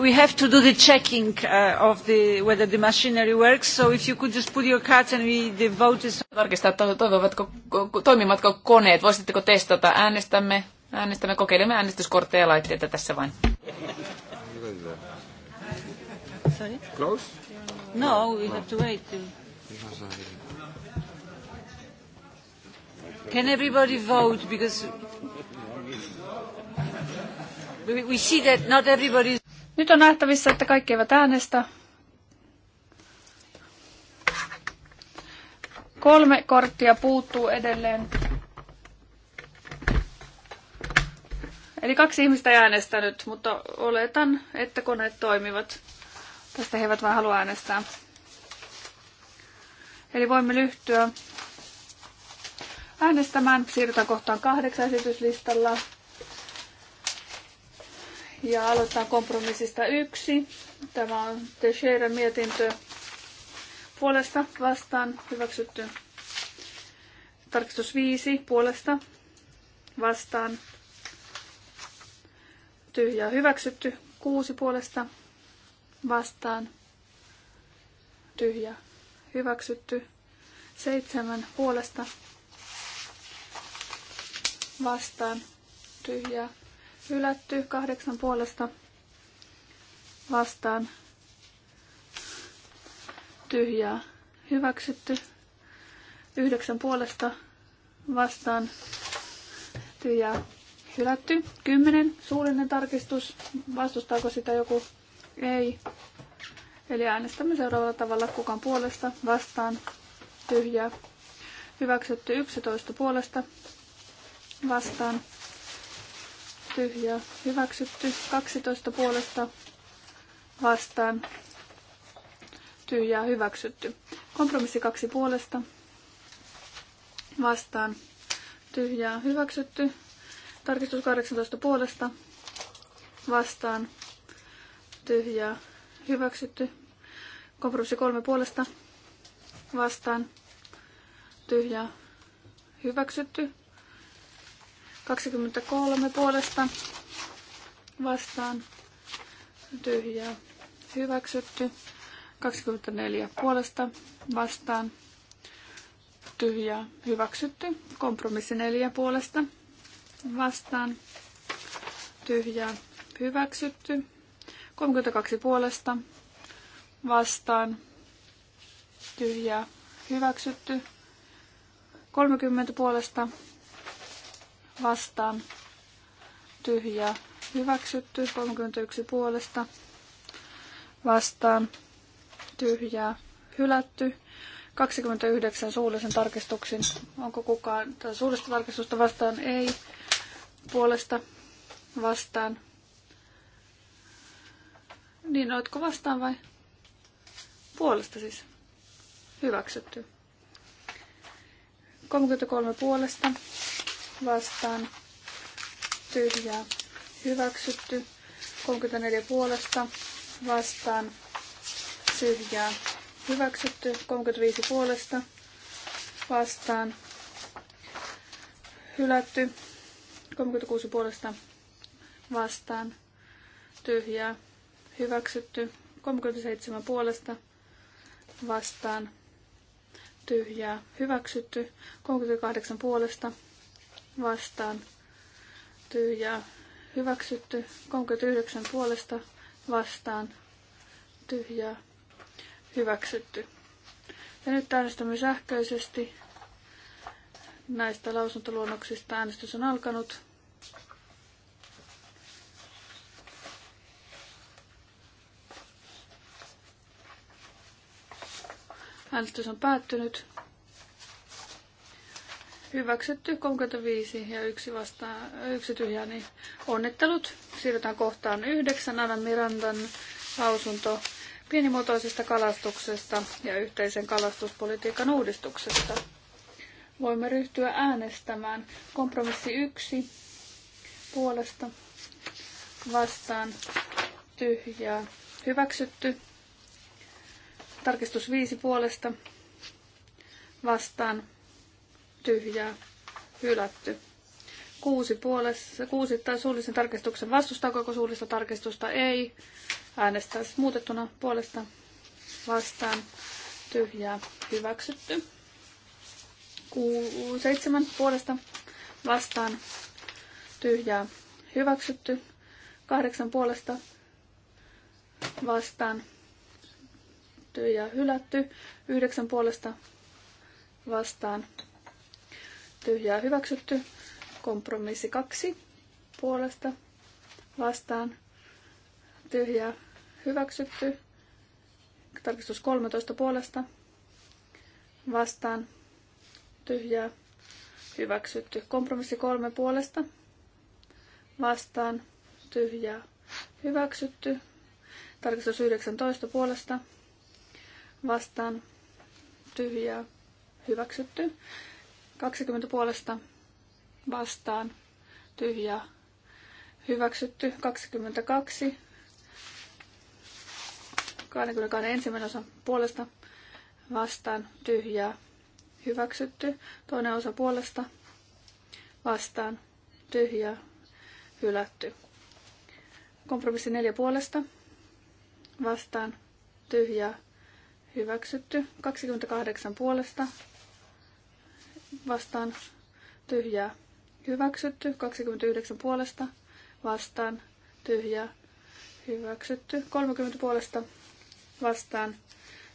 we have to do the checking uh, of the, whether the machinery works, so if you could just put your cards and we, the vote is... Tarkistaa, toimivatko toivovatko, toimimatko koneet. Voisitteko testata? Äänestämme, äänestämme, kokeilemme äänestyskortteja ja laitteita tässä vain. Sorry? Close? No, we have to wait. Can everybody vote? Because we see that not everybody is nyt on nähtävissä, että kaikki eivät äänestä. Kolme korttia puuttuu edelleen. Eli kaksi ihmistä ei äänestänyt, mutta oletan, että koneet toimivat. Tästä he eivät vain halua äänestää. Eli voimme lyhtyä äänestämään. Siirrytään kohtaan kahdeksan esityslistalla ja aloittaa kompromissista yksi. Tämä on Teixeira mietintö puolesta vastaan hyväksytty. Tarkistus 5 puolesta vastaan tyhjää hyväksytty. 6 puolesta vastaan tyhjä hyväksytty. 7 puolesta vastaan tyhjää Hylätty kahdeksan puolesta vastaan. Tyhjää. Hyväksytty. Yhdeksän puolesta vastaan. Tyhjää. Hylätty. Kymmenen. Suullinen tarkistus. Vastustaako sitä joku? Ei. Eli äänestämme seuraavalla tavalla. Kukan puolesta vastaan. Tyhjää. Hyväksytty yksitoista puolesta vastaan tyhjä hyväksytty. 12 puolesta vastaan tyhjää hyväksytty. Kompromissi 2 puolesta vastaan tyhjää hyväksytty. Tarkistus 18 puolesta vastaan tyhjää hyväksytty. Kompromissi 3 puolesta vastaan tyhjää hyväksytty. 23 puolesta vastaan tyhjää hyväksytty. 24 puolesta vastaan tyhjää hyväksytty. Kompromissi 4 puolesta vastaan tyhjää hyväksytty. 32 puolesta vastaan tyhjää hyväksytty. 30 puolesta vastaan tyhjä hyväksytty. 31 puolesta vastaan tyhjää hylätty. 29 suullisen tarkistuksen. Onko kukaan suullista tarkistusta vastaan? Ei. Puolesta vastaan. Niin, oletko vastaan vai? Puolesta siis. Hyväksytty. 33 puolesta vastaan tyhjää hyväksytty. 34 puolesta vastaan tyhjää hyväksytty. 35 puolesta vastaan hylätty. 36 puolesta vastaan tyhjää hyväksytty. 37 puolesta vastaan tyhjää hyväksytty. 38 puolesta vastaan tyhjää hyväksytty. 39 puolesta vastaan tyhjää hyväksytty. Ja nyt äänestämme sähköisesti näistä lausuntoluonnoksista. Äänestys on alkanut. Äänestys on päättynyt. Hyväksytty 35 ja yksi, vastaan, yksi tyhjä, niin onnittelut. Siirrytään kohtaan yhdeksän Anna Mirandan lausunto pienimuotoisesta kalastuksesta ja yhteisen kalastuspolitiikan uudistuksesta. Voimme ryhtyä äänestämään kompromissi yksi puolesta vastaan tyhjää hyväksytty. Tarkistus viisi puolesta vastaan tyhjää, hylätty. Kuusi, puolessa, kuusi tai suullisen tarkistuksen vastustaa koko suullista tarkistusta ei. Äänestää muutettuna puolesta vastaan tyhjää hyväksytty. Ku, seitsemän puolesta vastaan tyhjää hyväksytty. Kahdeksan puolesta vastaan tyhjää hylätty. Yhdeksän puolesta vastaan tyhjää hyväksytty. Kompromissi kaksi puolesta vastaan tyhjää hyväksytty. Tarkistus 13 puolesta vastaan tyhjää hyväksytty. Kompromissi kolme puolesta vastaan tyhjää hyväksytty. Tarkistus 19 puolesta vastaan tyhjää hyväksytty. 20 puolesta vastaan tyhjää hyväksytty 22. 22 ensimmäinen osa puolesta vastaan tyhjää hyväksytty. Toinen osa puolesta vastaan tyhjää hylätty. Kompromissi neljä puolesta vastaan tyhjää hyväksytty. 28 puolesta vastaan tyhjää hyväksytty. 29 puolesta vastaan tyhjää hyväksytty. 30 puolesta vastaan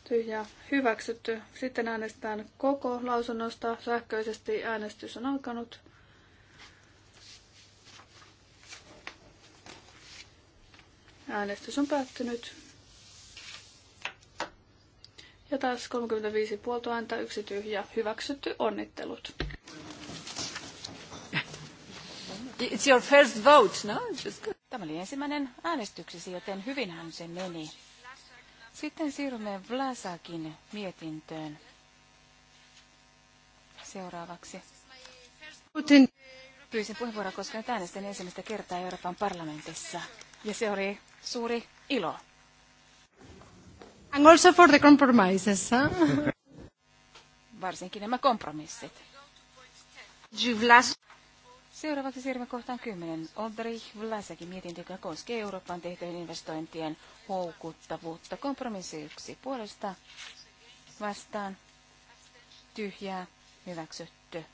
tyhjää hyväksytty. Sitten äänestetään koko lausunnosta. Sähköisesti äänestys on alkanut. Äänestys on päättynyt. Ja taas 35 puolta ääntä, yksi tyhjä, hyväksytty, onnittelut. It's your first vote, no? Just good. Tämä oli ensimmäinen äänestyksesi, joten hyvinhän se meni. Sitten siirrymme Vlasakin mietintöön seuraavaksi. Putin. Pyysin puheenvuoroa, koska nyt ensimmäistä kertaa Euroopan parlamentissa. Ja se oli suuri ilo. And also for the compromises. Huh? Varsinkin nämä kompromissit. Seuraavaksi siirrymme kohtaan 10. Oldri Vlasekin mietintö, joka koskee Euroopan tehtyjen investointien houkuttavuutta. Kompromissi yksi puolesta vastaan tyhjää hyväksytty.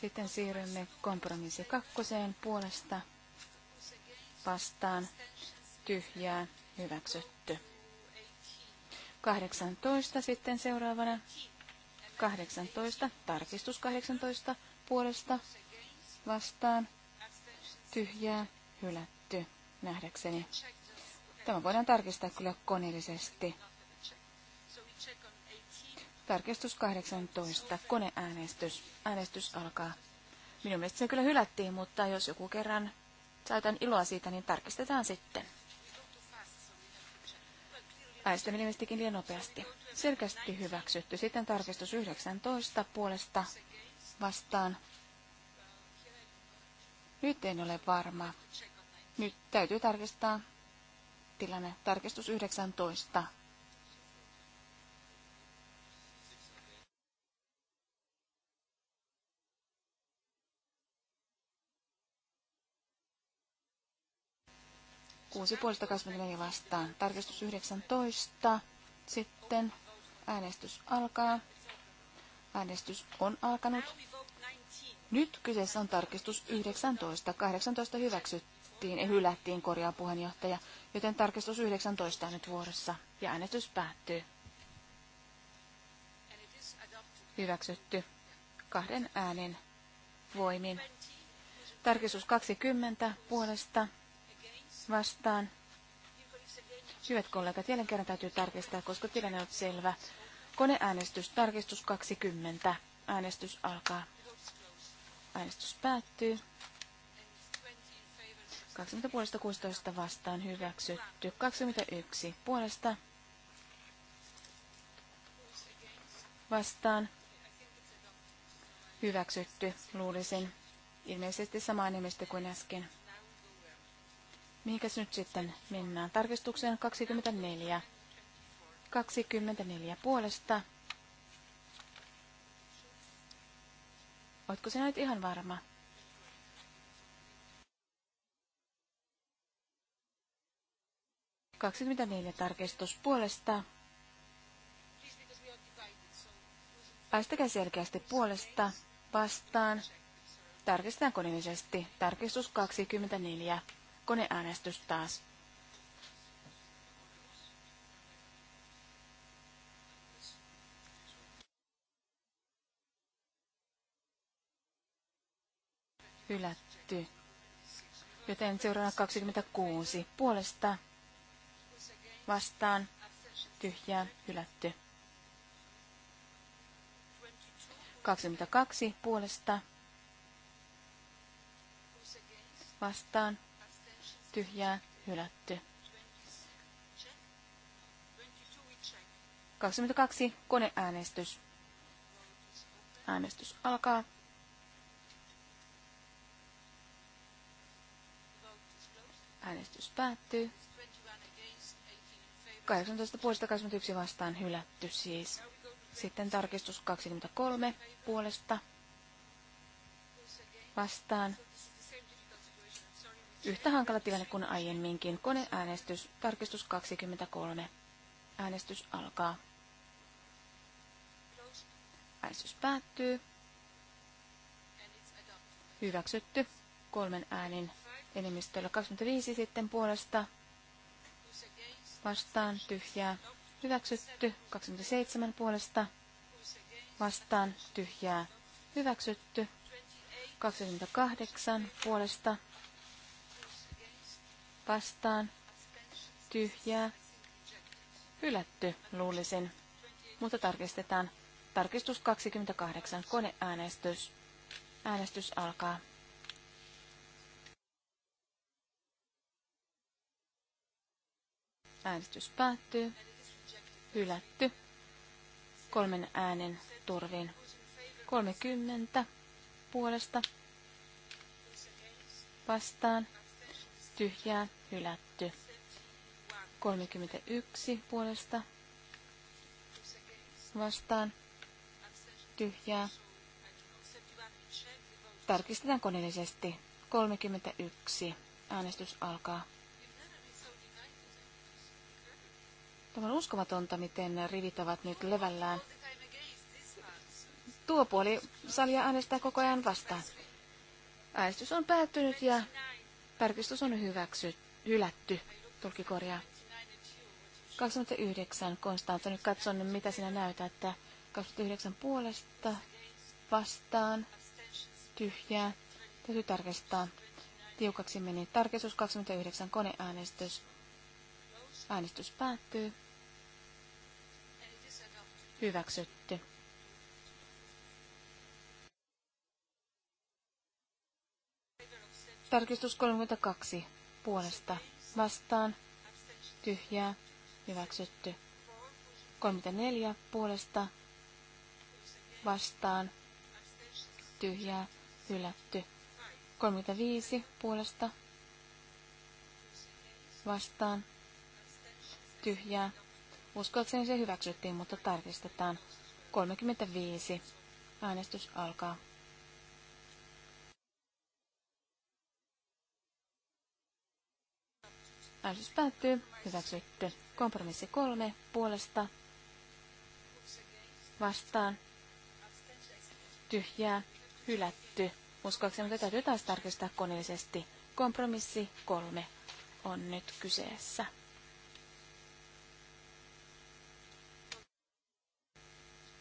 Sitten siirrymme kompromissi kakkoseen puolesta vastaan tyhjää hyväksytty. 18 sitten seuraavana. 18, tarkistus 18 puolesta vastaan tyhjää hylätty nähdäkseni. Tämä voidaan tarkistaa kyllä koneellisesti. Tarkistus 18, koneäänestys. Äänestys alkaa. Minun mielestä se kyllä hylättiin, mutta jos joku kerran saatan iloa siitä, niin tarkistetaan sitten. Äänestäminen ilmestikin liian nopeasti. Selkeästi hyväksytty. Sitten tarkistus 19 puolesta vastaan. Nyt en ole varma. Nyt täytyy tarkistaa tilanne. Tarkistus 19. Kuusi puolesta 24 vastaan. Tarkistus 19. Sitten äänestys alkaa. Äänestys on alkanut. Nyt kyseessä on tarkistus 19. 18 hyväksyttiin ja hylättiin korjaa puheenjohtaja, joten tarkistus 19 on nyt vuorossa ja äänestys päättyy. Hyväksytty kahden äänen voimin. Tarkistus 20 puolesta vastaan. Hyvät kollegat, jälleen kerran täytyy tarkistaa, koska tilanne on selvä. Koneäänestys, tarkistus 20. Äänestys alkaa. Äänestys päättyy. 20 puolesta 16 vastaan hyväksytty. 21 puolesta vastaan hyväksytty, luulisin. Ilmeisesti sama enemmistö kuin äsken. Mihinkäs nyt sitten mennään? Tarkistukseen 24. 24 puolesta. Ootko sinä nyt ihan varma? Kaksikymmentäneljä tarkistus puolesta. Päästäkää selkeästi puolesta vastaan. Tarkistetaan koneellisesti. Tarkistus 24. Koneäänestys taas. Hylätty. Joten seuraava 26. Puolesta vastaan tyhjää hylätty. 22 puolesta vastaan tyhjää, hylätty. 22. Koneäänestys. Äänestys alkaa. Äänestys päättyy. 18 puolesta 21 vastaan hylätty siis. Sitten tarkistus 23 puolesta vastaan yhtä hankala tilanne kuin aiemminkin. Koneäänestys, tarkistus 23. Äänestys alkaa. Äänestys päättyy. Hyväksytty kolmen äänin enemmistöllä. 25 sitten puolesta vastaan tyhjää. Hyväksytty 27 puolesta vastaan tyhjää. Hyväksytty 28 puolesta vastaan, tyhjää, hylätty, luulisin, mutta tarkistetaan. Tarkistus 28, koneäänestys. Äänestys alkaa. Äänestys päättyy. Hylätty. Kolmen äänen turvin. 30 puolesta. Vastaan. Tyhjää hylätty. 31 puolesta vastaan tyhjää. Tarkistetaan koneellisesti. 31. Äänestys alkaa. Tämä on uskomatonta, miten rivit ovat nyt levällään. Tuo puoli salia äänestää koko ajan vastaan. Äänestys on päättynyt ja tarkistus on hyväksytty hylätty, korjaa. 29, Konstantin, nyt katson, mitä sinä näytät, että 29 puolesta vastaan, tyhjää, täytyy tarkistaa. Tiukaksi meni. Tarkistus 29, koneäänestys. Äänestys päättyy. Hyväksytty. Tarkistus 32 puolesta vastaan, tyhjää, hyväksytty. 34 puolesta vastaan, tyhjää, hylätty. 35 puolesta vastaan, tyhjää. Uskoakseni se hyväksyttiin, mutta tarkistetaan. 35. Äänestys alkaa. Äänestys päättyy. Hyväksytty. Kompromissi kolme puolesta. Vastaan. Tyhjää. Hylätty. Uskoakseni tätä täytyy taas tarkistaa koneellisesti. Kompromissi kolme on nyt kyseessä.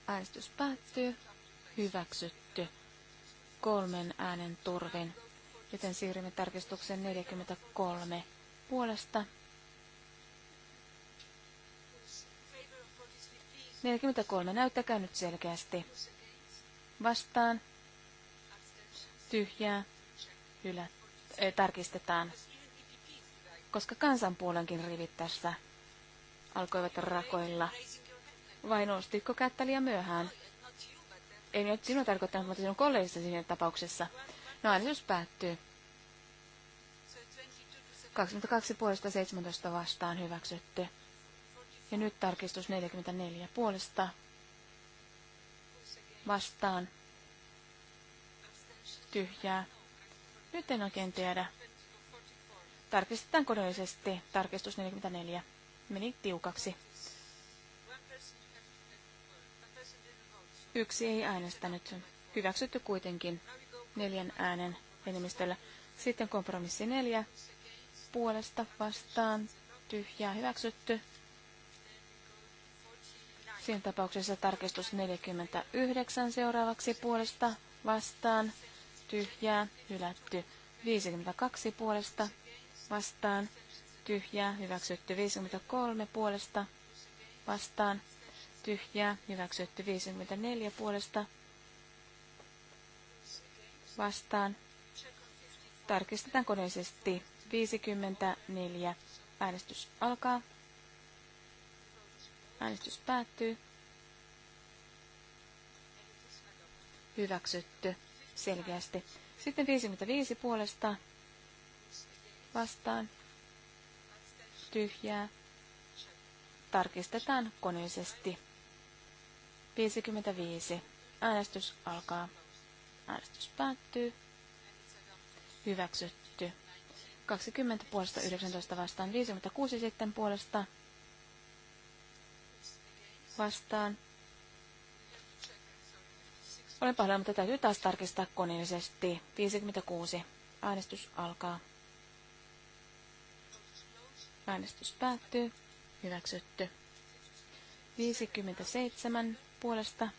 Äänestys päättyy. Hyväksytty. Kolmen äänen turvin. Joten siirrymme tarkistukseen 43 puolesta. 43. Näyttäkää nyt selkeästi. Vastaan. Tyhjää. Hylä. tarkistetaan. Koska kansanpuolenkin rivit tässä alkoivat rakoilla. Vai nostitko kättä liian myöhään? Ei nyt sinua tarkoittanut, mutta sinun kollegistasi siinä tapauksessa. No äänestys päättyy. 22 puolesta 17 vastaan hyväksytty. Ja nyt tarkistus 44 puolesta vastaan tyhjää. Nyt en oikein tiedä. Tarkistetaan kodollisesti. Tarkistus 44 meni tiukaksi. Yksi ei äänestänyt. Hyväksytty kuitenkin neljän äänen enemmistöllä. Sitten kompromissi neljä puolesta vastaan tyhjää hyväksytty. Siinä tapauksessa tarkistus 49 seuraavaksi puolesta vastaan tyhjää hylätty. 52 puolesta vastaan tyhjää hyväksytty. 53 puolesta vastaan tyhjää hyväksytty. 54 puolesta vastaan tarkistetaan koneisesti 54. Äänestys alkaa. Äänestys päättyy. Hyväksytty selkeästi. Sitten 55 puolesta vastaan tyhjää. Tarkistetaan koneisesti. 55. Äänestys alkaa. Äänestys päättyy. Hyväksytty. 20 puolesta 19 vastaan 56 sitten puolesta vastaan. Olen pahoillani, mutta täytyy taas tarkistaa koneellisesti. 56. Äänestys alkaa. Äänestys päättyy. Hyväksytty. 57 puolesta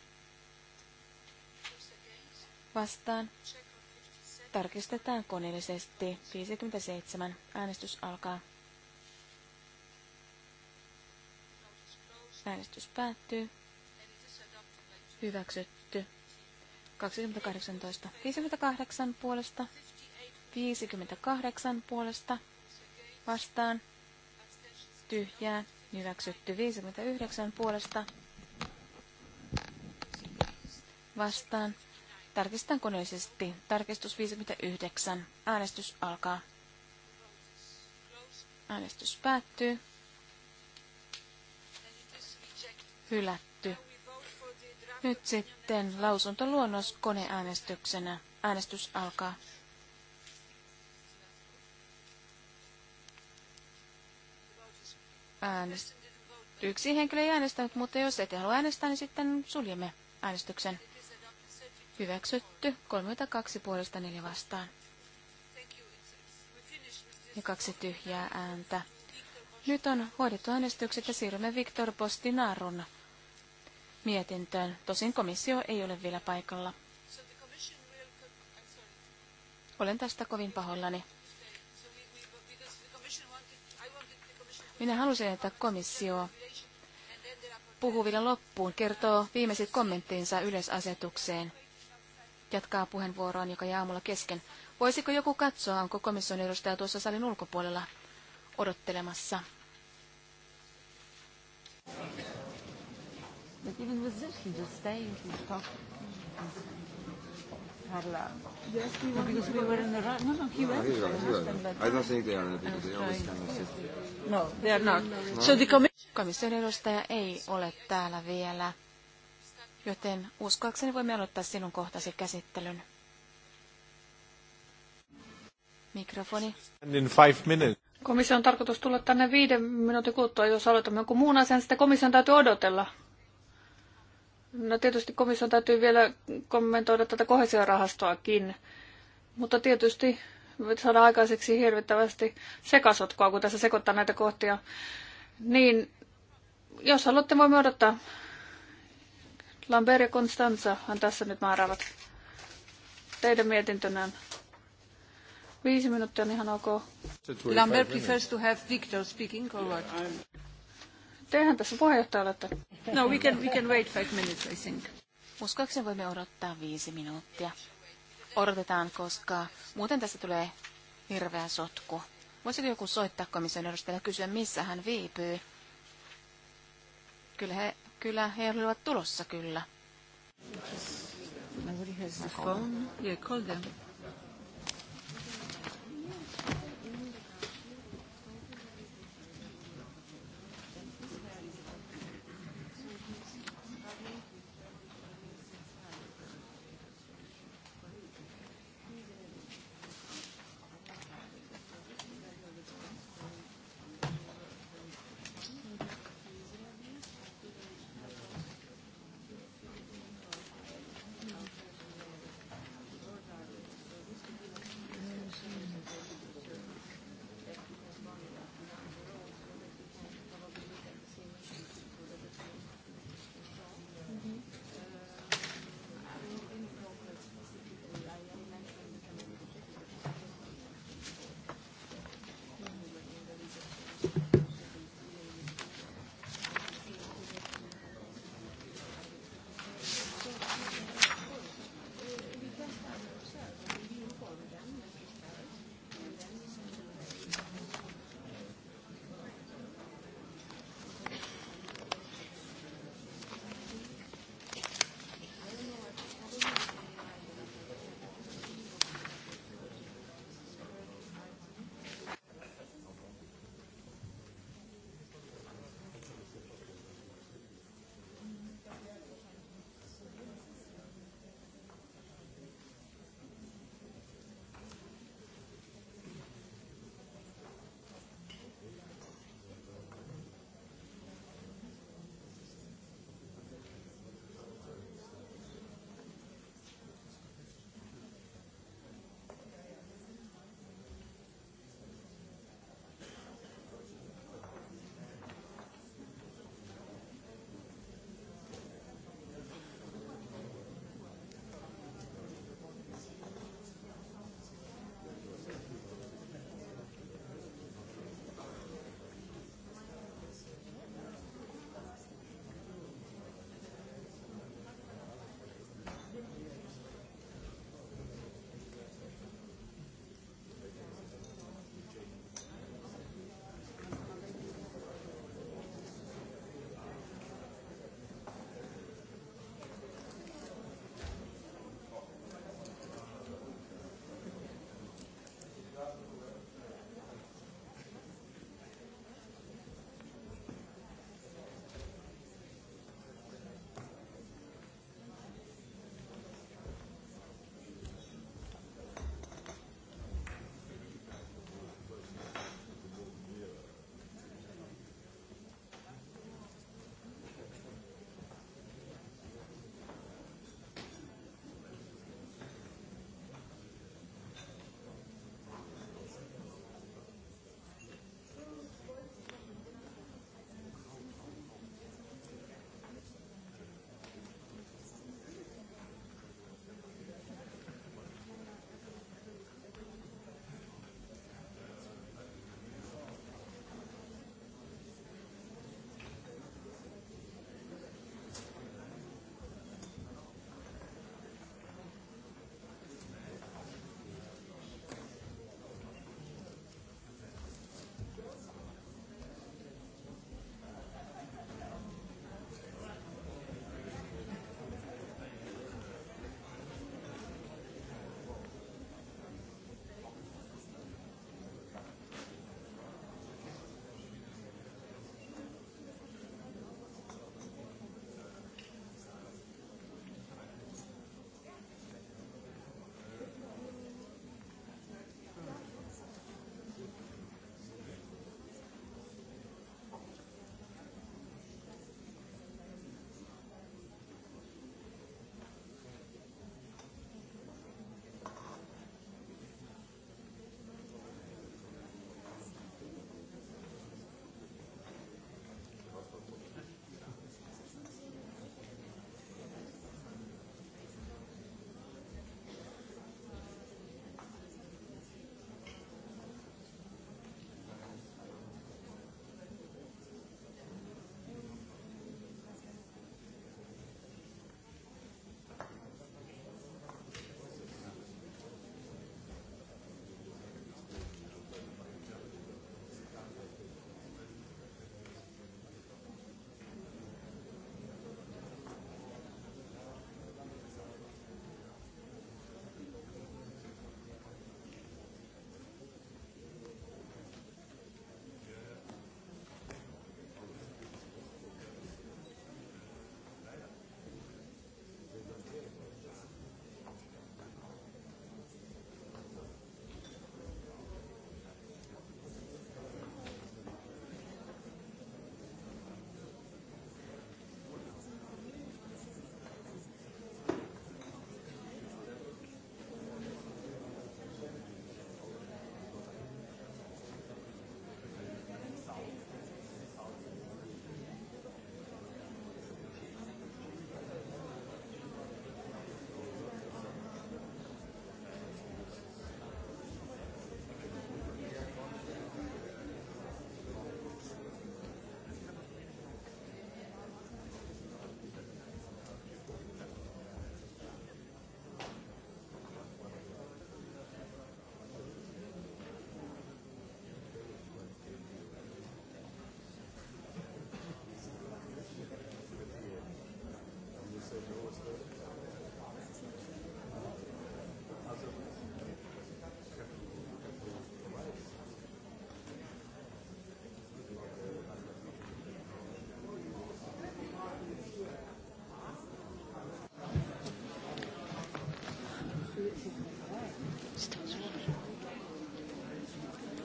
vastaan. Tarkistetaan koneellisesti. 57. Äänestys alkaa. Äänestys päättyy. Hyväksytty. 2018. 58 puolesta. 58 puolesta. Vastaan. Tyhjää. Hyväksytty. 59 puolesta. Vastaan. Tarkistan koneellisesti. Tarkistus 59. Äänestys alkaa. Äänestys päättyy. Hylätty. Nyt sitten lausuntoluonnos koneäänestyksenä. Äänestys alkaa. Äänest... Yksi henkilö ei äänestänyt, mutta jos et halua äänestää, niin sitten suljemme äänestyksen. Hyväksytty 32 puolesta 4 vastaan. Ja kaksi tyhjää ääntä. Nyt on hoidettu äänestykset ja siirrymme Viktor Postinarun mietintöön. Tosin komissio ei ole vielä paikalla. Olen tästä kovin pahollani. Minä halusin, että komissio puhuu vielä loppuun, kertoo viimeiset kommenttinsa yleisasetukseen jatkaa puheenvuoroon, joka jää aamulla kesken. Voisiko joku katsoa, onko komission edustaja tuossa salin ulkopuolella odottelemassa? he no, he I don't think they are because they no, no, they are no. not. No? So the commission... Komission edustaja ei ole täällä vielä. Joten uskoakseni voimme aloittaa sinun kohtasi käsittelyn. Mikrofoni. In five minutes. on tarkoitus tulla tänne viiden minuutin kuluttua, jos aloitamme jonkun muun asian, sitä komission täytyy odotella. No tietysti komission täytyy vielä kommentoida tätä kohesiorahastoakin, mutta tietysti saada aikaiseksi hirvittävästi sekasotkoa, kun tässä sekoittaa näitä kohtia. Niin, jos haluatte, voimme odottaa Lambert ja on tässä nyt määräävät teidän mietintönään. Viisi minuuttia on ihan ok. Lambert prefers to have Victor speaking or what? Tehän tässä puheenjohtaja olette. No, we can, we can wait five minutes, I think. Uskoakseni voimme odottaa viisi minuuttia. Odotetaan, koska muuten tästä tulee hirveä sotku. Voisiko joku soittaa komission edustajalle kysyä, missä hän viipyy? Kyllä he, Kyllä, he olivat tulossa kyllä. Nobody has the phone. Yeah, call them.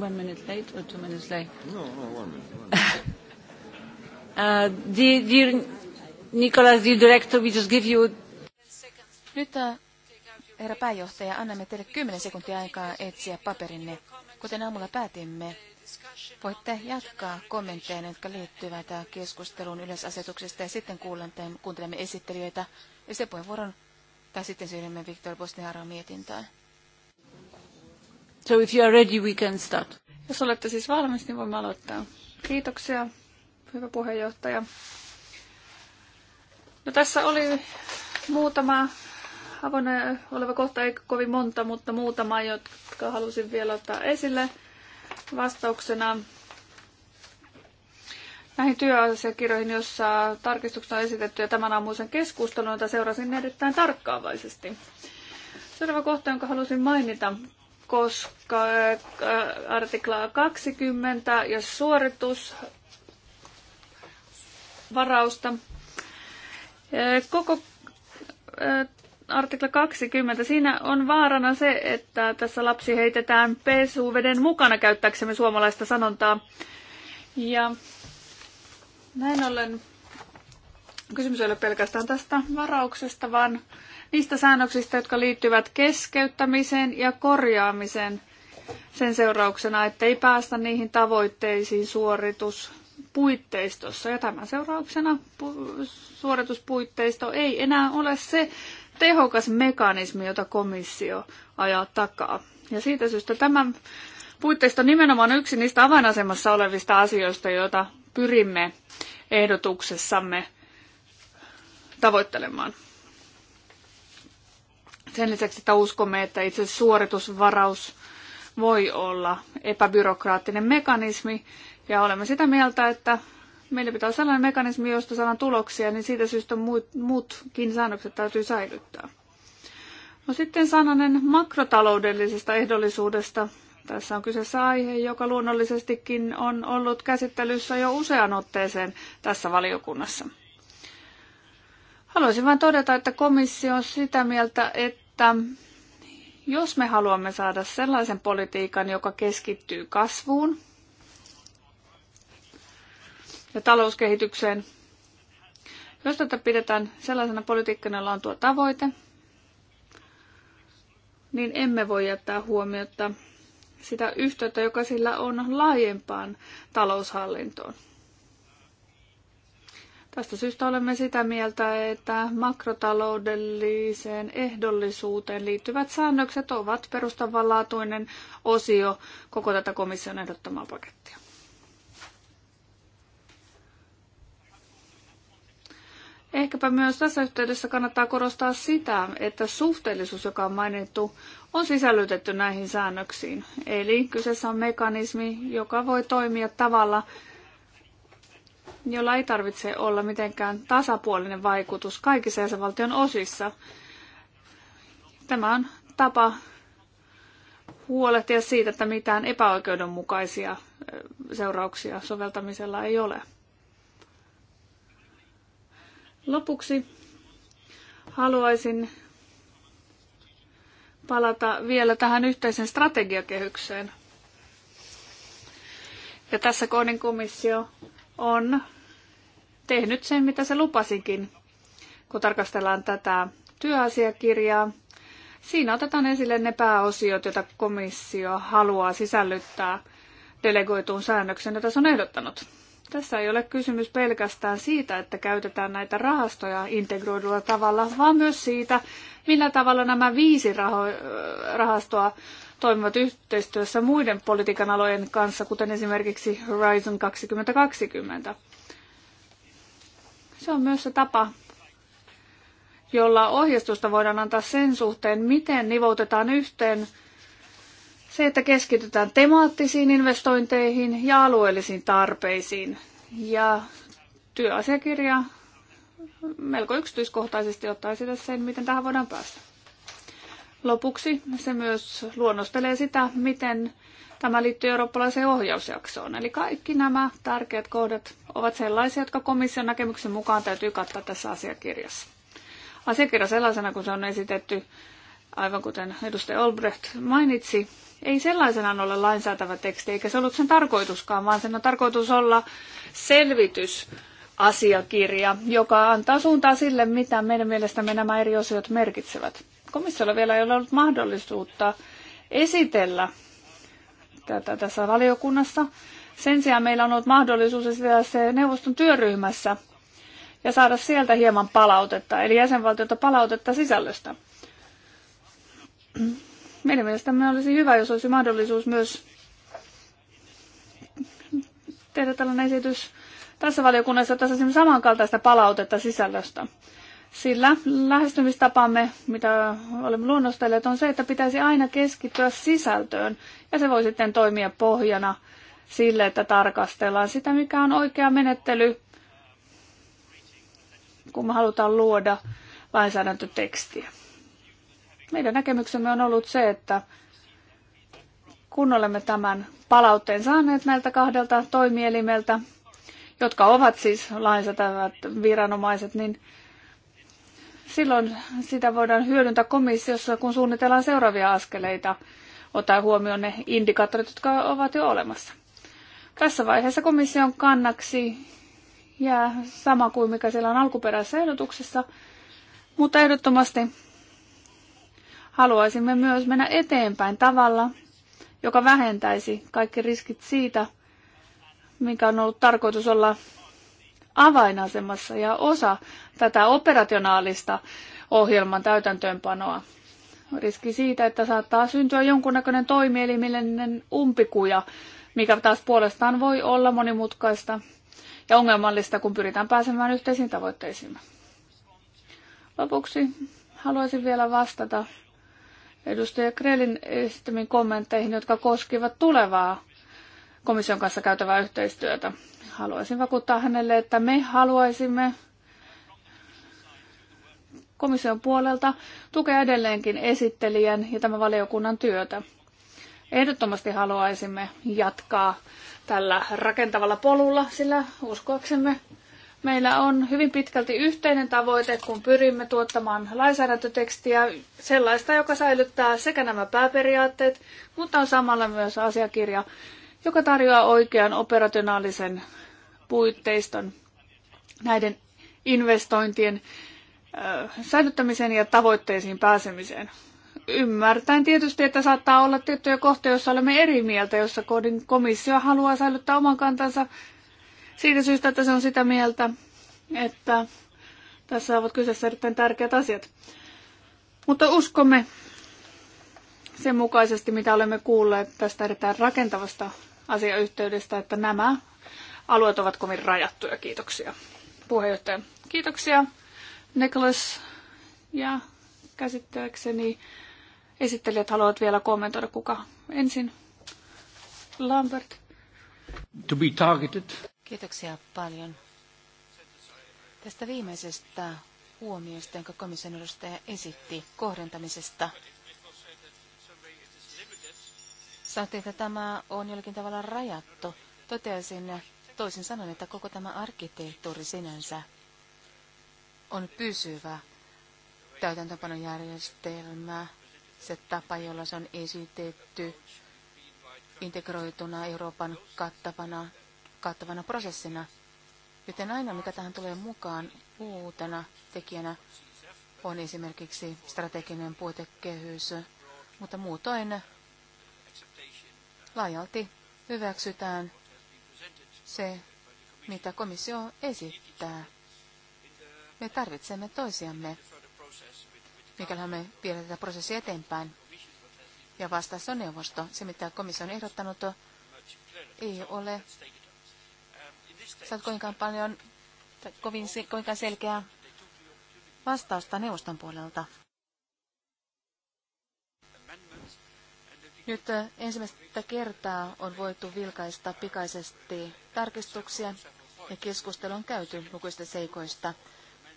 one minute late or two minutes late? No, no, one minute. One minute. uh, dear, dear Nicolas, dear director, we just give you... Nyt, äh, herra pääjohtaja, annamme teille 10 sekuntia aikaa etsiä paperinne. Kuten aamulla päätimme, voitte jatkaa kommentteja, jotka liittyvät äh, keskusteluun yleisasetuksesta ja sitten kuuntelemme esittelijöitä ja sen puheenvuoron tai sitten siirrymme Viktor Bosniaran mietintöön. So if you are ready, we can start. Jos olette siis valmis, niin voimme aloittaa. Kiitoksia, hyvä puheenjohtaja. No tässä oli muutama avoinna oleva kohta, ei kovin monta, mutta muutama, jotka halusin vielä ottaa esille vastauksena näihin työasiakirjoihin, joissa tarkistuksena on esitetty ja tämän aamuisen keskustelun, jota seurasin erittäin tarkkaavaisesti. Seuraava kohta, jonka halusin mainita, koska äh, artiklaa 20 ja suoritusvarausta. Äh, koko äh, artikla 20, siinä on vaarana se, että tässä lapsi heitetään pesuveden mukana käyttääksemme suomalaista sanontaa. Ja näin ollen kysymys ei ole pelkästään tästä varauksesta, vaan niistä säännöksistä, jotka liittyvät keskeyttämiseen ja korjaamiseen sen seurauksena, että ei päästä niihin tavoitteisiin suorituspuitteistossa. Ja tämän seurauksena suorituspuitteisto ei enää ole se tehokas mekanismi, jota komissio ajaa takaa. Ja siitä syystä tämä puitteisto on nimenomaan yksi niistä avainasemassa olevista asioista, joita pyrimme ehdotuksessamme tavoittelemaan. Sen lisäksi, että uskomme, että itse suoritusvaraus voi olla epäbyrokraattinen mekanismi, ja olemme sitä mieltä, että meillä pitää olla sellainen mekanismi, josta saadaan tuloksia, niin siitä syystä muut, muutkin säännökset täytyy säilyttää. No sitten sananen makrotaloudellisesta ehdollisuudesta. Tässä on kyseessä aihe, joka luonnollisestikin on ollut käsittelyssä jo usean otteeseen tässä valiokunnassa. Haluaisin vain todeta, että komissio on sitä mieltä, että että jos me haluamme saada sellaisen politiikan, joka keskittyy kasvuun ja talouskehitykseen, jos tätä pidetään sellaisena politiikkana, jolla on tuo tavoite, niin emme voi jättää huomiota sitä yhteyttä, joka sillä on laajempaan taloushallintoon. Tästä syystä olemme sitä mieltä, että makrotaloudelliseen ehdollisuuteen liittyvät säännökset ovat perustavanlaatuinen osio koko tätä komission ehdottamaa pakettia. Ehkäpä myös tässä yhteydessä kannattaa korostaa sitä, että suhteellisuus, joka on mainittu, on sisällytetty näihin säännöksiin. Eli kyseessä on mekanismi, joka voi toimia tavalla, jolla ei tarvitse olla mitenkään tasapuolinen vaikutus kaikissa jäsenvaltion osissa. Tämä on tapa huolehtia siitä, että mitään epäoikeudenmukaisia seurauksia soveltamisella ei ole. Lopuksi haluaisin palata vielä tähän yhteisen strategiakehykseen. Ja tässä koodin komissio on tehnyt sen, mitä se lupasikin, kun tarkastellaan tätä työasiakirjaa. Siinä otetaan esille ne pääosiot, joita komissio haluaa sisällyttää delegoituun säännöksen, jota se on ehdottanut. Tässä ei ole kysymys pelkästään siitä, että käytetään näitä rahastoja integroidulla tavalla, vaan myös siitä, millä tavalla nämä viisi rahastoa toimivat yhteistyössä muiden politiikan alojen kanssa, kuten esimerkiksi Horizon 2020. Se on myös se tapa, jolla ohjeistusta voidaan antaa sen suhteen, miten nivoutetaan yhteen se, että keskitytään temaattisiin investointeihin ja alueellisiin tarpeisiin. Ja työasiakirja melko yksityiskohtaisesti ottaa esille sen, miten tähän voidaan päästä. Lopuksi se myös luonnostelee sitä, miten Tämä liittyy eurooppalaiseen ohjausjaksoon. Eli kaikki nämä tärkeät kohdat ovat sellaisia, jotka komission näkemyksen mukaan täytyy kattaa tässä asiakirjassa. Asiakirja sellaisena, kun se on esitetty, aivan kuten edustaja Olbrecht mainitsi, ei sellaisenaan ole lainsäätävä teksti, eikä se ollut sen tarkoituskaan, vaan sen on tarkoitus olla selvitys asiakirja, joka antaa suuntaa sille, mitä meidän mielestämme nämä eri osiot merkitsevät. Komissiolla vielä ei ole ollut mahdollisuutta esitellä tätä tässä valiokunnassa. Sen sijaan meillä on ollut mahdollisuus esitellä se neuvoston työryhmässä ja saada sieltä hieman palautetta, eli jäsenvaltiota palautetta sisällöstä. Meidän mielestämme olisi hyvä, jos olisi mahdollisuus myös tehdä tällainen esitys tässä valiokunnassa, että saisimme samankaltaista palautetta sisällöstä. Sillä lähestymistapamme, mitä olemme luonnostelleet, on se, että pitäisi aina keskittyä sisältöön ja se voi sitten toimia pohjana sille, että tarkastellaan sitä, mikä on oikea menettely, kun me halutaan luoda lainsäädäntötekstiä. Meidän näkemyksemme on ollut se, että kun olemme tämän palautteen saaneet näiltä kahdelta toimielimeltä, jotka ovat siis lainsäätävät viranomaiset, niin silloin sitä voidaan hyödyntää komissiossa, kun suunnitellaan seuraavia askeleita, ottaa huomioon ne indikaattorit, jotka ovat jo olemassa. Tässä vaiheessa komission kannaksi jää sama kuin mikä siellä on alkuperäisessä ehdotuksessa, mutta ehdottomasti haluaisimme myös mennä eteenpäin tavalla, joka vähentäisi kaikki riskit siitä, mikä on ollut tarkoitus olla avainasemassa ja osa tätä operationaalista ohjelman täytäntöönpanoa. Riski siitä, että saattaa syntyä jonkunnäköinen toimielimellinen umpikuja, mikä taas puolestaan voi olla monimutkaista ja ongelmallista, kun pyritään pääsemään yhteisiin tavoitteisiin. Lopuksi haluaisin vielä vastata edustaja Krelin esittämiin kommentteihin, jotka koskivat tulevaa komission kanssa käytävää yhteistyötä haluaisin vakuuttaa hänelle, että me haluaisimme komission puolelta tukea edelleenkin esittelijän ja tämän valiokunnan työtä. Ehdottomasti haluaisimme jatkaa tällä rakentavalla polulla, sillä uskoaksemme meillä on hyvin pitkälti yhteinen tavoite, kun pyrimme tuottamaan lainsäädäntötekstiä sellaista, joka säilyttää sekä nämä pääperiaatteet, mutta on samalla myös asiakirja, joka tarjoaa oikean operationaalisen puitteiston näiden investointien säilyttämiseen ja tavoitteisiin pääsemiseen. Ymmärtäen tietysti, että saattaa olla tiettyjä kohtia, joissa olemme eri mieltä, jossa komissio haluaa säilyttää oman kantansa siitä syystä, että se on sitä mieltä, että tässä ovat kyseessä erittäin tärkeät asiat. Mutta uskomme sen mukaisesti, mitä olemme kuulleet tästä erittäin rakentavasta asiayhteydestä, että nämä alueet ovat kovin rajattuja. Kiitoksia. Puheenjohtaja, kiitoksia. Nicholas ja käsittääkseni esittelijät haluavat vielä kommentoida, kuka ensin. Lambert. To be targeted. Kiitoksia paljon. Tästä viimeisestä huomiosta, jonka komission edustaja esitti kohdentamisesta. Sanottiin, että tämä on jollakin tavalla rajattu. Toteaisin, Toisin sanoen, että koko tämä arkkitehtuuri sinänsä on pysyvä täytäntöpanojärjestelmä, se tapa, jolla se on esitetty integroituna Euroopan kattavana, kattavana prosessina. Joten aina, mikä tähän tulee mukaan uutena tekijänä, on esimerkiksi strateginen puitekehys, mutta muutoin laajalti hyväksytään se, mitä komissio esittää. Me tarvitsemme toisiamme, mikäli me viedään tätä prosessia eteenpäin. Ja vastaus on neuvosto. Se, mitä komissio on ehdottanut, ei ole saat kovinkaan paljon, kovin, kovinkaan selkeää vastausta neuvoston puolelta. Nyt eh, ensimmäistä kertaa on voitu vilkaista pikaisesti tarkistuksia ja keskustelu on käyty lukuista seikoista.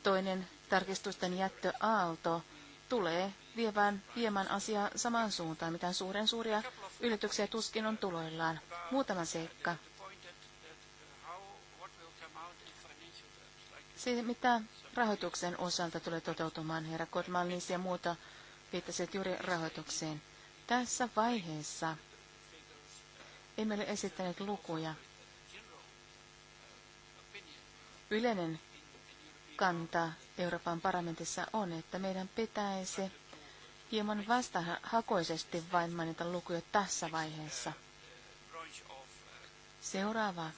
Toinen tarkistusten jättöaalto tulee vievään viemään asiaa samaan suuntaan, mitä suuren suuria yllätyksiä tuskin on tuloillaan. Muutama seikka. Se, mitä rahoituksen osalta tulee toteutumaan, herra Kodmalnis ja muuta viittasit juuri rahoitukseen. Tässä vaiheessa emme ole esittäneet lukuja, yleinen kanta Euroopan parlamentissa on, että meidän pitäisi hieman vastahakoisesti vain mainita lukuja tässä vaiheessa. Seuraava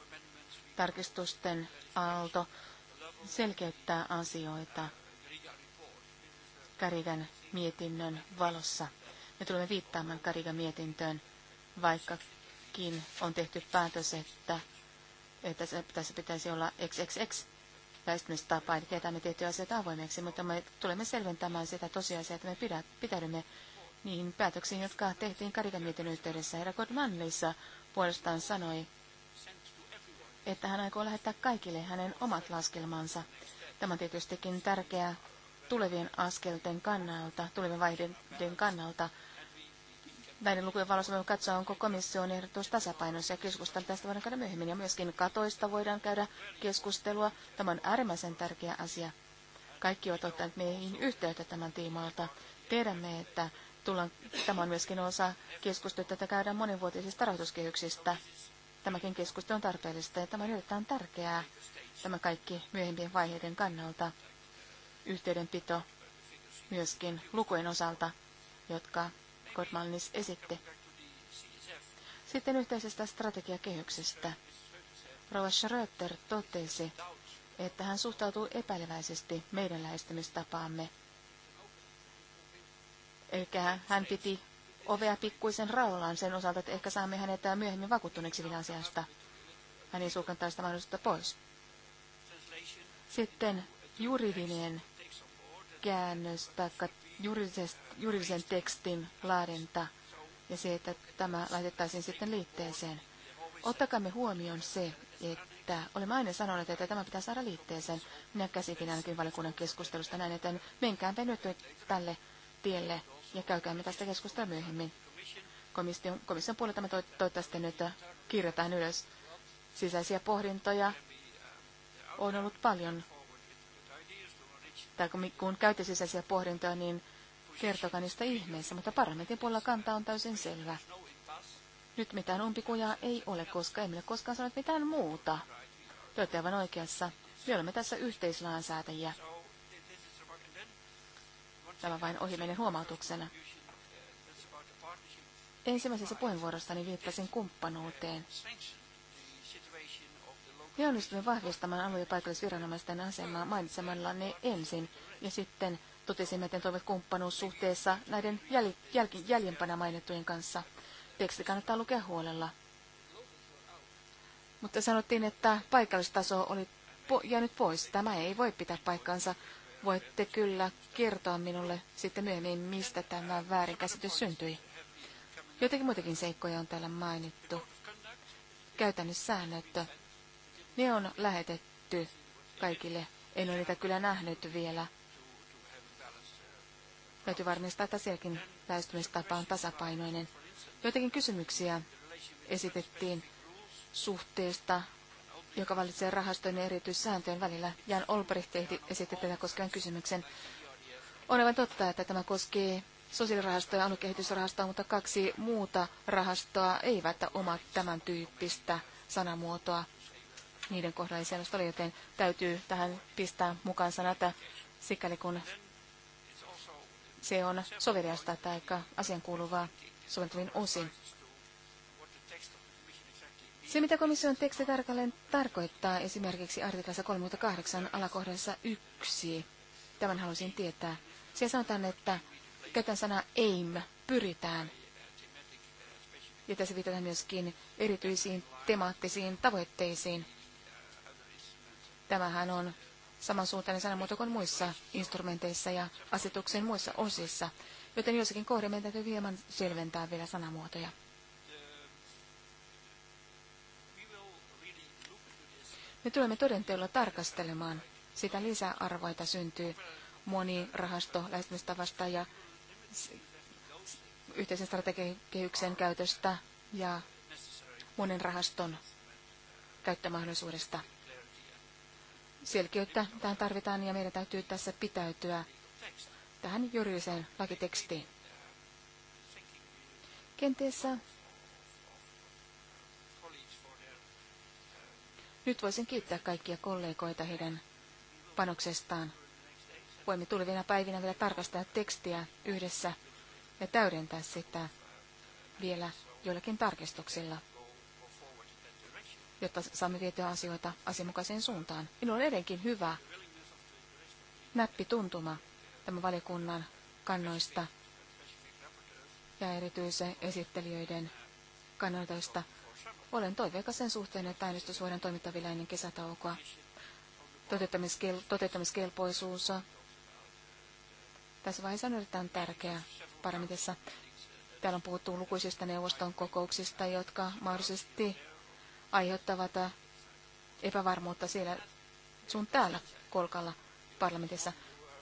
tarkistusten aalto selkeyttää asioita Karigan mietinnön valossa. Me tulemme viittaamaan Karigan mietintöön, vaikkakin on tehty päätös, että että tässä pitäisi olla XXX lähestymistapa, eli jätämme tiettyjä asioita avoimeksi, mutta me tulemme selventämään sitä tosiasiaa, että me pidä, pitäydymme niihin päätöksiin, jotka tehtiin Karikamietin yhteydessä. Herra Kodmanlissa puolestaan sanoi, että hän aikoo lähettää kaikille hänen omat laskelmansa. Tämä on tietystikin tärkeää tulevien askelten kannalta, tulevien vaiheiden kannalta, Näiden lukujen valossa voimme katsoa, onko komission ehdotus tasapainossa ja keskustella tästä voidaan käydä myöhemmin. Ja myöskin katoista voidaan käydä keskustelua. Tämä on äärimmäisen tärkeä asia. Kaikki ovat ottaneet meihin yhteyttä tämän tiimoilta. Tiedämme, että tullaan, tämä on myöskin osa keskustelua, jota käydään monivuotisista rahoituskehyksistä. Tämäkin keskustelu on tarpeellista ja tämä on erittäin tärkeää, tämä kaikki myöhempien vaiheiden kannalta. Yhteydenpito myöskin lukujen osalta, jotka Malnis esitti. Sitten yhteisestä strategiakehyksestä. Rova Schröter totesi, että hän suhtautuu epäileväisesti meidän lähestymistapaamme. Eikä hän piti ovea pikkuisen raolaan sen osalta, että ehkä saamme hänet myöhemmin vakuuttuneeksi vielä asiasta. Hän ei suukantaa sitä mahdollisuutta pois. Sitten juridinen käännös taikka juridisen tekstin laadinta ja se, että tämä laitettaisiin sitten liitteeseen. Ottakamme huomioon se, että olemme aina sanoneet, että tämä pitää saada liitteeseen. Minä käsitin ainakin valiokunnan keskustelusta näin, että menkäämme nyt tälle tielle ja käykäämme tästä keskustelua myöhemmin. Komission, komission puolelta me toivottavasti nyt kirjataan ylös sisäisiä pohdintoja. On ollut paljon tai kun käytte sisäisiä pohdintoja, niin kertokaa niistä ihmeessä, mutta parlamentin puolella kanta on täysin selvä. Nyt mitään umpikujaa ei ole, koska emme ole koskaan sanoneet mitään muuta. Te olette aivan oikeassa. Me olemme tässä yhteislainsäätäjiä. Tämä vain ohi menen huomautuksena. Ensimmäisessä puheenvuorossani viittasin kumppanuuteen. Me onnistumme vahvistamaan alue- ja paikallisviranomaisten asemaa mainitsemalla ne ensin ja sitten totesimme, että toivat kumppanuussuhteessa näiden jäl- jäl- jäljempänä mainittujen kanssa. Teksti kannattaa lukea huolella. Mutta sanottiin, että paikallistaso oli po- jäänyt pois. Tämä ei voi pitää paikkaansa. Voitte kyllä kertoa minulle sitten myöhemmin, mistä tämä väärinkäsitys syntyi. Jotenkin muitakin seikkoja on täällä mainittu. säännöt ne on lähetetty kaikille. En ole niitä kyllä nähnyt vielä. Täytyy varmistaa, että sielläkin lähestymistapa on tasapainoinen. Joitakin kysymyksiä esitettiin suhteesta, joka valitsee rahastojen erityissääntöjen välillä. Jan Olbricht esitti tätä koskevan kysymyksen. On aivan totta, että tämä koskee sosiaalirahastoa ja kehitysrahastoa, mutta kaksi muuta rahastoa eivät omaa tämän tyyppistä sanamuotoa niiden kohdalla säännöstä oli, joten täytyy tähän pistää mukaan sanata, sikäli kun se on soveliasta tai asian kuuluvaa soveltuvin osin. Se, mitä komission teksti tarkalleen tarkoittaa esimerkiksi artiklassa 38 alakohdassa 1, tämän haluaisin tietää. Siellä sanotaan, että käytän sana aim, pyritään. Ja tässä viitataan myöskin erityisiin temaattisiin tavoitteisiin. Tämähän on samansuuntainen sanamuoto kuin muissa instrumenteissa ja asetuksen muissa osissa, joten jossakin kohde meidän täytyy hieman selventää vielä sanamuotoja. Me tulemme todenteolla tarkastelemaan sitä lisäarvoita syntyy syntyy rahasto lähestymistavasta ja yhteisen strategiakehyksen käytöstä ja monen rahaston käyttömahdollisuudesta selkeyttä tähän tarvitaan ja meidän täytyy tässä pitäytyä tähän juridiseen lakitekstiin. Kenteessä äh, nyt voisin kiittää kaikkia kollegoita heidän panoksestaan. Voimme tulevina päivinä vielä tarkastaa tekstiä yhdessä ja täydentää sitä vielä joillakin tarkistuksilla jotta saamme vietyä asioita asianmukaiseen suuntaan. Minulla on edelleenkin hyvä näppi tuntuma tämän valiokunnan kannoista ja erityisen esittelijöiden kannoista. Olen toiveikas sen suhteen, että äänestys voidaan toimittavilla ennen kesätaukoa. Toteuttamiskel- toteuttamiskelpoisuus tässä vaiheessa on erittäin tärkeä parlamentissa. Täällä on puhuttu lukuisista neuvoston kokouksista, jotka mahdollisesti aiheuttavat äh, epävarmuutta siellä sun täällä kolkalla parlamentissa.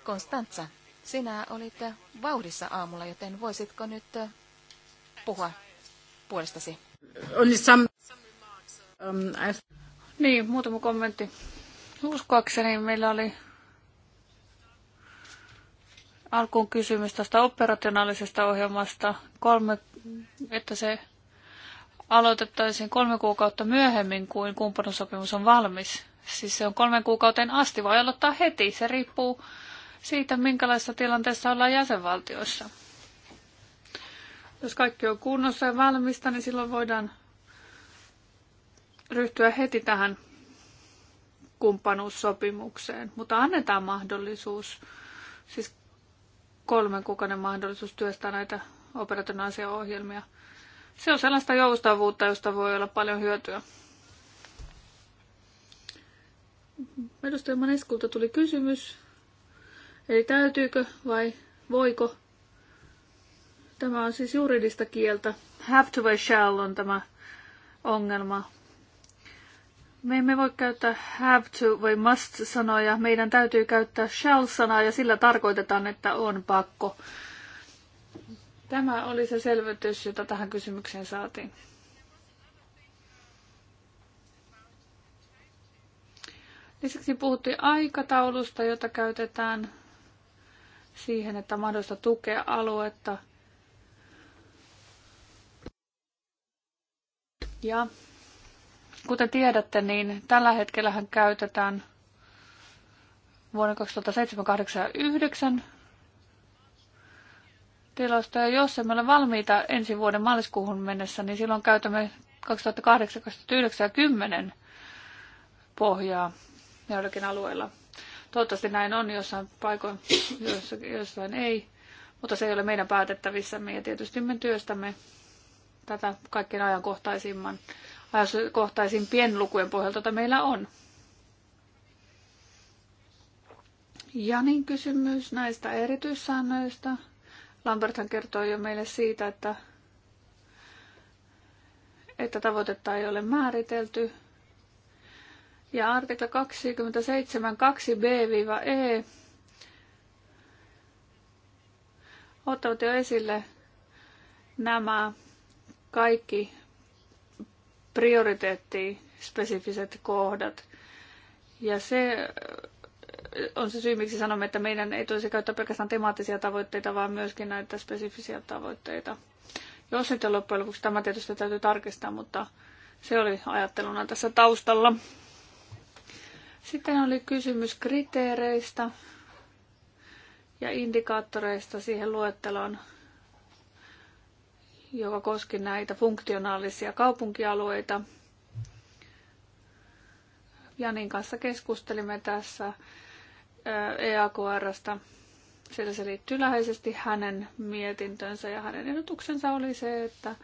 Konstantsa, sinä olit äh, vauhdissa aamulla, joten voisitko nyt äh, puhua puolestasi? Um, niin, muutama kommentti. Uskoakseni meillä oli alkuun kysymys tästä operationaalisesta ohjelmasta, kolme, että se aloitettaisiin kolme kuukautta myöhemmin kuin kumppanuussopimus on valmis. Siis se on kolmen kuukauteen asti, voi aloittaa heti. Se riippuu siitä, minkälaisessa tilanteessa ollaan jäsenvaltioissa. Jos kaikki on kunnossa ja valmista, niin silloin voidaan ryhtyä heti tähän kumppanuussopimukseen. Mutta annetaan mahdollisuus, siis kolmen kuukauden mahdollisuus työstää näitä operationaalisia ohjelmia – se on sellaista joustavuutta, josta voi olla paljon hyötyä. Edustaja Maneskulta tuli kysymys. Eli täytyykö vai voiko? Tämä on siis juridista kieltä. Have to vai shall on tämä ongelma. Me emme voi käyttää have to vai must sanoja. Meidän täytyy käyttää shall sanaa ja sillä tarkoitetaan, että on pakko. Tämä oli se selvitys, jota tähän kysymykseen saatiin. Lisäksi puhuttiin aikataulusta, jota käytetään siihen, että mahdollista tukea aluetta. Ja kuten tiedätte, niin tällä hetkellä käytetään vuonna 2007, 2008 ja 2009 tiloista. Ja jos emme ole valmiita ensi vuoden maaliskuuhun mennessä, niin silloin käytämme 2008, 2009 ja 10 pohjaa joillakin alueilla. Toivottavasti näin on jossain paikoin, jossain ei, mutta se ei ole meidän päätettävissämme ja tietysti me työstämme tätä kaikkein ajankohtaisimman, ajankohtaisimpien lukujen pohjalta, joita meillä on. Janin kysymys näistä erityissäännöistä. Lamberthan kertoi jo meille siitä, että, että tavoitetta ei ole määritelty. Ja artikla 272 b e ottavat jo esille nämä kaikki prioriteettispesifiset kohdat. Ja se on se syy, miksi sanomme, että meidän ei tulisi käyttää pelkästään temaattisia tavoitteita, vaan myöskin näitä spesifisiä tavoitteita. Jos sitten loppujen lopuksi tämä tietysti täytyy tarkistaa, mutta se oli ajatteluna tässä taustalla. Sitten oli kysymys kriteereistä ja indikaattoreista siihen luetteloon, joka koski näitä funktionaalisia kaupunkialueita. Janin kanssa keskustelimme tässä EAKRsta, sillä se liittyy läheisesti hänen mietintönsä ja hänen ehdotuksensa oli se, että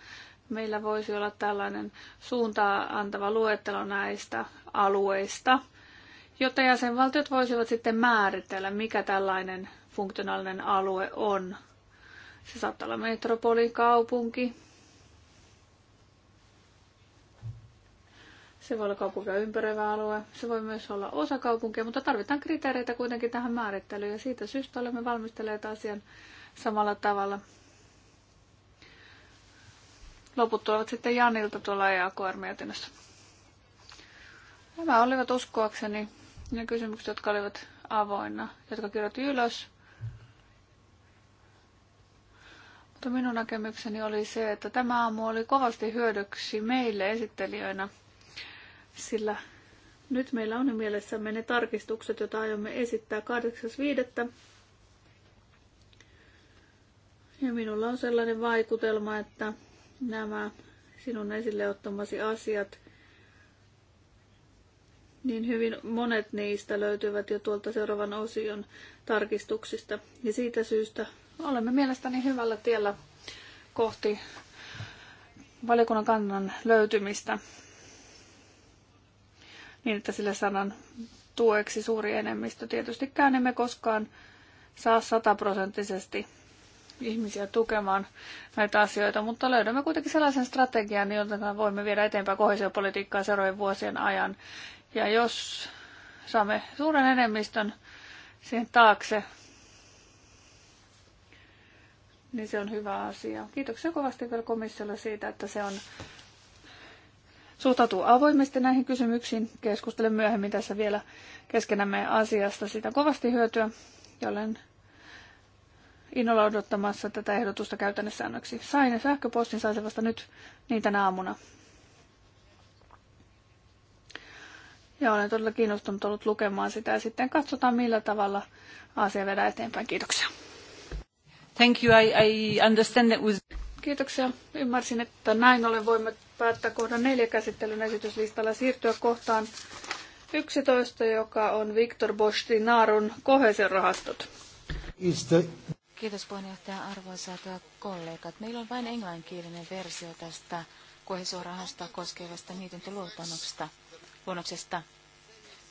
meillä voisi olla tällainen suuntaa antava luettelo näistä alueista, jotta jäsenvaltiot voisivat sitten määritellä, mikä tällainen funktionaalinen alue on. Se saattaa olla metropoli, kaupunki, Se voi olla kaupunkia ympäröivä alue, se voi myös olla osa kaupunkia, mutta tarvitaan kriteereitä kuitenkin tähän määrittelyyn ja siitä syystä olemme valmistelleet asian samalla tavalla. Loput tulevat sitten Janilta tuolla EAKR-mietinnössä. Nämä olivat uskoakseni ne kysymykset, jotka olivat avoinna, jotka kirjoitin ylös. Mutta minun näkemykseni oli se, että tämä aamu oli kovasti hyödyksi meille esittelijöinä – sillä nyt meillä on jo mielessämme ne tarkistukset, joita aiomme esittää 8.5. Ja minulla on sellainen vaikutelma, että nämä sinun esille ottamasi asiat, niin hyvin monet niistä löytyvät jo tuolta seuraavan osion tarkistuksista. Ja siitä syystä olemme mielestäni hyvällä tiellä kohti valiokunnan kannan löytymistä niin että sillä sanan tueksi suuri enemmistö. Tietystikään emme koskaan saa sataprosenttisesti ihmisiä tukemaan näitä asioita, mutta löydämme kuitenkin sellaisen strategian, jota voimme viedä eteenpäin kohesiopolitiikkaa seuraavien vuosien ajan. Ja jos saamme suuren enemmistön siihen taakse, niin se on hyvä asia. Kiitoksia kovasti vielä komissiolle siitä, että se on suhtautuu avoimesti näihin kysymyksiin. Keskustelen myöhemmin tässä vielä keskenämme asiasta. Siitä kovasti hyötyä ja olen innolla odottamassa tätä ehdotusta käytännössä Sain sähköpostin, sain se vasta nyt niin tänä aamuna. Ja olen todella kiinnostunut ollut lukemaan sitä ja sitten katsotaan millä tavalla asia vedä eteenpäin. Kiitoksia. Thank you. I, I understand that was... Kiitoksia. Ymmärsin, että näin ollen voimme päättää kohdan neljä käsittelyn esityslistalla siirtyä kohtaan 11, joka on Viktor Bostinaarun kohesiorahastot. Kiitos puheenjohtaja, arvoisat kollegat. Meillä on vain englanninkielinen versio tästä kohesiorahastoa koskevasta mietintöluonnoksesta. Luonnoksesta.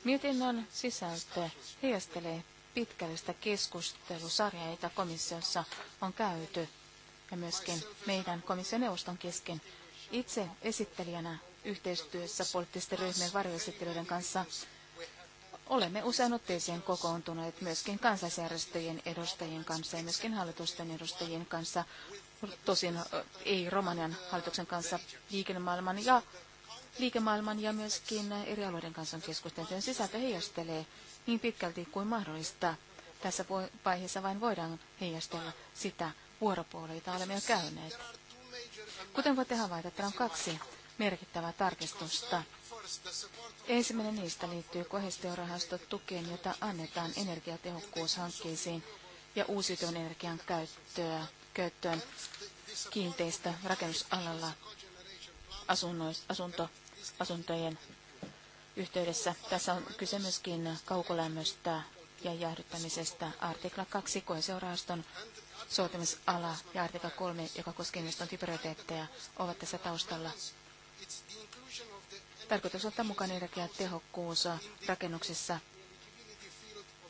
Mietinnön sisältö heijastelee pitkällistä keskustelusarjaa, jota komissiossa on käyty ja myöskin meidän komission kesken itse esittelijänä yhteistyössä poliittisten ryhmien varjoesittelijöiden kanssa olemme usein otteeseen kokoontuneet myöskin kansalaisjärjestöjen edustajien kanssa ja myöskin hallitusten edustajien kanssa, tosin ei Romanian hallituksen kanssa, liikemaailman ja liikemaailman ja myöskin eri alueiden kanssa on keskusteltu. sisältö heijastelee niin pitkälti kuin mahdollista. Tässä vaiheessa vain voidaan heijastella sitä vuoropuolta, jota olemme jo käyneet. Kuten voitte havaita, täällä on kaksi merkittävää tarkistusta. Ensimmäinen niistä liittyy tukeen, jota annetaan energiatehokkuushankkeisiin ja uusiutuvan energian käyttöä, käyttöön kiinteistä rakennusalalla asunto, asuntojen yhteydessä. Tässä on kyse myöskin kaukolämmöstä ja jäähdyttämisestä. Artikla 2 koheseurahaston soveltamisala ja artikla 3, joka koskee investointiprioriteetteja, ovat tässä taustalla. Tarkoitus ottaa mukaan energiatehokkuus rakennuksissa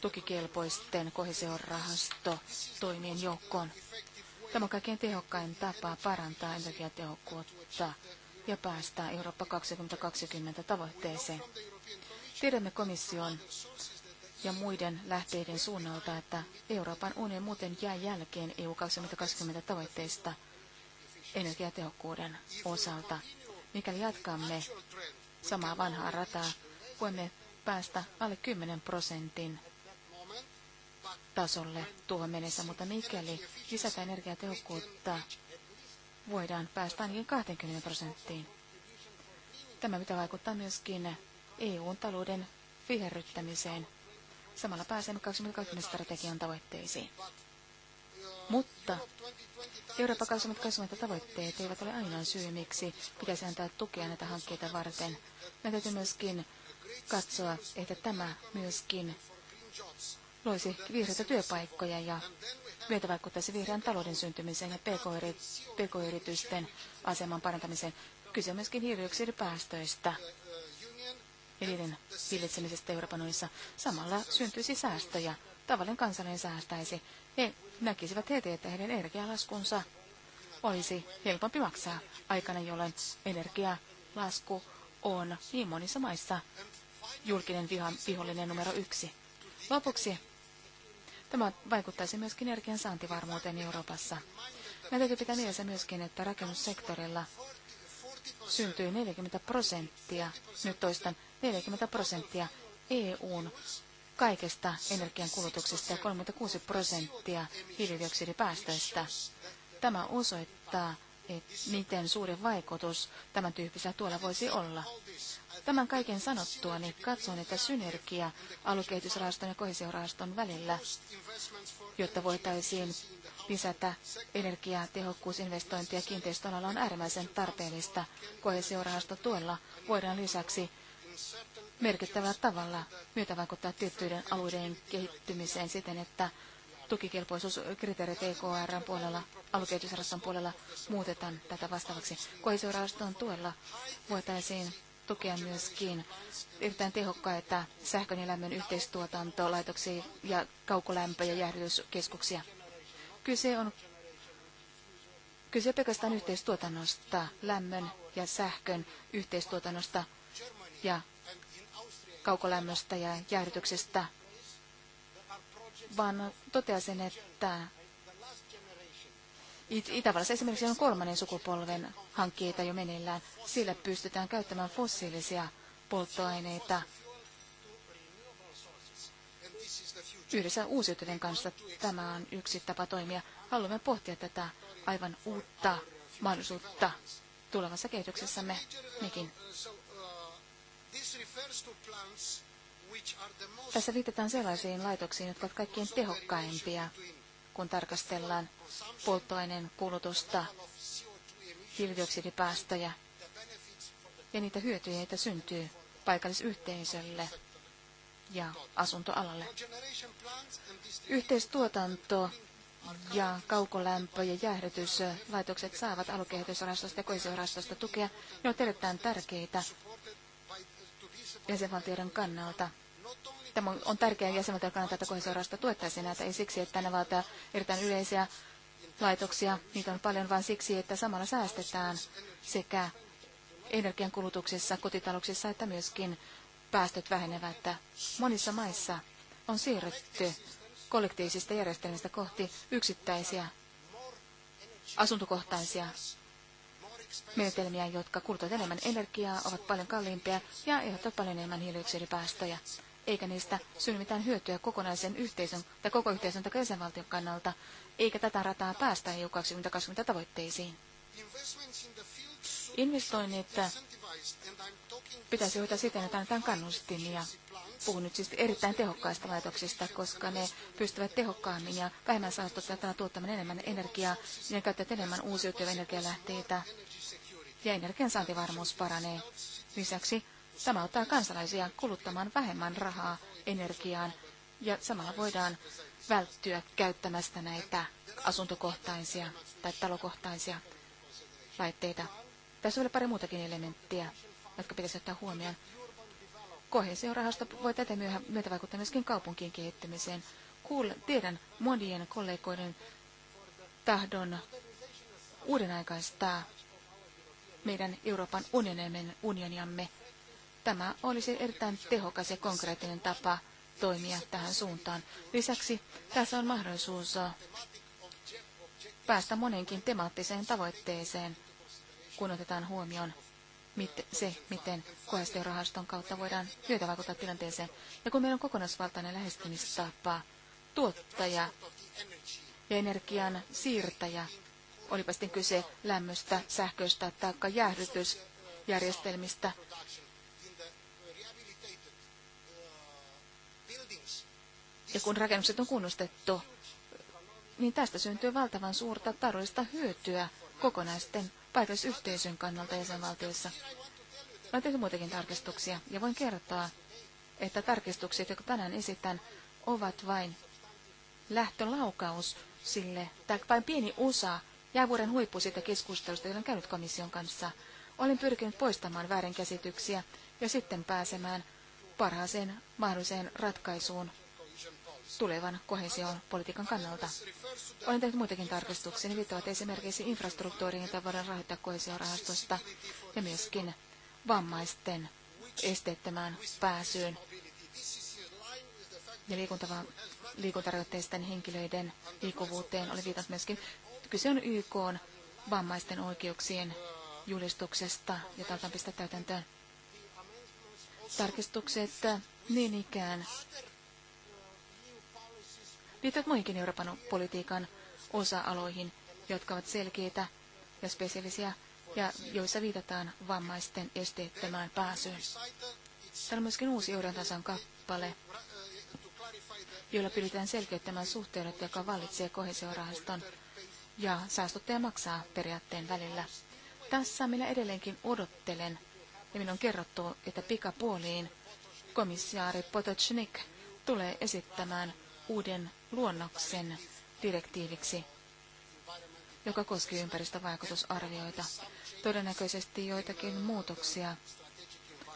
tukikelpoisten kohesiorahasto toimien joukkoon. Tämä on kaikkein tehokkain tapa parantaa energiatehokkuutta ja päästä Eurooppa 2020 tavoitteeseen. Tiedämme komission ja muiden lähteiden suunnalta, että Euroopan unioni muuten jää jälkeen EU 2020 tavoitteista energiatehokkuuden osalta. Mikäli jatkamme samaa vanhaa rataa, voimme päästä alle 10 prosentin tasolle tuohon mennessä, mutta mikäli lisätään energiatehokkuutta, voidaan päästä ainakin 20 prosenttiin. Tämä mitä vaikuttaa myöskin eu talouden viherryttämiseen Samalla pääsemme 2020 strategian tavoitteisiin. Mutta Eurooppa 2020 tavoitteet eivät ole ainoa syy, miksi pitäisi antaa tukea näitä hankkeita varten. Meidän täytyy myöskin katsoa, että tämä myöskin loisi vihreitä työpaikkoja ja myötä vaikuttaisi vihreän talouden syntymiseen ja pk-yritysten aseman parantamiseen. Kyse on myöskin hiilidioksidipäästöistä ja niiden hillitsemisestä Euroopan unionissa. Samalla syntyisi säästöjä. Tavallinen kansalainen säästäisi. He näkisivät heti, että heidän energialaskunsa olisi helpompi maksaa aikana, jolloin energialasku on niin monissa maissa julkinen viha, vihollinen numero yksi. Lopuksi tämä vaikuttaisi myöskin energian saantivarmuuteen Euroopassa. Meidän täytyy pitää mielessä myöskin, että rakennussektorilla syntyy 40 prosenttia, nyt toistan 40 prosenttia EUn kaikesta energiankulutuksesta ja 36 prosenttia hiilidioksidipäästöistä. Tämä osoittaa, että miten suuri vaikutus tämän tyyppisellä tuolla voisi olla. Tämän kaiken sanottua, niin katson, että synergia alukehitysrahaston ja kohesiorahaston välillä, jotta voitaisiin lisätä energiatehokkuusinvestointia kiinteistöalalla on äärimmäisen tarpeellista. Kohesiorahasto tuella voidaan lisäksi merkittävällä tavalla myötävaikuttaa vaikuttaa tiettyiden alueiden kehittymiseen siten, että tukikelpoisuuskriteerit EKRn puolella, alukehitysrahaston puolella muutetaan tätä vastaavaksi. Kohesiorahaston tuella voitaisiin tukea myöskin erittäin tehokkaita sähkön ja lämmön yhteistuotantolaitoksia ja kaukolämpö- ja jäähdytyskeskuksia. Kyse on kyse pelkästään yhteistuotannosta, lämmön ja sähkön yhteistuotannosta ja kaukolämmöstä ja jäähdytyksestä, vaan sen, että It- Itävallassa esimerkiksi on kolmannen sukupolven hankkeita jo meneillään. Sillä pystytään käyttämään fossiilisia polttoaineita yhdessä uusiutuvien kanssa. Tämä on yksi tapa toimia. Haluamme pohtia tätä aivan uutta mahdollisuutta tulevassa kehityksessämme mekin. Tässä viitataan sellaisiin laitoksiin, jotka ovat kaikkein tehokkaimpia, kun tarkastellaan polttoaineen kulutusta, hiilidioksidipäästöjä ja niitä hyötyjä, joita syntyy paikallisyhteisölle ja asuntoalalle. Yhteistuotanto ja kaukolämpö- ja jäähdytyslaitokset saavat alukehitysrahastosta ja koisiorahastosta tukea. Ne ovat erittäin tärkeitä jäsenvaltioiden kannalta. Tämä on tärkeää jäsenvaltioiden kannalta, että kohesiorahasto tuettaisiin näitä, ei siksi, että ne valtaa erittäin yleisiä laitoksia, niitä on paljon, vaan siksi, että samalla säästetään sekä energiankulutuksessa, kotitalouksissa että myöskin päästöt vähenevät. Monissa maissa on siirretty kollektiivisista järjestelmistä kohti yksittäisiä asuntokohtaisia menetelmiä, jotka kuluttavat enemmän energiaa, ovat paljon kalliimpia ja aiheuttavat paljon enemmän hiilidioksidipäästöjä, eikä niistä synny mitään hyötyä kokonaisen yhteisön tai koko yhteisön tai jäsenvaltion kannalta, eikä tätä rataa päästä EU 2020 tavoitteisiin. Investoinnit pitäisi hoitaa siten, että annetaan kannustimia. Puhun nyt siis erittäin tehokkaista laitoksista, koska ne pystyvät tehokkaammin ja vähemmän saastuttaa tuottamaan enemmän energiaa ja ne käyttävät enemmän uusiutuvia energialähteitä ja energiansaantivarmuus paranee. Lisäksi tämä auttaa kansalaisia kuluttamaan vähemmän rahaa energiaan ja samalla voidaan välttyä käyttämästä näitä asuntokohtaisia tai talokohtaisia laitteita. Tässä on vielä pari muutakin elementtiä, jotka pitäisi ottaa huomioon. Kohesiorahasto voi tätä myötä vaikuttaa myöskin kaupunkien kehittämiseen Kuul, tiedän monien kollegoiden tahdon uudenaikaistaa meidän Euroopan unioniamme. unioniamme. Tämä olisi erittäin tehokas ja konkreettinen tapa toimia tähän suuntaan. Lisäksi tässä on mahdollisuus päästä monenkin temaattiseen tavoitteeseen, kun otetaan huomioon mit, se, miten koheisiorahaston kautta voidaan vaikuttaa tilanteeseen. Ja kun meillä on kokonaisvaltainen lähestymistapa, tuottaja ja energian siirtäjä olipa sitten kyse lämmöstä, sähköstä tai jäähdytysjärjestelmistä. Ja kun rakennukset on kunnostettu, niin tästä syntyy valtavan suurta taloudellista hyötyä kokonaisten paikallisyhteisön kannalta jäsenvaltioissa. Mä olen tehnyt muitakin tarkistuksia ja voin kertoa, että tarkistukset, jotka tänään esitän, ovat vain lähtölaukaus sille, tai vain pieni osa jäävuoren huippu siitä keskustelusta, jota olen käynyt komission kanssa. olin pyrkinyt poistamaan väärinkäsityksiä ja sitten pääsemään parhaaseen mahdolliseen ratkaisuun tulevan kohesion politiikan kannalta. Olen tehnyt muitakin tarkistuksia, ne viittavat esimerkiksi infrastruktuuriin, jota voidaan rahoittaa rahastosta ja myöskin vammaisten esteettömään pääsyyn ja liikuntarajoitteisten henkilöiden liikkuvuuteen. Oli viitannut myöskin Kyse on YK on vammaisten oikeuksien julistuksesta, jota otan pistää täytäntöön. Tarkistukset niin ikään liittyvät muihinkin Euroopan politiikan osa-aloihin, jotka ovat selkeitä ja spesiaalisia ja joissa viitataan vammaisten esteettömään pääsyyn. Täällä on myöskin uusi Eurontason kappale, jolla pyritään selkeyttämään suhteen, joka vallitsee kohesiorahaston ja saastuttaja maksaa periaatteen välillä. Tässä minä edelleenkin odottelen, ja minun on kerrottu, että pikapuoliin komissaari Potocnik tulee esittämään uuden luonnoksen direktiiviksi, joka koskee ympäristövaikutusarvioita. Todennäköisesti joitakin muutoksia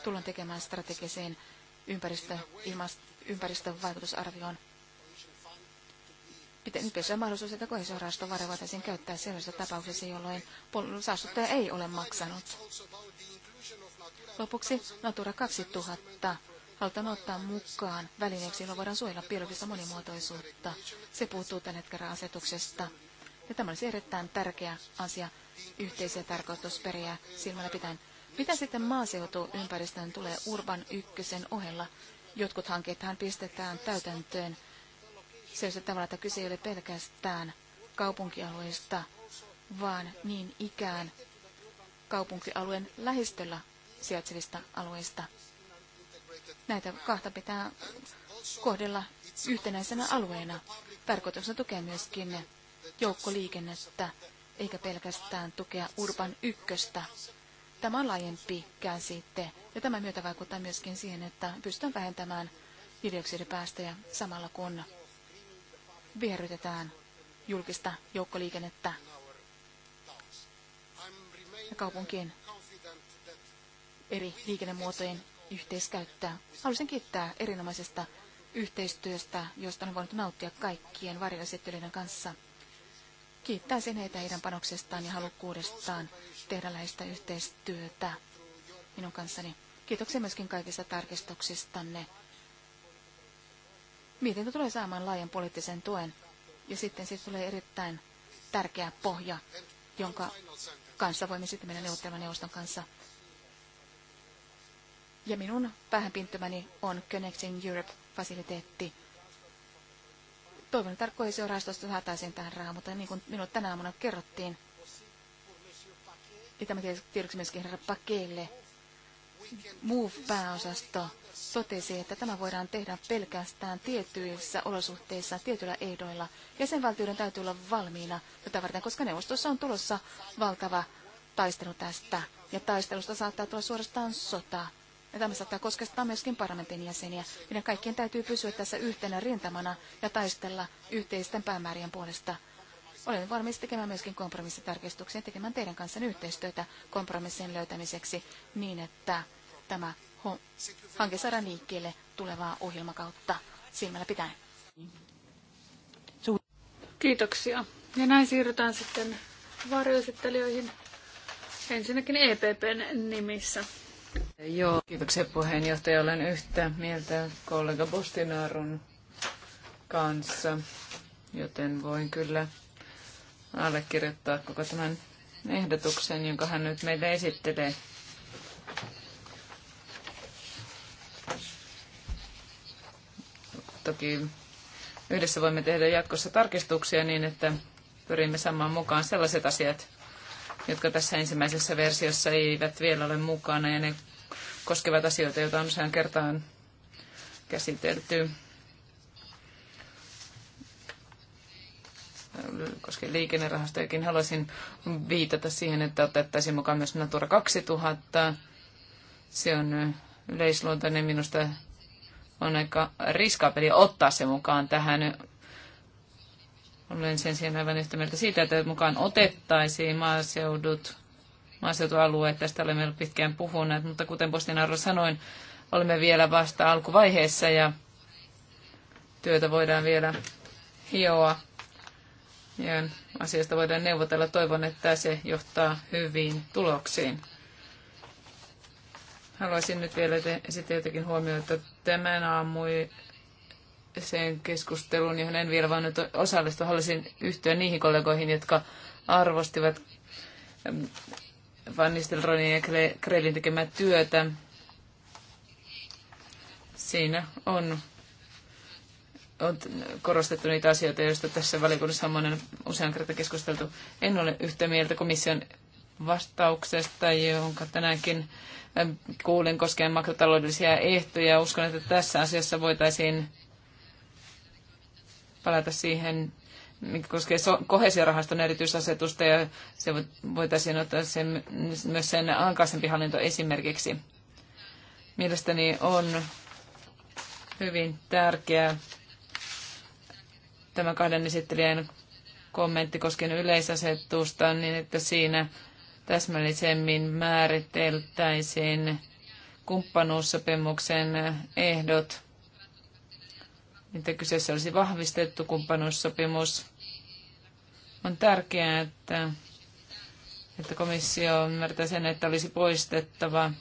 tullaan tekemään strategiseen ympäristö, ilmast, ympäristövaikutusarvioon nyt pitäisi olla mahdollisuus, että kohdistusrahaston varoja voitaisiin käyttää sellaisessa tapauksessa, jolloin saastuttaja ei ole maksanut. Lopuksi Natura 2000 halutaan ottaa mukaan välineeksi, jolla voidaan suojella biologista monimuotoisuutta. Se puuttuu tämän hetkellä asetuksesta. Ja tämä olisi erittäin tärkeä asia yhteisiä tarkoitusperiä silmällä pitäen. Mitä sitten maaseutuympäristön tulee Urban ykkösen ohella? Jotkut hankkeethan pistetään täytäntöön sillä tavalla, että kyse ei ole pelkästään kaupunkialueista, vaan niin ikään kaupunkialueen lähistöllä sijaitsevista alueista. Näitä kahta pitää kohdella yhtenäisenä alueena. on tukea myöskin joukkoliikennettä, eikä pelkästään tukea Urban ykköstä. Tämä on laajempi käsite, ja tämä myötä vaikuttaa myöskin siihen, että pystytään vähentämään hiilidioksidipäästöjä samalla kun viherrytetään julkista joukkoliikennettä ja kaupunkien eri liikennemuotojen yhteiskäyttöä. Haluaisin kiittää erinomaisesta yhteistyöstä, josta on voinut nauttia kaikkien varjoesittelyiden kanssa. sen heitä heidän panoksestaan ja halukkuudestaan tehdä läheistä yhteistyötä minun kanssani. Kiitoksia myöskin kaikista tarkistuksistanne mietintö tulee saamaan laajan poliittisen tuen. Ja sitten siitä tulee erittäin tärkeä pohja, jonka kanssa voimme sitten mennä neuvottelemaan neuvoston kanssa. Ja minun päähänpintymäni on Connecting Europe-fasiliteetti. Toivon, että kohesiorahastosta saataisiin tähän rahaa, mutta niin kuin minulle tänä aamuna kerrottiin, niin tämä tiedoksi myöskin herra Pakeille, muu pääosasto totesi, että tämä voidaan tehdä pelkästään tietyissä olosuhteissa, tietyillä ehdoilla. Jäsenvaltioiden täytyy olla valmiina tätä varten, koska neuvostossa on tulossa valtava taistelu tästä. Ja taistelusta saattaa tulla suorastaan sota. Ja tämä saattaa koskettaa myöskin parlamentin jäseniä. Meidän kaikkien täytyy pysyä tässä yhtenä rintamana ja taistella yhteisten päämäärien puolesta. Olen valmis tekemään myöskin kompromissitarkistuksia tekemään teidän kanssanne yhteistyötä kompromissien löytämiseksi niin, että tämä hanke saadaan liikkeelle tulevaa ohjelmakautta silmällä pitäen. Kiitoksia. Ja näin siirrytään sitten varjoesittelijöihin. Ensinnäkin EPPn nimissä. Joo, kiitoksia puheenjohtaja. Olen yhtä mieltä kollega Bostinaarun kanssa, joten voin kyllä allekirjoittaa koko tämän ehdotuksen, jonka hän nyt meille esittelee. Toki yhdessä voimme tehdä jatkossa tarkistuksia niin, että pyrimme samaan mukaan sellaiset asiat, jotka tässä ensimmäisessä versiossa eivät vielä ole mukana ja ne koskevat asioita, joita on usean kertaan käsitelty koskien liikennerahastojakin, haluaisin viitata siihen, että otettaisiin mukaan myös Natura 2000. Se on yleisluontainen minusta on aika riskaapeli ottaa se mukaan tähän. Olen sen sijaan aivan yhtä mieltä siitä, että mukaan otettaisiin maaseudut, maaseutualueet. Tästä olemme pitkään puhuneet, mutta kuten postin arvo sanoin, olemme vielä vasta alkuvaiheessa ja työtä voidaan vielä hioa ja asiasta voidaan neuvotella. Toivon, että se johtaa hyviin tuloksiin. Haluaisin nyt vielä esittää jotakin huomioita tämän aamui sen keskustelun, johon en vielä voinut osallistua. Haluaisin yhtyä niihin kollegoihin, jotka arvostivat ähm, Van Nistelronin ja Krelin tekemää työtä. Siinä on on korostettu niitä asioita, joista tässä valiokunnassa on monen usean kertaa keskusteltu. En ole yhtä mieltä komission vastauksesta, jonka tänäänkin ähm, kuulin koskien makrotaloudellisia ehtoja. Uskon, että tässä asiassa voitaisiin palata siihen, mikä koskee so- kohesiorahaston erityisasetusta, ja se voitaisiin ottaa sen, myös sen ankaisempi hallinto esimerkiksi. Mielestäni on hyvin tärkeää tämä kahden esittelijän kommentti koskien yleisasetusta, niin että siinä täsmällisemmin määriteltäisiin kumppanuussopimuksen ehdot, että kyseessä olisi vahvistettu kumppanuussopimus. On tärkeää, että, että komissio ymmärtää sen, että olisi poistettava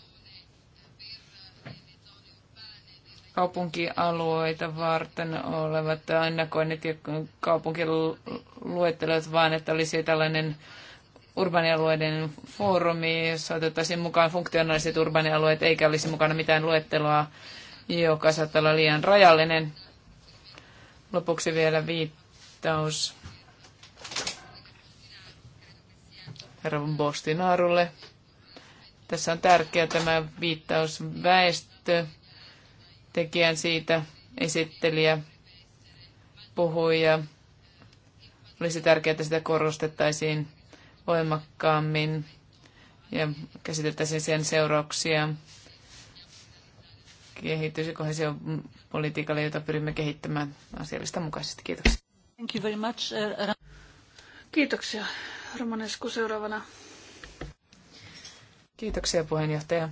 kaupunkialueita varten olevat ennakoinnit ja kaupunkiluettelot, vaan että olisi tällainen urbanialueiden foorumi, jossa otettaisiin mukaan funktionaaliset urbanialueet, eikä olisi mukana mitään luetteloa, joka saattaa olla liian rajallinen. Lopuksi vielä viittaus herra Bostinaarulle. Tässä on tärkeä tämä viittaus väestö tekijän siitä esittelijä puhui ja olisi tärkeää, että sitä korostettaisiin voimakkaammin ja käsiteltäisiin sen seurauksia kehitys- ja politiikalle, jota pyrimme kehittämään asiallista mukaisesti. Kiitoksia. Thank you very much. Uh, Kiitoksia. Romanesku seuraavana. Kiitoksia puheenjohtaja.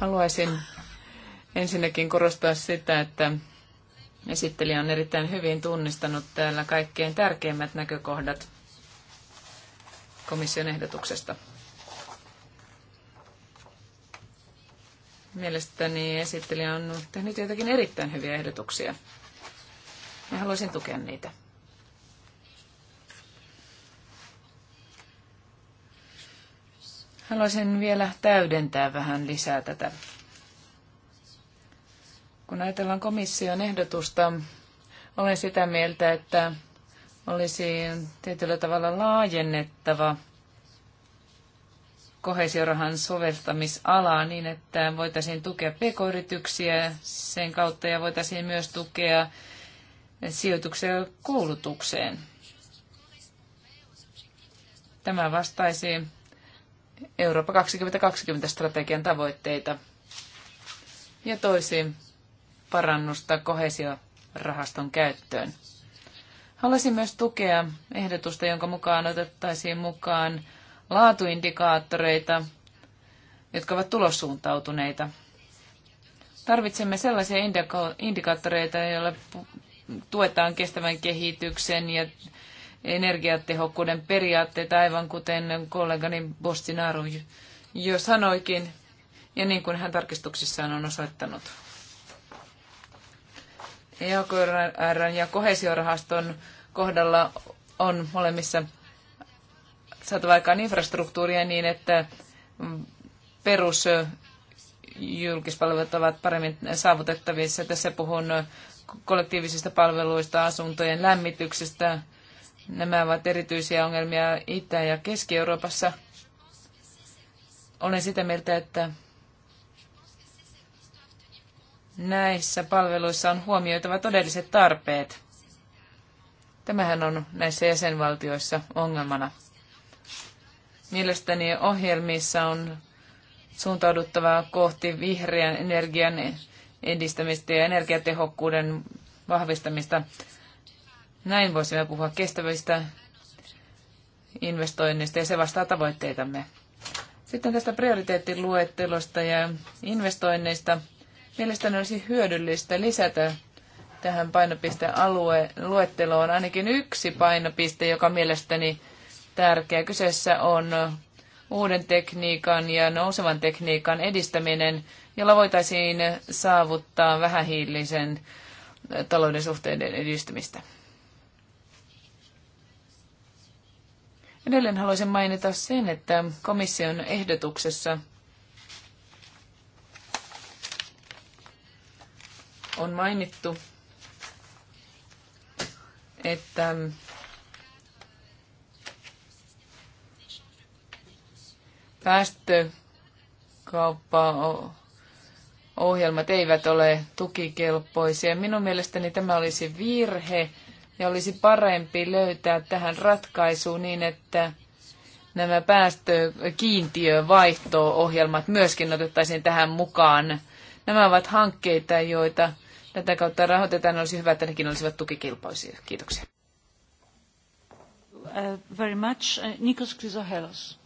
Haluaisin ensinnäkin korostaa sitä, että esittelijä on erittäin hyvin tunnistanut täällä kaikkein tärkeimmät näkökohdat komission ehdotuksesta. Mielestäni esittelijä on tehnyt jotakin erittäin hyviä ehdotuksia ja haluaisin tukea niitä. Haluaisin vielä täydentää vähän lisää tätä. Kun ajatellaan komission ehdotusta, olen sitä mieltä, että olisi tietyllä tavalla laajennettava kohesiorahan soveltamisalaa niin, että voitaisiin tukea pk-yrityksiä sen kautta ja voitaisiin myös tukea sijoituksia koulutukseen. Tämä vastaisi Eurooppa 2020-strategian tavoitteita ja toisi parannusta kohesiorahaston käyttöön. Haluaisin myös tukea ehdotusta, jonka mukaan otettaisiin mukaan laatuindikaattoreita, jotka ovat tulossuuntautuneita. Tarvitsemme sellaisia indikaattoreita, joilla tuetaan kestävän kehityksen ja energiatehokkuuden periaatteita, aivan kuten kollegani Bostinaru jo sanoikin, ja niin kuin hän tarkistuksissaan on osoittanut. EOKR ja kohesiorahaston kohdalla on molemmissa saatu aikaan infrastruktuuria niin, että perus julkispalvelut ovat paremmin saavutettavissa. Tässä puhun kollektiivisista palveluista, asuntojen lämmityksestä, Nämä ovat erityisiä ongelmia Itä- ja Keski-Euroopassa. Olen sitä mieltä, että näissä palveluissa on huomioitava todelliset tarpeet. Tämähän on näissä jäsenvaltioissa ongelmana. Mielestäni ohjelmissa on suuntauduttava kohti vihreän energian edistämistä ja energiatehokkuuden vahvistamista. Näin voisimme puhua kestävistä investoinneista ja se vastaa tavoitteitamme. Sitten tästä prioriteettiluettelosta ja investoinneista. Mielestäni olisi hyödyllistä lisätä tähän painopistealueluetteloon ainakin yksi painopiste, joka mielestäni tärkeä. Kyseessä on uuden tekniikan ja nousevan tekniikan edistäminen, jolla voitaisiin saavuttaa vähähiilisen talouden suhteiden edistymistä. Edelleen haluaisin mainita sen, että komission ehdotuksessa on mainittu, että päästökauppaohjelmat eivät ole tukikelpoisia. Minun mielestäni tämä olisi virhe, ja olisi parempi löytää tähän ratkaisu niin, että nämä päästökiintiövaihto-ohjelmat myöskin otettaisiin tähän mukaan. Nämä ovat hankkeita, joita tätä kautta rahoitetaan. Olisi hyvä, että nekin olisivat tukikilpoisia. Kiitoksia. Uh, very much. Uh, Nikos Chrysohelos.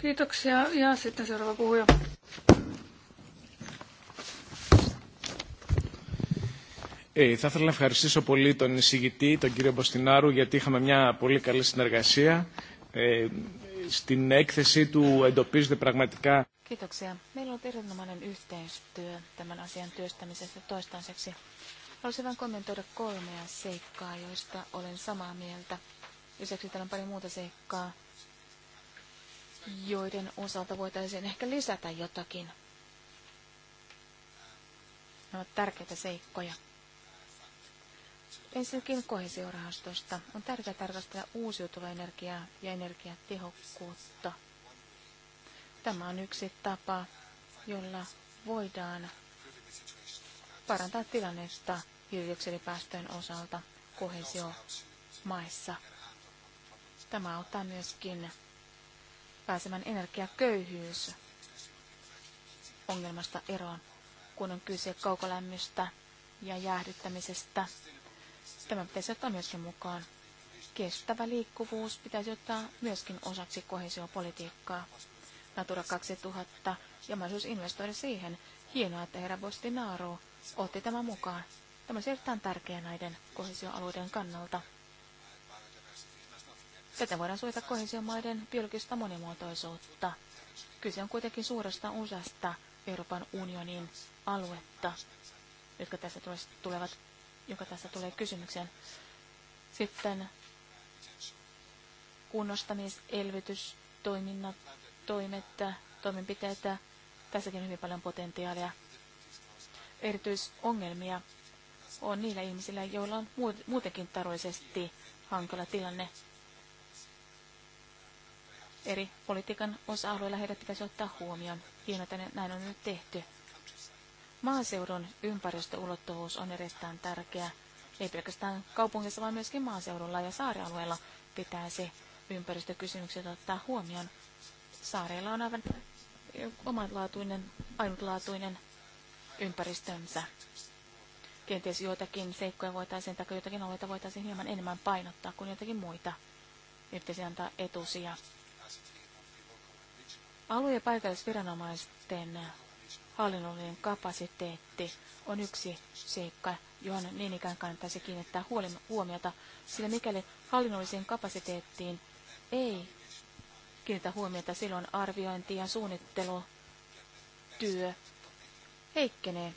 Kiitoksia. Ja sitten seuraava puhuja. Ε, θα ήθελα να ευχαριστήσω πολύ τον εισηγητή, τον κύριο Μποστινάρου, γιατί είχαμε μια πολύ καλή συνεργασία. Ε, στην έκθεση του εντοπίζονται πραγματικά... Kiitoksia. Meillä on erinomainen yhteistyö tämän asian työstämisessä toistaiseksi. Haluaisin vain kommentoida kolmea seikkaa, joista olen samaa mieltä. Lisäksi täällä on pari muuta seikkaa, joiden osalta voitaisiin ehkä lisätä jotakin. Ne ovat tärkeitä seikkoja. Ensinnäkin kohesiorahastosta on tärkeää tarkastella uusiutuvaa energiaa ja energiatehokkuutta. Tämä on yksi tapa, jolla voidaan parantaa tilannetta hiilidioksidipäästöjen osalta kohesiomaissa. Tämä auttaa myöskin pääsemään energiaköyhyys ongelmasta eroon, kun on kyse kaukolämmöstä ja jäähdyttämisestä Tämä pitäisi ottaa myöskin mukaan. Kestävä liikkuvuus pitäisi ottaa myöskin osaksi kohesiopolitiikkaa. Natura 2000 ja mahdollisuus investoida siihen. Hienoa, että herra Bostinaro otti tämän mukaan. Tämä on erittäin tärkeä näiden kohesioalueiden kannalta. Tätä voidaan suojata kohesiomaiden biologista monimuotoisuutta. Kyse on kuitenkin suuresta osasta Euroopan unionin aluetta, jotka tässä tulevat joka tässä tulee kysymykseen. Sitten kunnostamis-, toiminnat toimet, toimenpiteet. Tässäkin on hyvin paljon potentiaalia. Erityisongelmia on niillä ihmisillä, joilla on muutenkin taloudellisesti hankala tilanne. Eri politiikan osa-alueilla heidät pitäisi ottaa huomioon. Hienoa, että näin on nyt tehty. Maaseudun ympäristöulottuvuus on erittäin tärkeä, ei pelkästään kaupungissa, vaan myöskin maaseudulla ja saarialueella pitäisi ympäristökysymykset ottaa huomioon. Saareilla on aivan omanlaatuinen, ainutlaatuinen ympäristönsä. Kenties joitakin seikkoja voitaisiin tai joitakin alueita voitaisiin hieman enemmän painottaa kuin joitakin muita. yhteisiä antaa etusia. Alue- ja paikallisviranomaisten hallinnollinen kapasiteetti on yksi seikka, johon niin ikään kannattaisi kiinnittää huomiota, sillä mikäli hallinnolliseen kapasiteettiin ei kiinnitä huomiota, silloin arviointi ja suunnittelu työ heikkenee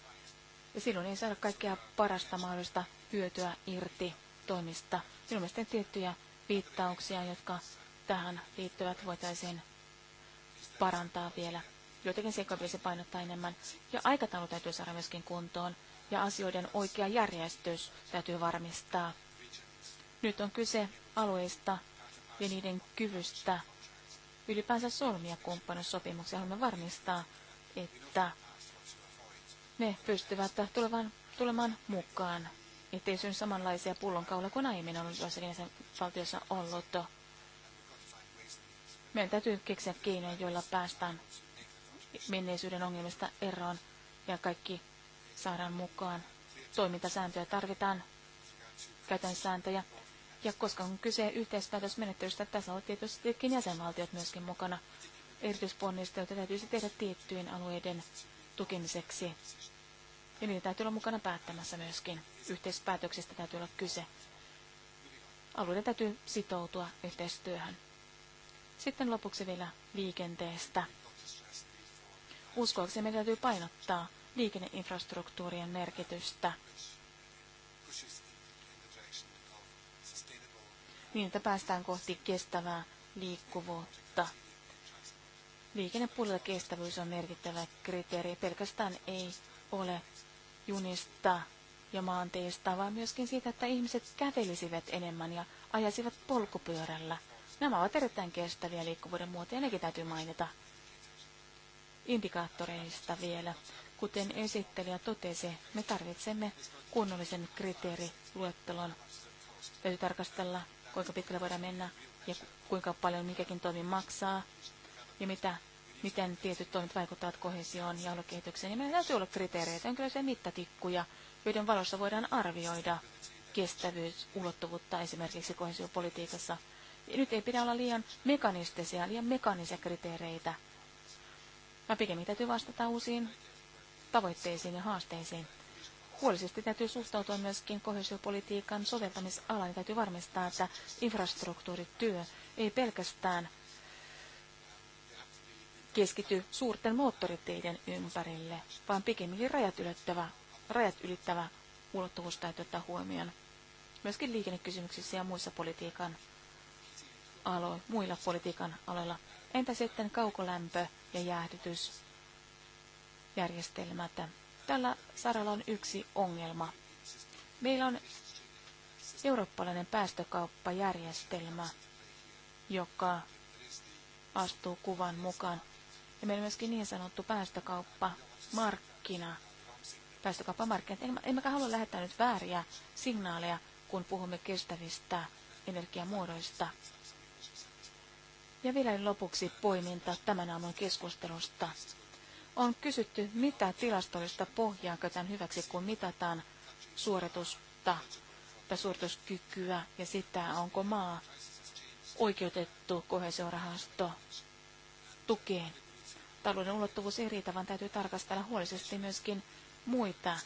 ja silloin ei saada kaikkea parasta mahdollista hyötyä irti toimista. silloin mielestäni tiettyjä viittauksia, jotka tähän liittyvät, voitaisiin parantaa vielä. Joitakin seikkoja pitäisi painottaa enemmän. Ja aikataulu täytyy saada myöskin kuntoon. Ja asioiden oikea järjestys täytyy varmistaa. Nyt on kyse alueista ja niiden kyvystä ylipäänsä solmia kumppanuussopimuksia. Haluamme varmistaa, että ne pystyvät tulevan, tulemaan mukaan, ettei synny samanlaisia pullonkaula kuin aiemmin on joissakin valtiossa ollut. Meidän täytyy keksiä keinoja, joilla päästään menneisyyden ongelmista eroon ja kaikki saadaan mukaan. Toimintasääntöjä tarvitaan, käytän sääntöjä. Ja koska on kyse yhteispäätösmenettelystä, tässä on tietystikin jäsenvaltiot myöskin mukana. Erityisponnisteluita täytyisi tehdä tiettyjen alueiden tukemiseksi. Ja niitä täytyy olla mukana päättämässä myöskin. Yhteispäätöksestä täytyy olla kyse. Alueiden täytyy sitoutua yhteistyöhön. Sitten lopuksi vielä liikenteestä uskoakseni meidän täytyy painottaa liikenneinfrastruktuurien merkitystä niin, että päästään kohti kestävää liikkuvuutta. Liikennepuolella kestävyys on merkittävä kriteeri. Pelkästään ei ole junista ja maanteista, vaan myöskin siitä, että ihmiset kävelisivät enemmän ja ajaisivat polkupyörällä. Nämä ovat erittäin kestäviä liikkuvuuden muotoja, nekin täytyy mainita indikaattoreista vielä. Kuten esittelijä totesi, me tarvitsemme kunnollisen kriteeriluettelon. Täytyy tarkastella, kuinka pitkälle voidaan mennä ja kuinka paljon mikäkin toimi maksaa ja mitä, miten tietyt toimet vaikuttavat kohesioon ja aluekehitykseen. meillä täytyy olla kriteereitä, se mittatikkuja, joiden valossa voidaan arvioida kestävyys, ulottuvuutta esimerkiksi kohesiopolitiikassa. Ja nyt ei pidä olla liian mekanistisia, liian mekanisia kriteereitä vaan pikemmin täytyy vastata uusiin tavoitteisiin ja haasteisiin. Huolisesti täytyy suhtautua myöskin kohesiopolitiikan soveltamisalaan ja täytyy varmistaa, että infrastruktuurityö ei pelkästään keskity suurten moottoriteiden ympärille, vaan pikemminkin rajat ylittävä, rajat ylittävä ulottuvuus täytyy ottaa huomioon myöskin liikennekysymyksissä ja muissa politiikan alo, muilla politiikan aloilla. Entä sitten kaukolämpö ja jäähdytysjärjestelmät? Tällä saralla on yksi ongelma. Meillä on eurooppalainen päästökauppajärjestelmä, joka astuu kuvan mukaan. Ja meillä on myöskin niin sanottu päästökauppamarkkina. Päästökauppamarkkinat. Emmekä halua lähettää nyt vääriä signaaleja, kun puhumme kestävistä energiamuodoista. Ja vielä lopuksi poiminta tämän aamun keskustelusta. On kysytty, mitä tilastollista pohjaa käytetään hyväksi, kun mitataan suoritusta tai suorituskykyä ja sitä, onko maa oikeutettu kohesiorahasto tukeen. Talouden ulottuvuus ei riitä, vaan täytyy tarkastella huolisesti myöskin muita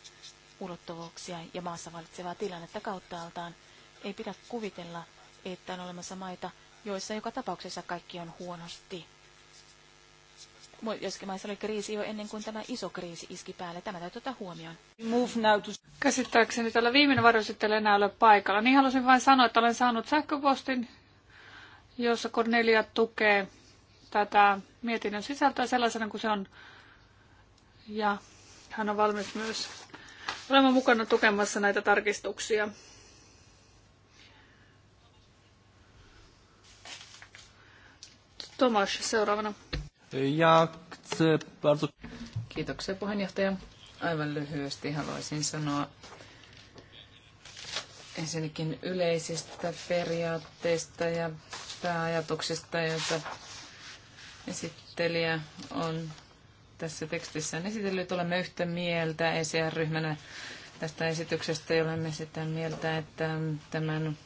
ulottuvuuksia ja maassa valitsevaa tilannetta kauttaaltaan. Ei pidä kuvitella, että on olemassa maita, joissa joka tapauksessa kaikki on huonosti. Joskin maissa oli kriisi jo ennen kuin tämä iso kriisi iski päälle. Tämä täytyy ottaa huomioon. Move now to... Käsittääkseni tällä viimeinen varoisittelee enää ole paikalla. Niin halusin vain sanoa, että olen saanut sähköpostin, jossa Cornelia tukee tätä mietinnön sisältöä sellaisena kuin se on. Ja hän on valmis myös olemaan mukana tukemassa näitä tarkistuksia. Tomas seuraavana. Ja se bardzo... Kiitoksia puheenjohtaja. Aivan lyhyesti haluaisin sanoa ensinnäkin yleisistä periaatteista ja pääajatuksista, joita esittelijä on tässä tekstissä esitellyt. Olemme yhtä mieltä ECR-ryhmänä tästä esityksestä ja olemme sitä mieltä, että tämän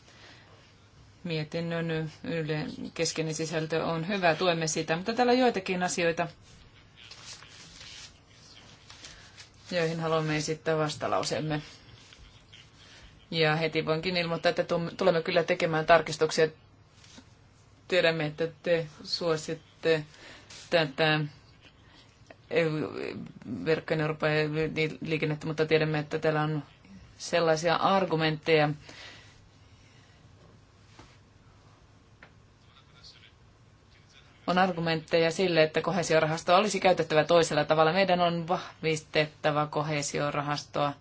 mietinnön yle, keskeinen sisältö on hyvä, tuemme sitä, mutta täällä on joitakin asioita, joihin haluamme esittää vastalausemme. Ja heti voinkin ilmoittaa, että tulemme kyllä tekemään tarkistuksia. Tiedämme, että te suositte tätä verkkojen Euroopan liikennettä, mutta tiedämme, että täällä on sellaisia argumentteja, on argumentteja sille, että kohesiorahastoa olisi käytettävä toisella tavalla. Meidän on vahvistettava kohesiorahastoa.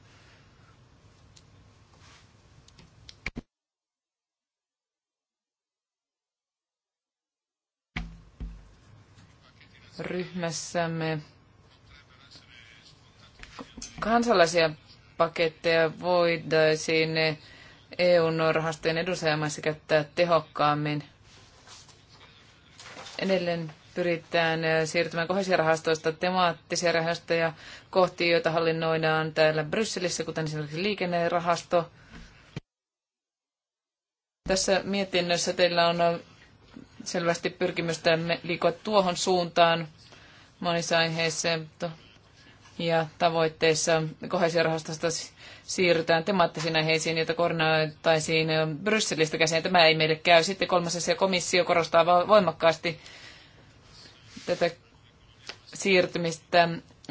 Ryhmässämme kansalaisia paketteja voitaisiin EUn rahastojen edusajamaissa käyttää tehokkaammin – Edelleen pyritään äh, siirtymään kohdisirahastoista temaattisia rahastoja kohti, joita hallinnoidaan täällä Brysselissä, kuten esimerkiksi liikennerahasto. Tässä mietinnössä teillä on äh, selvästi pyrkimystä liikua tuohon suuntaan monissa aiheissa ja tavoitteissa kohesiorahastosta siirrytään temaattisiin aiheisiin, joita koordinoitaisiin Brysselistä käsin. Tämä ei meille käy. Sitten kolmas asia komissio korostaa voimakkaasti tätä siirtymistä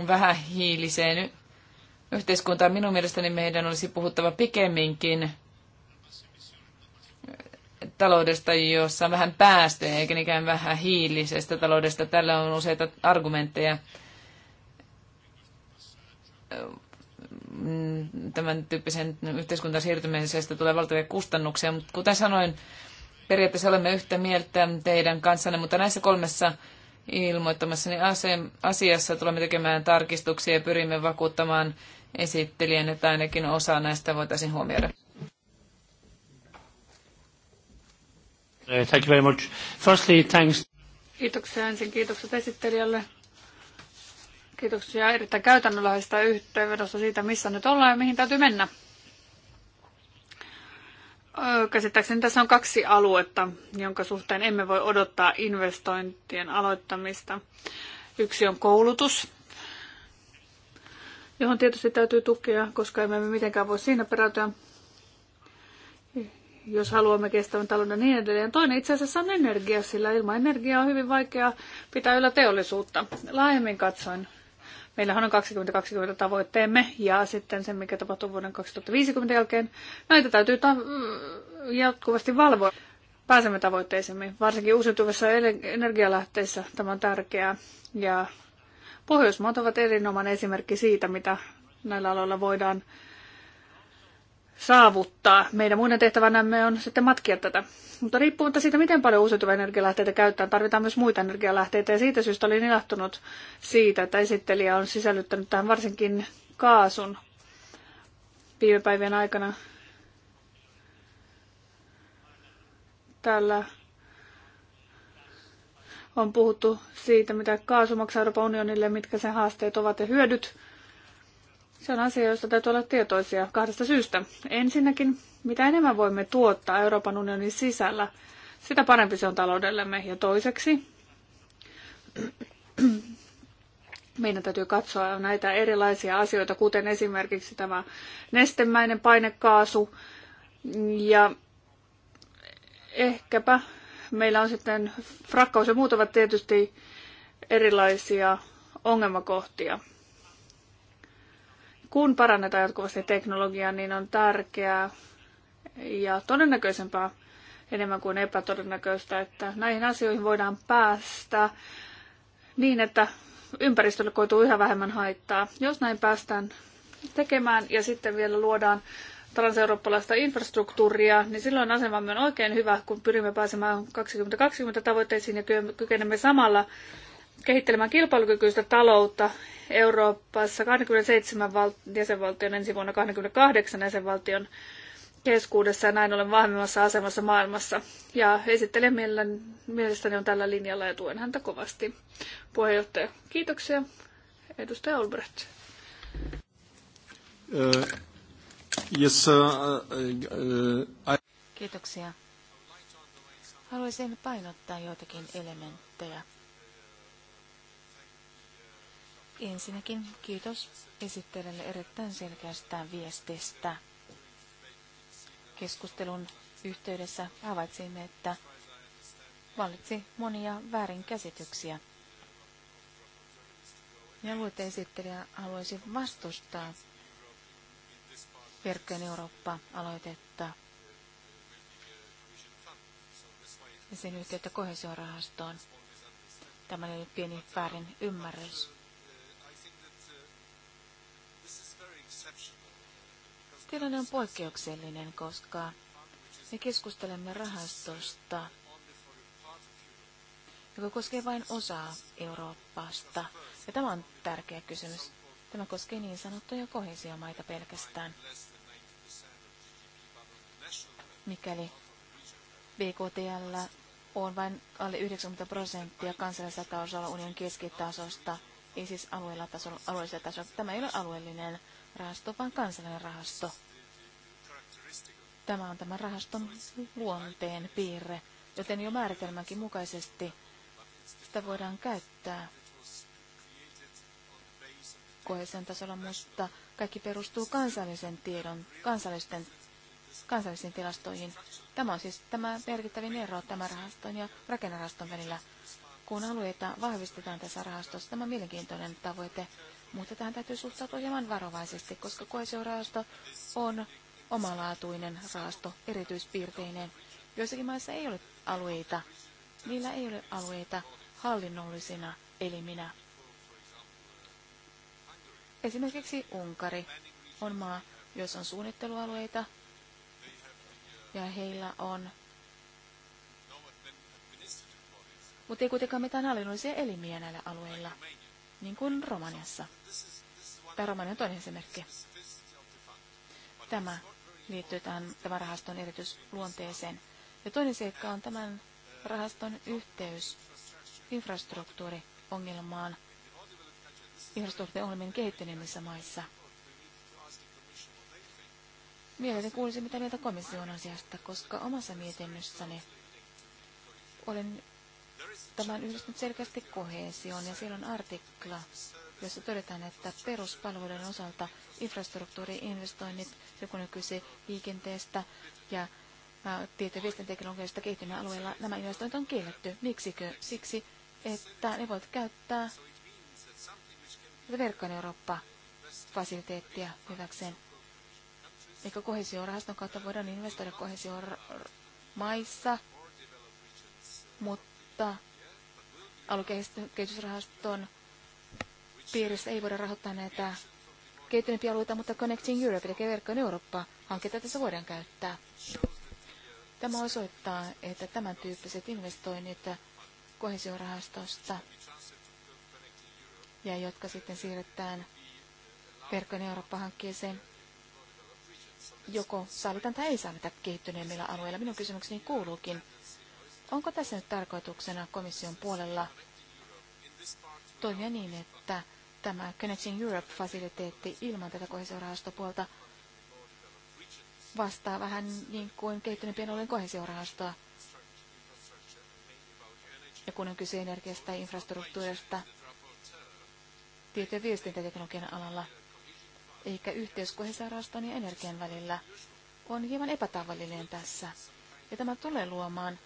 vähähiiliseen yhteiskuntaan. Minun mielestäni meidän olisi puhuttava pikemminkin taloudesta, jossa on vähän päästöjä, eikä niinkään vähän hiilisestä taloudesta. Tällä on useita argumentteja tämän tyyppisen yhteiskunnan siirtymisestä tulee valtavia kustannuksia, mutta kuten sanoin, periaatteessa olemme yhtä mieltä teidän kanssanne, mutta näissä kolmessa ilmoittamassani niin asiassa tulemme tekemään tarkistuksia ja pyrimme vakuuttamaan esittelijän, että ainakin osa näistä voitaisiin huomioida. Thank you very much. Firstly, thanks. Kiitoksia ensin kiitokset esittelijälle Kiitoksia erittäin käytännönläheisestä yhteenvedosta siitä, missä nyt ollaan ja mihin täytyy mennä. Käsittääkseni tässä on kaksi aluetta, jonka suhteen emme voi odottaa investointien aloittamista. Yksi on koulutus, johon tietysti täytyy tukea, koska emme mitenkään voi siinä perätyä, jos haluamme kestävän talouden niin edelleen. Toinen itse asiassa on energia, sillä ilman energiaa on hyvin vaikea pitää yllä teollisuutta. Laajemmin katsoen Meillähän on 2020 tavoitteemme ja sitten se, mikä tapahtuu vuoden 2050 jälkeen. Näitä täytyy ta- mm, jatkuvasti valvoa. Pääsemme tavoitteisemme, varsinkin uusiutuvissa energialähteissä tämä on tärkeää. Ja Pohjoismaat ovat erinomainen esimerkki siitä, mitä näillä aloilla voidaan saavuttaa. Meidän muiden tehtävänämme on sitten matkia tätä. Mutta riippumatta siitä, miten paljon uusiutuvia energialähteitä käyttää, tarvitaan myös muita energialähteitä. Ja siitä syystä olin ilahtunut siitä, että esittelijä on sisällyttänyt tähän varsinkin kaasun viime päivien aikana. Täällä on puhuttu siitä, mitä kaasu maksaa Euroopan unionille, mitkä sen haasteet ovat ja hyödyt. Se on asia, josta täytyy olla tietoisia kahdesta syystä. Ensinnäkin, mitä enemmän voimme tuottaa Euroopan unionin sisällä, sitä parempi se on taloudellemme. Ja toiseksi, meidän täytyy katsoa näitä erilaisia asioita, kuten esimerkiksi tämä nestemäinen painekaasu. Ja ehkäpä meillä on sitten frakkaus ja muut ovat tietysti erilaisia ongelmakohtia kun parannetaan jatkuvasti teknologiaa, niin on tärkeää ja todennäköisempää enemmän kuin epätodennäköistä, että näihin asioihin voidaan päästä niin, että ympäristölle koituu yhä vähemmän haittaa. Jos näin päästään tekemään ja sitten vielä luodaan transeurooppalaista infrastruktuuria, niin silloin asemamme on oikein hyvä, kun pyrimme pääsemään 2020 tavoitteisiin ja kykenemme samalla kehittelemään kilpailukykyistä taloutta Euroopassa 27 val- jäsenvaltion ensi vuonna 28 jäsenvaltion keskuudessa ja näin ollen vahvemmassa asemassa maailmassa. Ja esittelen mielestäni on tällä linjalla ja tuen häntä kovasti. Puheenjohtaja, kiitoksia. Edustaja Olbrecht. Uh, yes, uh, uh, I... Kiitoksia. Haluaisin painottaa joitakin elementtejä Ensinnäkin kiitos esittelijälle erittäin selkeästä viestistä. Keskustelun yhteydessä havaitsimme, että vallitsi monia väärinkäsityksiä. Ja esittelijä haluaisi vastustaa Verkkojen Eurooppa-aloitetta ja sen yhteyttä kohesiorahastoon. Tämä oli pieni väärin ymmärrys. Tilanne on poikkeuksellinen, koska me keskustelemme rahastosta, joka koskee vain osaa Euroopasta. Ja tämä on tärkeä kysymys. Tämä koskee niin sanottuja kohesiomaita pelkästään. Mikäli BKTL on vain alle 90 prosenttia kansallisella tasolla unionin keskitasosta, ei siis alueella tasolla, alueellisella tasolla. Tämä ei ole alueellinen rahasto, vaan kansallinen rahasto. Tämä on tämän rahaston luonteen piirre, joten jo määritelmänkin mukaisesti sitä voidaan käyttää koheisen tasolla, mutta kaikki perustuu kansallisen tiedon, kansallisten, kansallisiin tilastoihin. Tämä on siis tämä merkittävin ero tämän rahaston ja rakennerahaston välillä. Kun alueita vahvistetaan tässä rahastossa, tämä on mielenkiintoinen tavoite, mutta tähän täytyy suhtautua hieman varovaisesti, koska koesiorahasto on omalaatuinen rahasto, erityispiirteinen. Joissakin maissa ei ole alueita. Niillä ei ole alueita hallinnollisina eliminä. Esimerkiksi Unkari on maa, jossa on suunnittelualueita ja heillä on, mutta ei kuitenkaan mitään hallinnollisia elimiä näillä alueilla, niin kuin Romaniassa. Romania on toinen esimerkki. Tämä liittyy tähän tämän rahaston erityisluonteeseen. Ja toinen seikka on tämän rahaston yhteys infrastruktuuriongelmaan, infrastruktuuriongelmien kehittyneimmissä maissa. Mielestäni kuulisin, mitä mieltä komission asiasta, koska omassa mietinnössäni olen tämän yhdistänyt selkeästi kohesioon, ja siellä on artikla, jossa todetaan, että peruspalveluiden osalta infrastruktuuriinvestoinnit, joku nykyisen liikenteestä ja tieteen viestintäteknologiasta kehittymään alueella, nämä investoinnit on kielletty. Miksikö? Siksi, että ne voivat käyttää verkkojen Eurooppa-fasiliteettia hyväkseen. Eikö kohesiorahaston kautta voidaan investoida kohesiomaissa, mutta aluekehitysrahaston piiristä ei voida rahoittaa näitä kehittyneempiä alueita, mutta Connecting Europe, eli verkkojen Eurooppa-hanketta tässä voidaan käyttää. Tämä osoittaa, että tämän tyyppiset investoinnit kohesiorahastosta ja jotka sitten siirretään verkkojen Eurooppa-hankkeeseen, joko sallitaan tai ei sallita kehittyneemmillä alueilla. Minun kysymykseni kuuluukin, onko tässä nyt tarkoituksena komission puolella toimia niin, että tämä Connecting Europe-fasiliteetti ilman tätä kohesiorahastopuolta vastaa vähän niin kuin kehittyneempien ollen kohesiorahastoa. Ja kun on kyse energiasta ja infrastruktuurista, tieto- ja viestintäteknologian alalla, eikä yhteys kohesiorahaston ja energian välillä, on hieman epätavallinen tässä. Ja tämä tulee luomaan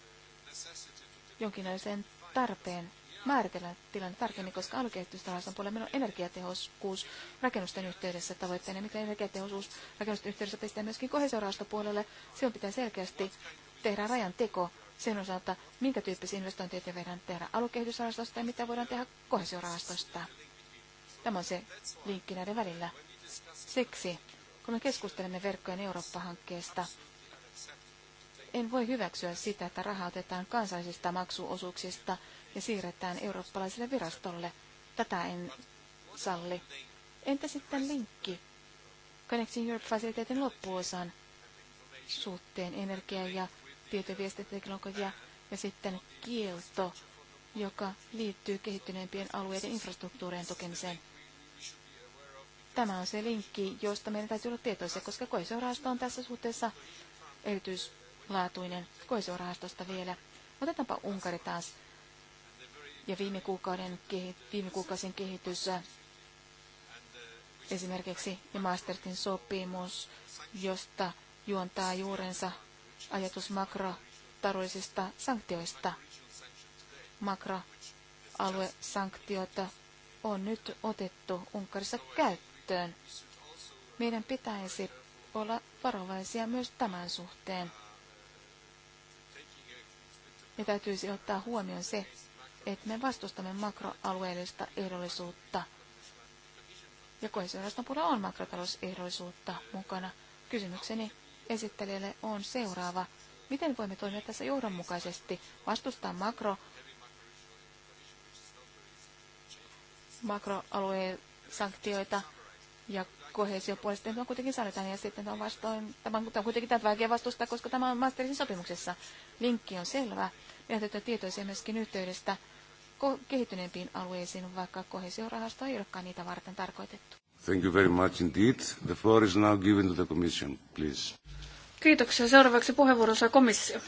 jonkinlaisen tarpeen määritellä tilanne tarkemmin, koska aluekehitysrahaston puolella meillä on energiatehokkuus rakennusten yhteydessä tavoitteena, mikä energiatehokkuus rakennusten yhteydessä pistää myöskin kohesiorahaston puolelle. Silloin pitää selkeästi tehdä rajan teko sen osalta, minkä tyyppisiä investointeja voidaan tehdä aluekehitysrahastosta ja mitä voidaan tehdä kohesiorahastosta. Tämä on se linkki näiden välillä. Siksi, kun me keskustelemme verkkojen Eurooppa-hankkeesta, en voi hyväksyä sitä, että rahaa otetaan kansallisista maksuosuuksista ja siirretään eurooppalaiselle virastolle. Tätä en salli. Entä sitten linkki? Connecting Europe-fasiliteetin loppuosan suhteen energia- ja tietoviestintäteknologia ja sitten kielto, joka liittyy kehittyneempien alueiden infrastruktuurien tukemiseen. Tämä on se linkki, josta meidän täytyy olla tietoisia, koska koiseuraasto on tässä suhteessa erityis laatuinen koesiorahastosta vielä. Otetaanpa Unkari taas. Ja viime, kuukauden, viime kuukausien kehitys, äh, esimerkiksi ja Maastertin sopimus, josta juontaa juurensa ajatus makrotaloudellisista sanktioista. Makroaluesanktiot on nyt otettu Unkarissa käyttöön. Meidän pitäisi olla varovaisia myös tämän suhteen ja täytyisi ottaa huomioon se, että me vastustamme makroalueellista ehdollisuutta. Ja kohdistusrahaston puolella on makrotalousehdollisuutta mukana. Kysymykseni esittelijälle on seuraava. Miten voimme toimia tässä johdonmukaisesti, vastustaa makro, makroalueen sanktioita ja kohesiopuolesta tämä kuitenkin sanotaan ja sitten on vastoin, tämä on kuitenkin tämä vaikea vastustaa, koska tämä on masterisin sopimuksessa. Linkki on selvä. Meidän täytyy tietoisia myöskin yhteydestä kehittyneempiin alueisiin, vaikka koheesiorahasto ei olekaan niitä varten tarkoitettu. Thank you very much indeed. The floor is now given to the commission, please. Kiitoksia. Seuraavaksi puheenvuoron saa komissio.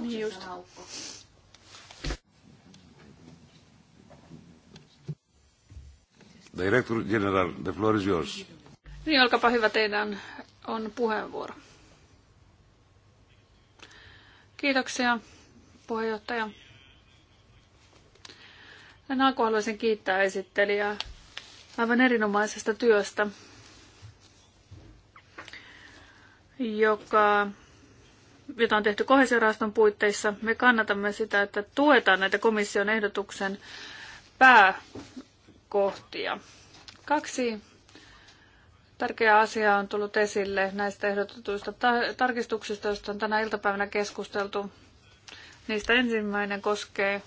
Just. Haukko. Director General, the floor is yours. Niin, olkapa hyvä, teidän on puheenvuoro. Kiitoksia, puheenjohtaja. En alkuun haluaisin kiittää esittelijää aivan erinomaisesta työstä, joka, jota on tehty kohesioraston puitteissa. Me kannatamme sitä, että tuetaan näitä komission ehdotuksen pää kohtia. Kaksi tärkeää asiaa on tullut esille näistä ehdotetuista tarkistuksista, joista on tänä iltapäivänä keskusteltu. Niistä ensimmäinen koskee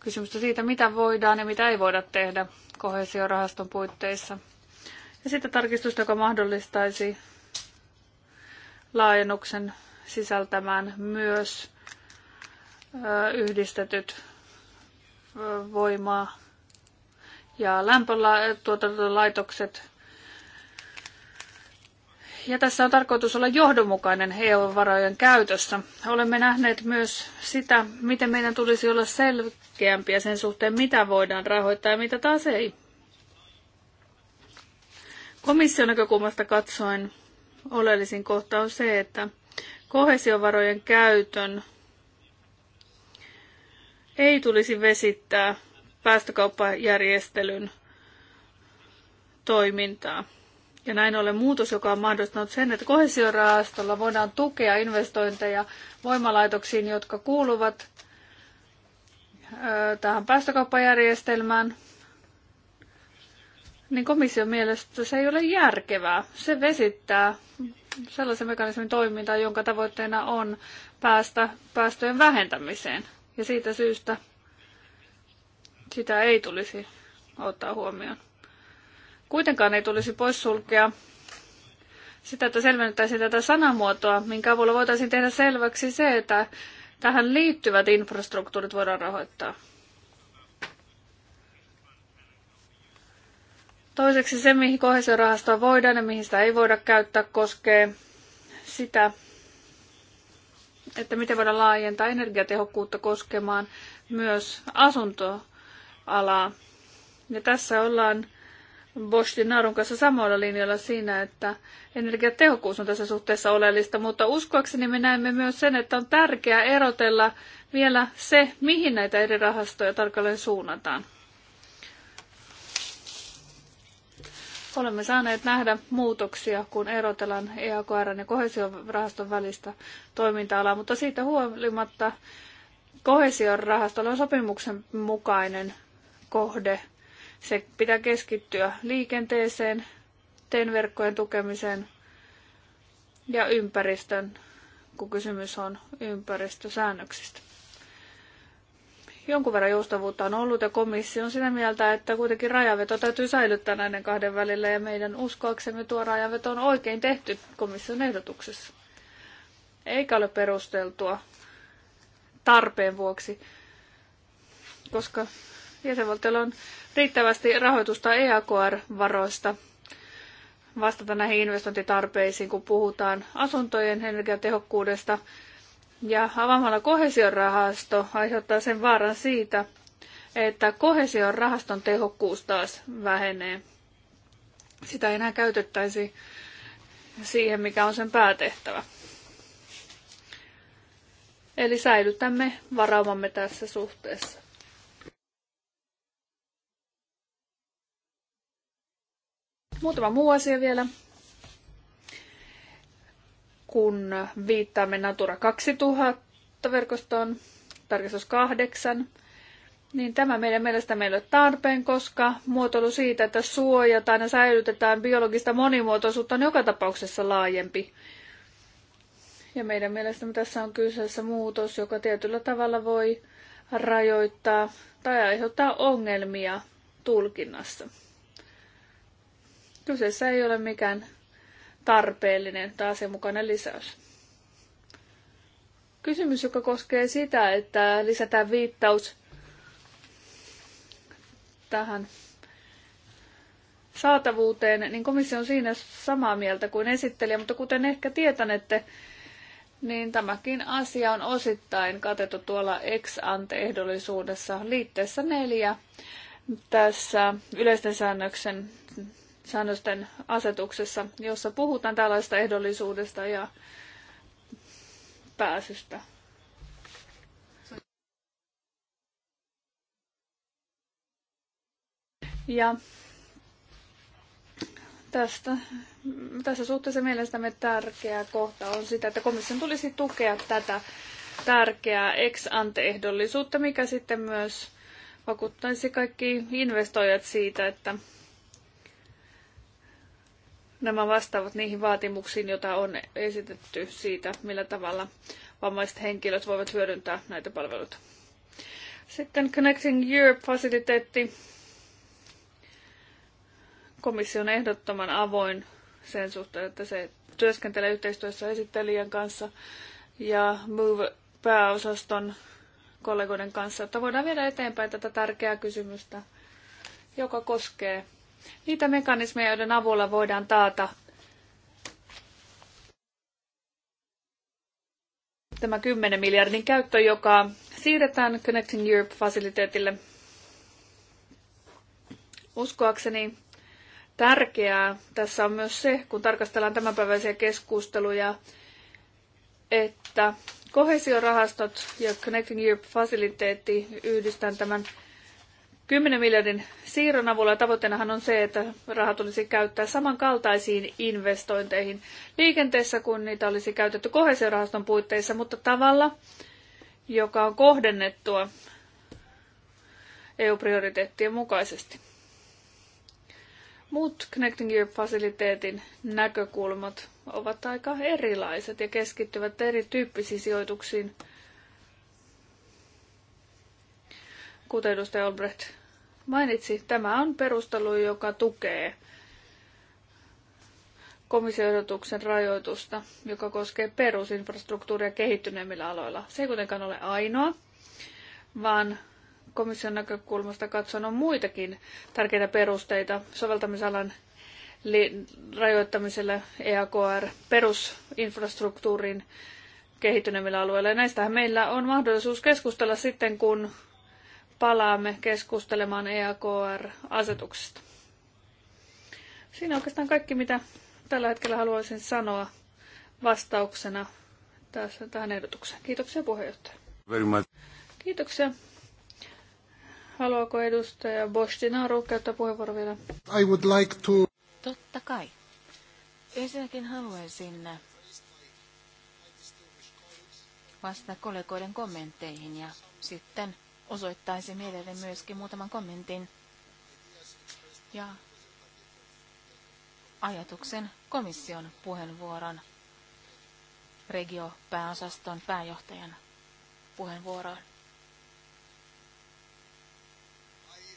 kysymystä siitä, mitä voidaan ja mitä ei voida tehdä kohesiorahaston puitteissa. Ja sitten tarkistusta, joka mahdollistaisi laajennuksen sisältämään myös yhdistetyt voimaa ja lämpölaitokset. Ja tässä on tarkoitus olla johdonmukainen EU-varojen käytössä. Olemme nähneet myös sitä, miten meidän tulisi olla selkeämpiä sen suhteen, mitä voidaan rahoittaa ja mitä taas ei. Komission näkökulmasta katsoen oleellisin kohta on se, että kohesiovarojen käytön ei tulisi vesittää päästökauppajärjestelyn toimintaa. Ja näin ollen muutos, joka on mahdollistanut sen, että kohesiorahastolla voidaan tukea investointeja voimalaitoksiin, jotka kuuluvat tähän päästökauppajärjestelmään, niin komission mielestä se ei ole järkevää. Se vesittää sellaisen mekanismin toimintaa, jonka tavoitteena on päästä päästöjen vähentämiseen. Ja siitä syystä sitä ei tulisi ottaa huomioon. Kuitenkaan ei tulisi poissulkea sitä, että selvennettäisiin tätä sanamuotoa, minkä avulla voitaisiin tehdä selväksi se, että tähän liittyvät infrastruktuurit voidaan rahoittaa. Toiseksi se, mihin kohesiorahastoa voidaan ja mihin sitä ei voida käyttää, koskee sitä, että miten voidaan laajentaa energiatehokkuutta koskemaan myös asuntoa alaa. Ja tässä ollaan Boschin Naarun kanssa samoilla linjoilla siinä, että energiatehokkuus on tässä suhteessa oleellista, mutta uskoakseni me näemme myös sen, että on tärkeää erotella vielä se, mihin näitä eri rahastoja tarkalleen suunnataan. Olemme saaneet nähdä muutoksia, kun erotellaan EAKR ja kohesiorahaston välistä toiminta-alaa, mutta siitä huolimatta kohesiorahastolla rahastolla on sopimuksen mukainen kohde. Se pitää keskittyä liikenteeseen, TEN-verkkojen tukemiseen ja ympäristön, kun kysymys on ympäristösäännöksistä. Jonkun verran joustavuutta on ollut ja komissio on sitä mieltä, että kuitenkin rajaveto täytyy säilyttää näiden kahden välillä ja meidän uskoaksemme tuo rajaveto on oikein tehty komission ehdotuksessa. Eikä ole perusteltua tarpeen vuoksi, koska jäsenvaltiolla on riittävästi rahoitusta EAKR-varoista vastata näihin investointitarpeisiin, kun puhutaan asuntojen energiatehokkuudesta. Ja avaamalla kohesiorahasto aiheuttaa sen vaaran siitä, että kohesion rahaston tehokkuus taas vähenee. Sitä ei enää käytettäisi siihen, mikä on sen päätehtävä. Eli säilytämme varaumamme tässä suhteessa. Muutama muu asia vielä. Kun viittaamme Natura 2000-verkostoon, tarkistus 8, niin tämä meidän mielestä meillä ole tarpeen, koska muotoilu siitä, että suojataan ja säilytetään biologista monimuotoisuutta on joka tapauksessa laajempi. Ja meidän mielestämme tässä on kyseessä muutos, joka tietyllä tavalla voi rajoittaa tai aiheuttaa ongelmia tulkinnassa. Kyseessä ei ole mikään tarpeellinen tai asianmukainen lisäys. Kysymys, joka koskee sitä, että lisätään viittaus tähän saatavuuteen, niin komissio on siinä samaa mieltä kuin esittelijä, mutta kuten ehkä tietänette, niin tämäkin asia on osittain katettu tuolla ex ante ehdollisuudessa liitteessä neljä tässä yleisten säännöksen säännösten asetuksessa, jossa puhutaan tällaista ehdollisuudesta ja pääsystä. Ja tästä, tässä suhteessa mielestämme tärkeä kohta on sitä, että komission tulisi tukea tätä tärkeää ex ante ehdollisuutta, mikä sitten myös vakuuttaisi kaikki investoijat siitä, että nämä vastaavat niihin vaatimuksiin, joita on esitetty siitä, millä tavalla vammaiset henkilöt voivat hyödyntää näitä palveluita. Sitten Connecting Europe-fasiliteetti. komission ehdottoman avoin sen suhteen, että se työskentelee yhteistyössä esittelijän kanssa ja Move-pääosaston kollegoiden kanssa, että voidaan viedä eteenpäin tätä tärkeää kysymystä, joka koskee niitä mekanismeja, joiden avulla voidaan taata tämä 10 miljardin käyttö, joka siirretään Connecting Europe-fasiliteetille. Uskoakseni tärkeää tässä on myös se, kun tarkastellaan tämänpäiväisiä keskusteluja, että kohesiorahastot ja Connecting Europe-fasiliteetti yhdistän tämän 10 miljardin siirron avulla tavoitteenahan on se, että raha tulisi käyttää samankaltaisiin investointeihin liikenteessä kuin niitä olisi käytetty kohesiorahaston puitteissa, mutta tavalla, joka on kohdennettua EU-prioriteettien mukaisesti. Muut Connecting Europe-fasiliteetin näkökulmat ovat aika erilaiset ja keskittyvät erityyppisiin sijoituksiin – kuten edustaja Olbrecht mainitsi, tämä on perustelu, joka tukee komissioehdotuksen rajoitusta, joka koskee perusinfrastruktuuria kehittyneemmillä aloilla. Se ei kuitenkaan ole ainoa, vaan komission näkökulmasta katsoen on muitakin tärkeitä perusteita soveltamisalan rajoittamiselle EAKR perusinfrastruktuurin kehittyneemmillä alueilla. Ja näistähän meillä on mahdollisuus keskustella sitten, kun palaamme keskustelemaan EAKR-asetuksesta. Siinä oikeastaan kaikki, mitä tällä hetkellä haluaisin sanoa vastauksena tässä, tähän ehdotukseen. Kiitoksia puheenjohtaja. Kiitoksia. Haluaako edustaja Bostinaru käyttää puheenvuoro vielä? I would like to... Totta kai. Ensinnäkin haluaisin vastata kollegoiden kommentteihin ja sitten osoittaisi mielelle myöskin muutaman kommentin ja ajatuksen komission puheenvuoron regiopääosaston pääjohtajan puheenvuoroon.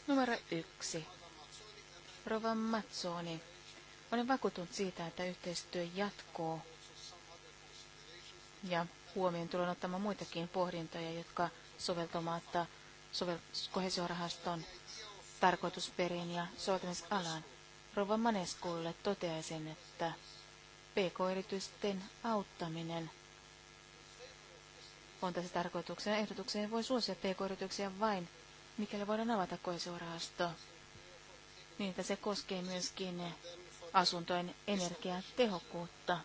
Numero yksi. Rova Mazzoni. Olen vakuutunut siitä, että yhteistyö jatkuu ja huomioon tulen ottamaan muitakin pohdintoja, jotka soveltumatta sovel- kohesiorahaston tarkoitusperiin ja soveltamisalaan. Rova Maneskulle toteaisin, että PK-yritysten auttaminen on tässä tarkoituksena. Ehdotukseen voi suosia PK-yrityksiä vain, mikäli voidaan avata koesuorahasto. Niin, että se koskee myöskin asuntojen energiatehokkuutta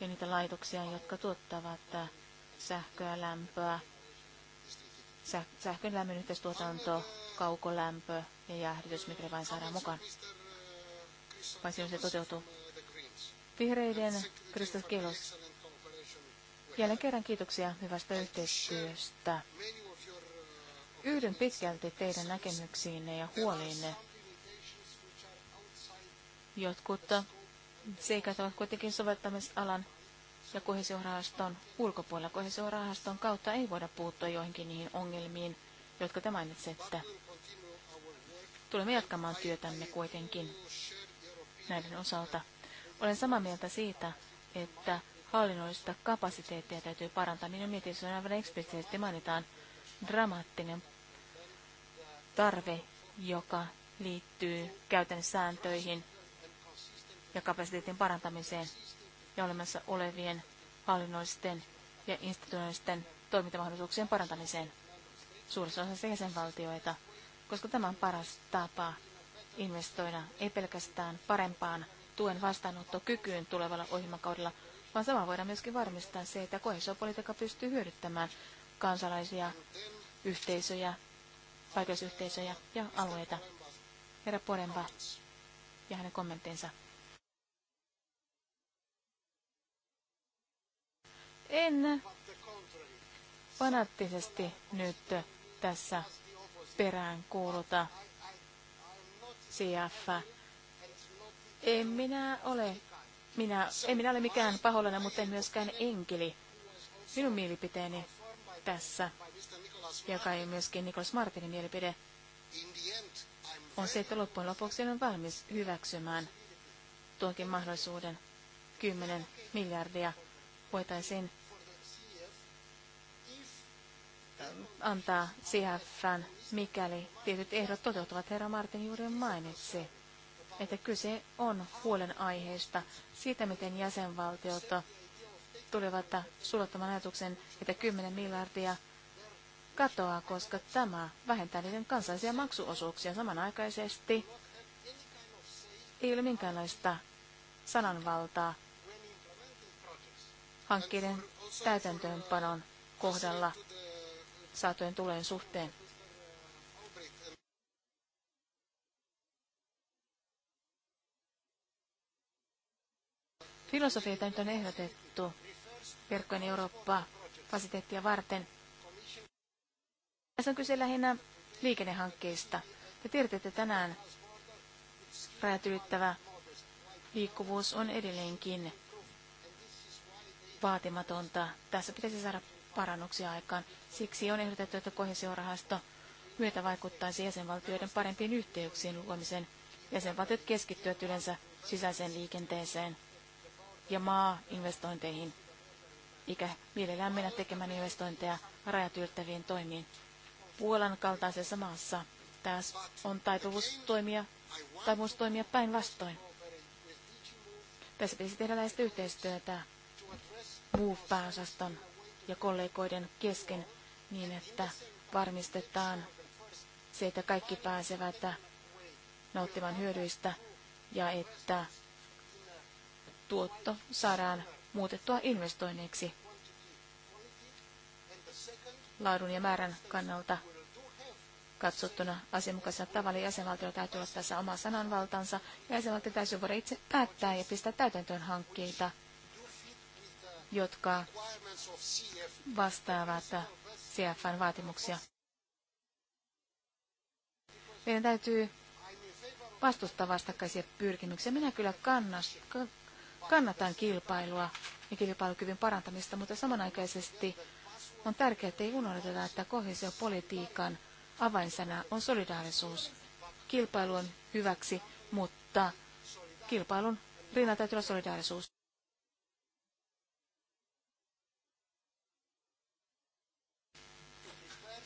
ja niitä laitoksia, jotka tuottavat sähköä, lämpöä sähkön lämmön yhteistuotanto, kaukolämpö ja jäähdytys, mikä vain saadaan mukaan. Vai silloin se toteutuu. Vihreiden Kristus Kielos. Jälleen kerran kiitoksia hyvästä yhteistyöstä. Yhdyn pitkälti teidän näkemyksiinne ja huoliinne. Jotkut seikat ovat kuitenkin soveltamisalan ja kohesiorahaston ulkopuolella. Kohesiorahaston kautta ei voida puuttua joihinkin niihin ongelmiin, jotka te mainitsette. Tulemme jatkamaan työtämme kuitenkin näiden osalta. Olen samaa mieltä siitä, että hallinnollista kapasiteettia täytyy parantaa. Minun mietinnössä aivan eksplisiittisesti mainitaan dramaattinen tarve, joka liittyy käytännön sääntöihin ja kapasiteetin parantamiseen ja olemassa olevien hallinnollisten ja institutionaalisten toimintamahdollisuuksien parantamiseen suurissa osassa jäsenvaltioita, koska tämä on paras tapa investoida ei pelkästään parempaan tuen vastaanottokykyyn tulevalla ohjelmakaudella, vaan samalla voidaan myöskin varmistaa se, että kohesiopolitiikka pystyy hyödyttämään kansalaisia, yhteisöjä, paikallisyhteisöjä ja alueita. Herra Poremba ja hänen kommenttinsa. En fanattisesti nyt tässä perään kuuluta CF. En minä ole, minä, en minä ole mikään paholainen, mutta en myöskään enkeli. Minun mielipiteeni tässä, joka ei myöskin Nikolas Martinin mielipide, on se, että loppujen lopuksi olen valmis hyväksymään tuonkin mahdollisuuden 10 miljardia voitaisiin antaa CFN, mikäli tietyt ehdot toteutuvat. Herra Martin juuri mainitsi, että kyse on huolenaiheesta siitä, miten jäsenvaltiot tulevat sulottamaan ajatuksen, että 10 miljardia katoaa, koska tämä vähentää niiden kansallisia maksuosuuksia samanaikaisesti. Ei ole minkäänlaista sananvaltaa hankkeiden täytäntöönpanon kohdalla saatujen tulojen suhteen. Filosofiita nyt on ehdotettu verkkojen Eurooppaa fasiteettia varten, tässä on kyse lähinnä liikennehankkeista. Te tiedätte, että tänään rajat ylittävä liikkuvuus on edelleenkin vaatimatonta. Tässä pitäisi saada parannuksia aikaan. Siksi on ehdotettu, että kohesiorahasto myötä vaikuttaisi jäsenvaltioiden parempiin yhteyksiin luomiseen. Jäsenvaltiot keskittyvät yleensä sisäiseen liikenteeseen ja maa-investointeihin, eikä mielellään mennä tekemään investointeja rajat ylittäviin toimiin. Puolan kaltaisessa maassa taas on taipuvuus toimia, taipumus toimia päinvastoin. Tässä pitäisi tehdä läheistä yhteistyötä muu pääosaston ja kollegoiden kesken niin, että varmistetaan se, että kaikki pääsevät nauttimaan hyödyistä ja että tuotto saadaan muutettua investoinneiksi laadun ja määrän kannalta katsottuna asianmukaisella tavalla jäsenvaltio täytyy olla tässä oma sananvaltansa ja jäsenvaltio täytyy voida itse päättää ja pistää täytäntöön hankkeita, jotka vastaavat CFN vaatimuksia. Meidän täytyy vastustaa vastakkaisia pyrkimyksiä. Minä kyllä kannas, kannatan kilpailua ja kilpailukyvyn parantamista, mutta samanaikaisesti on tärkeää, että ei unohdeta, että kohesiopolitiikan avainsana on solidaarisuus. Kilpailu on hyväksi, mutta kilpailun rinnan täytyy olla solidaarisuus.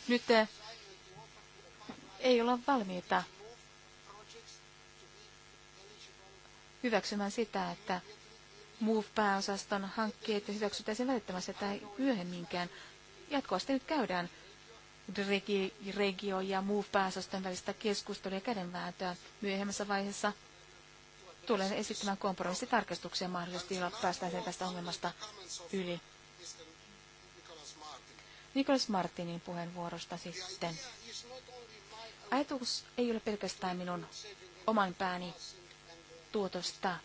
Nyt eh, ei olla valmiita hyväksymään sitä, että MOVE-pääosaston hankkeet hyväksytäisiin välittömästi tai myöhemminkään. Jatkuvasti nyt käydään regi, regio- ja MOVE-pääosaston välistä keskustelua ja kädenvääntöä myöhemmässä vaiheessa. Tulen esittämään kompromissitarkastuksia mahdollisesti, jolla päästään tästä ongelmasta yli. Nicholas Martinin puheenvuorosta sitten. Ajatus ei ole pelkästään minun oman pääni tuotosta,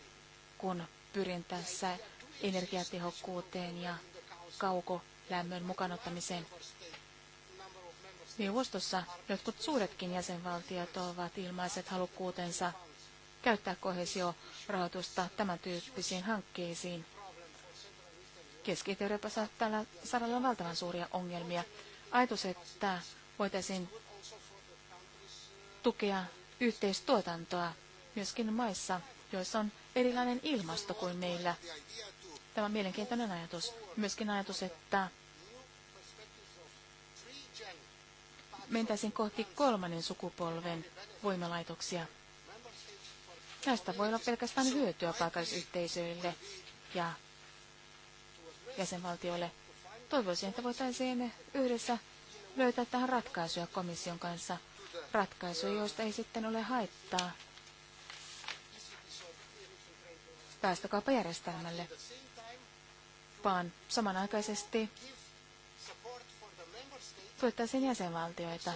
kun pyrin tässä energiatehokkuuteen ja kaukolämmön mukanottamiseen. Neuvostossa jotkut suuretkin jäsenvaltiot ovat ilmaiset halukkuutensa käyttää kohesiorahoitusta tämän tyyppisiin hankkeisiin Keski-Eurooppa saattaa saada olla valtavan suuria ongelmia. Ajatus, että voitaisiin tukea yhteistuotantoa myöskin maissa, joissa on erilainen ilmasto kuin meillä. Tämä on mielenkiintoinen ajatus. Myöskin ajatus, että mentäisiin kohti kolmannen sukupolven voimalaitoksia. Näistä voi olla pelkästään hyötyä paikallisyhteisöille ja jäsenvaltioille. Toivoisin, että voitaisiin yhdessä löytää tähän ratkaisuja komission kanssa. Ratkaisuja, joista ei sitten ole haittaa päästökauppajärjestelmälle, vaan samanaikaisesti tuettaisiin jäsenvaltioita,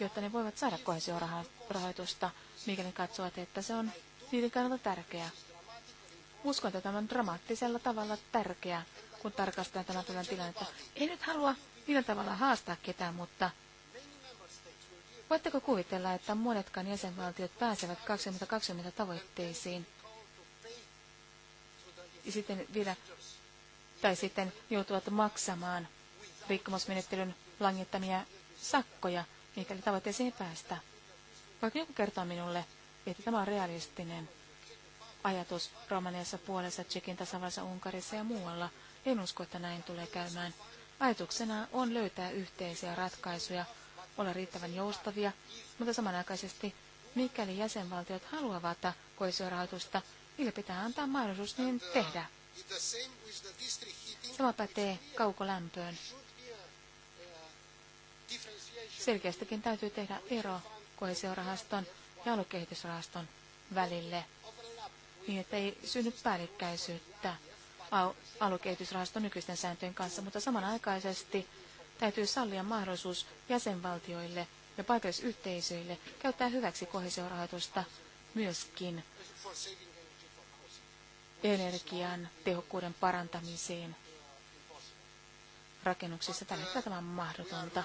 jotta ne voivat saada kohesiorahoitusta, mikäli katsovat, että se on niiden kannalta tärkeää. Uskon, että tämä on dramaattisella tavalla tärkeä, kun tarkastetaan tämän päivän tilannetta. En nyt halua millään tavalla haastaa ketään, mutta voitteko kuvitella, että monetkaan jäsenvaltiot pääsevät 2020 tavoitteisiin ja sitten vielä, tai sitten joutuvat maksamaan rikkomusmenettelyn langittamia sakkoja, mikäli tavoitteisiin päästä. Vaikka joku kertoo minulle, että tämä on realistinen ajatus Romaniassa, Puolessa, Tsekin tasavallassa, Unkarissa ja muualla. En usko, että näin tulee käymään. Ajatuksena on löytää yhteisiä ratkaisuja, olla riittävän joustavia, mutta samanaikaisesti, mikäli jäsenvaltiot haluavat koisiorahoitusta, niille pitää antaa mahdollisuus niin tehdä. Sama pätee kaukolämpöön. Selkeästikin täytyy tehdä ero koesiorahaston ja aluekehitysrahaston välille niin, että ei synny päällekkäisyyttä aluekehitysrahaston nykyisten sääntöjen kanssa, mutta samanaikaisesti täytyy sallia mahdollisuus jäsenvaltioille ja paikallisyhteisöille käyttää hyväksi kohesiorahoitusta myöskin energian tehokkuuden parantamiseen rakennuksissa. Tällä hetkellä tämä on mahdotonta.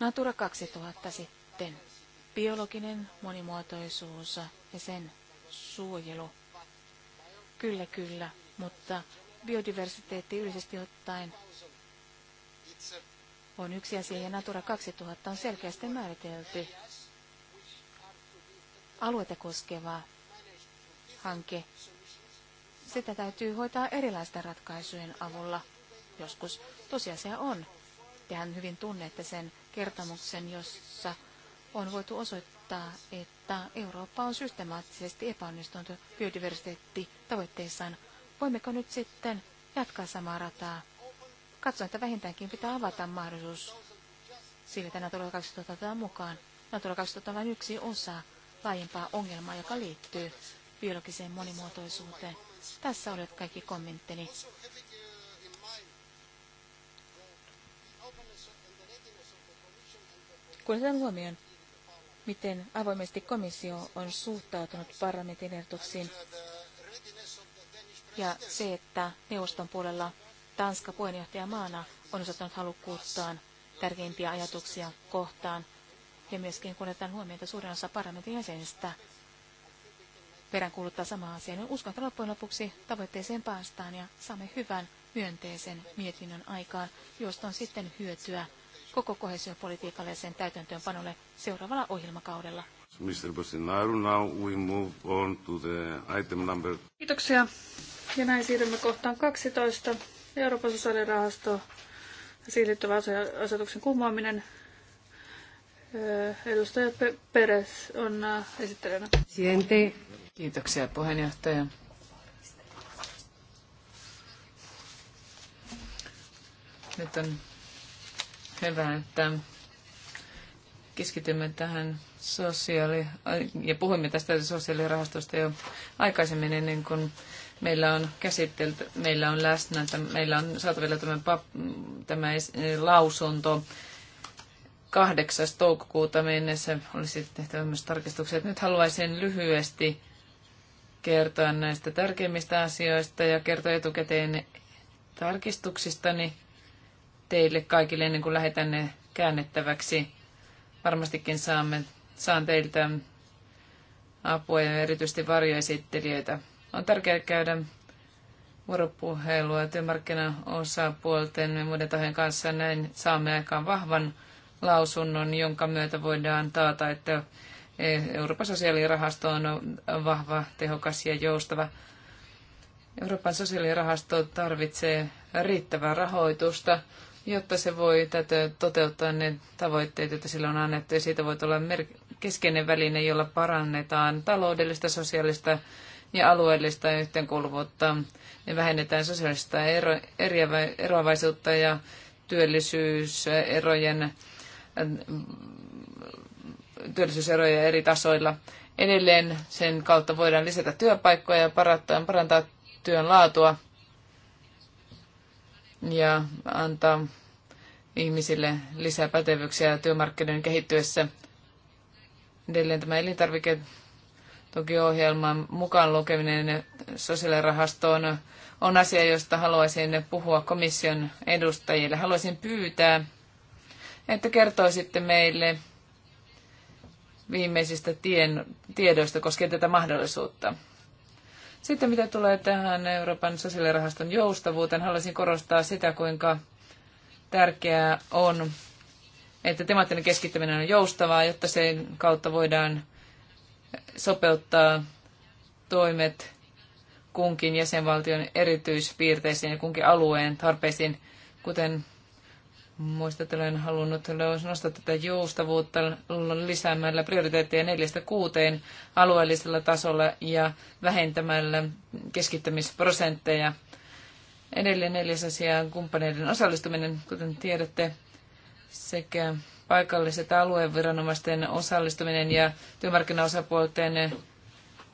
Natura 2000 sitten. Biologinen monimuotoisuus ja sen suojelu. Kyllä, kyllä, mutta biodiversiteetti yleisesti ottaen on yksi asia ja Natura 2000 on selkeästi määritelty alueita koskeva hanke. Sitä täytyy hoitaa erilaisten ratkaisujen avulla. Joskus tosiasia on. Tehän hyvin tunnette sen kertomuksen, jossa on voitu osoittaa, että Eurooppa on systemaattisesti epäonnistunut biodiversiteetti tavoitteissaan. Voimmeko nyt sitten jatkaa samaa rataa? Katson, että vähintäänkin pitää avata mahdollisuus sille, että Natura 2000 otetaan mukaan. Natura 2000 on vain yksi osa laajempaa ongelmaa, joka liittyy biologiseen monimuotoisuuteen. Tässä olivat kaikki kommenttini. Kun otetaan huomioon miten avoimesti komissio on suhtautunut parlamentin ehdotuksiin ja se, että neuvoston puolella Tanska puheenjohtajamaana on osoittanut halukkuuttaan tärkeimpiä ajatuksia kohtaan ja myöskin kun otetaan huomioon, että suurin osa parlamentin jäsenistä peräänkuuluttaa samaa asiaa, niin uskon, että loppujen lopuksi tavoitteeseen päästään ja saamme hyvän myönteisen mietinnön aikaan, josta on sitten hyötyä koko kohesiopolitiikalle ja sen täytäntöönpanolle seuraavalla ohjelmakaudella. Mr. Bostinaru, now we move on to the item number... Kiitoksia. Ja näin siirrymme kohtaan 12. Euroopan sosiaalirahasto ja siirryttävä asetuksen kummoaminen. Öö, edustaja Peres on äh, esittelijänä. Siente. Kiitoksia puheenjohtaja. Nyt on Hyvä, että keskitymme tähän sosiaali- ja puhuimme tästä sosiaalirahastosta jo aikaisemmin ennen kuin meillä on käsitelty, meillä on läsnä, että meillä on saatavilla tämä, tämä lausunto 8. toukokuuta mennessä olisi tehtävä myös tarkistuksia. Nyt haluaisin lyhyesti kertoa näistä tärkeimmistä asioista ja kertoa etukäteen tarkistuksistani teille kaikille ennen kuin lähetän ne käännettäväksi. Varmastikin saamme, saan teiltä apua ja erityisesti varjoesittelijöitä. On tärkeää käydä vuoropuhelua työmarkkinaosapuolten ja muiden tahojen kanssa. Näin saamme aikaan vahvan lausunnon, jonka myötä voidaan taata, että Euroopan sosiaalirahasto on vahva, tehokas ja joustava. Euroopan sosiaalirahasto tarvitsee riittävää rahoitusta jotta se voi tätä toteuttaa ne tavoitteet, joita sillä on annettu. Ja siitä voi olla keskeinen väline, jolla parannetaan taloudellista, sosiaalista ja alueellista yhteenkuuluvuutta ja vähennetään sosiaalista ero, eroavaisuutta ja työllisyyserojen työllisyyseroja eri tasoilla. Edelleen sen kautta voidaan lisätä työpaikkoja ja parantaa, parantaa työn laatua ja antaa ihmisille lisää pätevyyksiä työmarkkinoiden kehittyessä. Edelleen tämä elintarvike ohjelman mukaan lukeminen sosiaalirahastoon on asia, josta haluaisin puhua komission edustajille. Haluaisin pyytää, että kertoisitte meille viimeisistä tien, tiedoista koskien tätä mahdollisuutta. Sitten mitä tulee tähän Euroopan sosiaalirahaston joustavuuteen, haluaisin korostaa sitä, kuinka tärkeää on, että temaattinen keskittäminen on joustavaa, jotta sen kautta voidaan sopeuttaa toimet kunkin jäsenvaltion erityispiirteisiin ja kunkin alueen tarpeisiin, kuten Muistatellen halunnut nostaa tätä joustavuutta lisäämällä prioriteetteja neljästä kuuteen alueellisella tasolla ja vähentämällä keskittämisprosentteja. Edelleen neljäs asia on kumppaneiden osallistuminen, kuten tiedätte, sekä paikalliset alueviranomaisten osallistuminen ja työmarkkinaosapuolten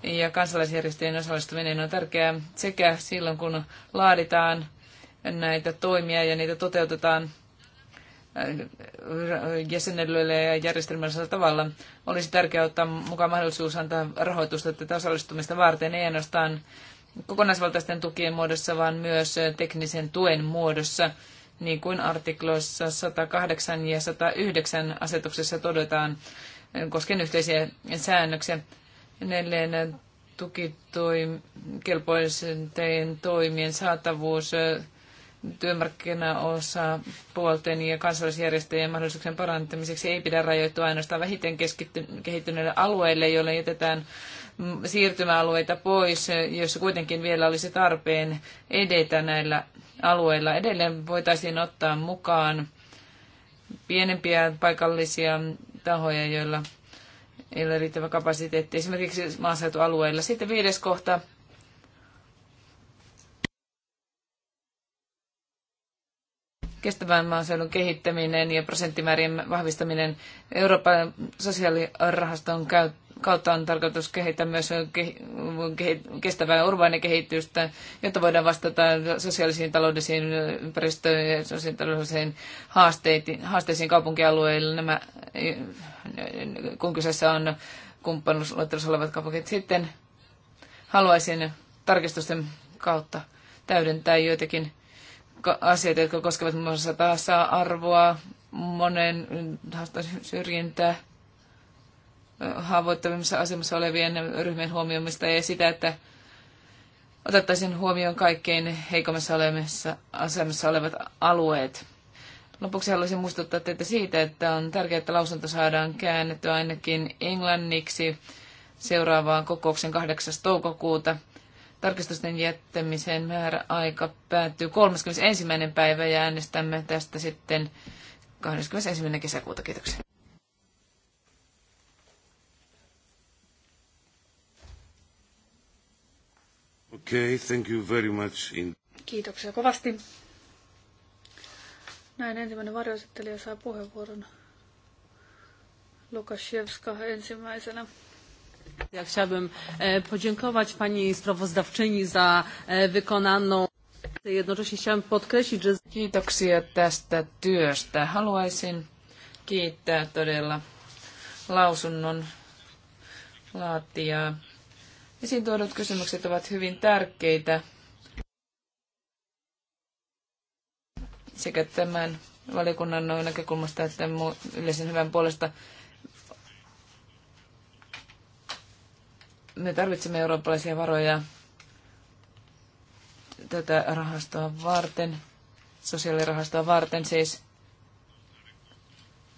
ja kansalaisjärjestöjen osallistuminen on tärkeää sekä silloin, kun laaditaan näitä toimia ja niitä toteutetaan – jäsenellyillä ja järjestelmällisellä tavalla. Olisi tärkeää ottaa mukaan mahdollisuus antaa rahoitusta tätä osallistumista varten, ei ainoastaan kokonaisvaltaisten tukien muodossa, vaan myös teknisen tuen muodossa, niin kuin artikloissa 108 ja 109 asetuksessa todetaan koskien yhteisiä säännöksiä. Neljän tukitoim, kelpoisten toimien saatavuus työmarkkinaosa puolten ja kansalaisjärjestöjen mahdollisuuksien parantamiseksi ei pidä rajoittua ainoastaan vähiten kehittyneille alueille, joille jätetään mm, siirtymäalueita pois, joissa kuitenkin vielä olisi tarpeen edetä näillä alueilla. Edelleen voitaisiin ottaa mukaan pienempiä paikallisia tahoja, joilla ei ole riittävä kapasiteetti, esimerkiksi maaseutualueilla. Sitten viides kohta kestävän maaseudun kehittäminen ja prosenttimäärien vahvistaminen Euroopan sosiaalirahaston kautta on tarkoitus kehittää myös kestävää urbaanikehitystä, jotta voidaan vastata sosiaalisiin, taloudellisiin, ympäristöön ja sosiaalisiin haasteisiin kaupunkialueilla. Nämä, kun kyseessä on kumppanuusluettelossa olevat kaupungit. Sitten haluaisin tarkistusten kautta täydentää joitakin asioita, jotka koskevat muun muassa tasa-arvoa, monen syrjintää, haavoittuvimmassa asemassa olevien ryhmien huomioimista ja sitä, että otettaisiin huomioon kaikkein heikommassa olemassa, asemassa olevat alueet. Lopuksi haluaisin muistuttaa teitä siitä, että on tärkeää, että lausunto saadaan käännettyä ainakin englanniksi seuraavaan kokouksen 8. toukokuuta. Tarkistusten jättämisen määräaika päättyy 31. päivä ja äänestämme tästä sitten 21. kesäkuuta. Kiitoksia. Okay, thank you very much. In... Kiitoksia kovasti. Näin ensimmäinen varjoesittelijä saa puheenvuoron. Lukashevska ensimmäisenä. Ja chciałabym e, podziękować pani sprawozdawczyni za e, wykonaną. Jednocześnie chciałabym podkreślić, że... Kiitoksia tästä työstä. Haluaisin kiittää todella lausunnon laatijaa. Esiin tuodut kysymykset ovat hyvin tärkeitä sekä tämän valiokunnan näkökulmasta että yleisen hyvän puolesta Me tarvitsemme eurooppalaisia varoja tätä rahastoa varten, sosiaalirahastoa varten siis.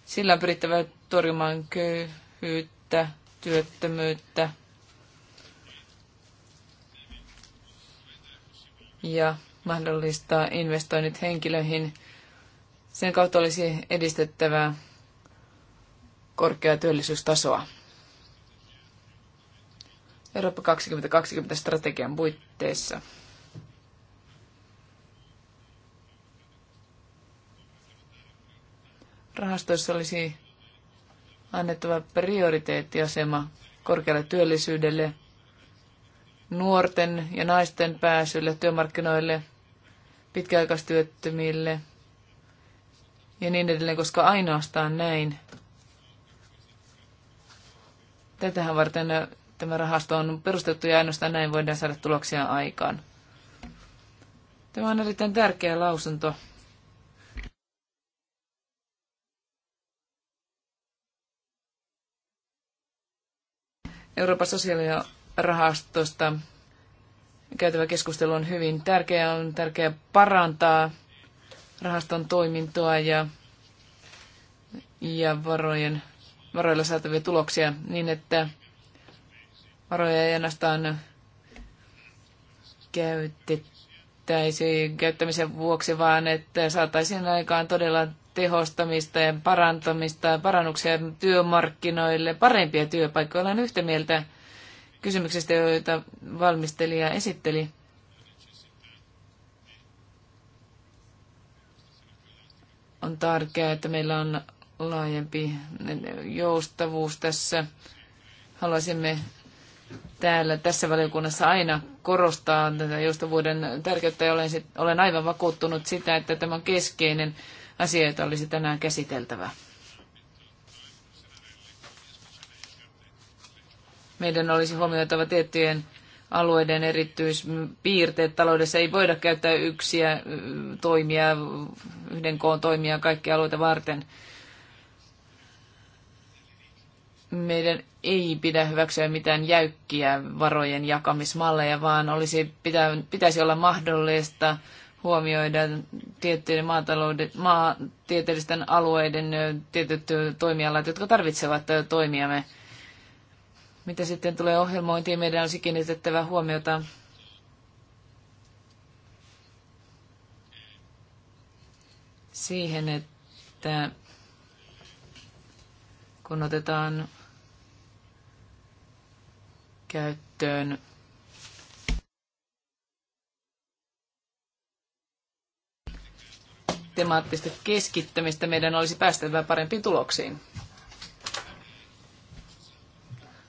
Sillä on pyrittävä torjumaan köyhyyttä, työttömyyttä ja mahdollistaa investoinnit henkilöihin. Sen kautta olisi edistettävää korkeaa työllisyystasoa. Eurooppa 2020 strategian puitteissa. Rahastoissa olisi annettava prioriteettiasema korkealle työllisyydelle, nuorten ja naisten pääsylle työmarkkinoille, pitkäaikaistyöttömille ja niin edelleen, koska ainoastaan näin. Tätähän varten Tämä rahasto on perustettu ja ainoastaan näin voidaan saada tuloksia aikaan. Tämä on erittäin tärkeä lausunto. Euroopan sosiaalirahastosta käytävä keskustelu on hyvin tärkeää. On tärkeää parantaa rahaston toimintoa ja, ja varojen, varoilla saatavia tuloksia niin, että varoja ei ainoastaan käytettäisi käyttämisen vuoksi, vaan että saataisiin aikaan todella tehostamista ja parantamista, parannuksia työmarkkinoille, parempia työpaikkoja. Olen yhtä mieltä kysymyksestä, joita valmistelija esitteli. On tärkeää, että meillä on laajempi joustavuus tässä. Haluaisimme täällä tässä valiokunnassa aina korostaa tätä joustavuuden tärkeyttä ja olen, sit, olen aivan vakuuttunut sitä, että tämä on keskeinen asia, jota olisi tänään käsiteltävä. Meidän olisi huomioitava tiettyjen alueiden erityispiirteet. Taloudessa ei voida käyttää yksiä toimia, yhden koon toimia kaikkia alueita varten meidän ei pidä hyväksyä mitään jäykkiä varojen jakamismalleja, vaan olisi, pitä, pitäisi olla mahdollista huomioida tiettyjen maatieteellisten alueiden tietyt toimialat, jotka tarvitsevat toimiamme. Mitä sitten tulee ohjelmointiin, meidän olisi kiinnitettävä huomiota siihen, että kun otetaan käyttöön temaattista keskittämistä, meidän olisi päästävä parempiin tuloksiin.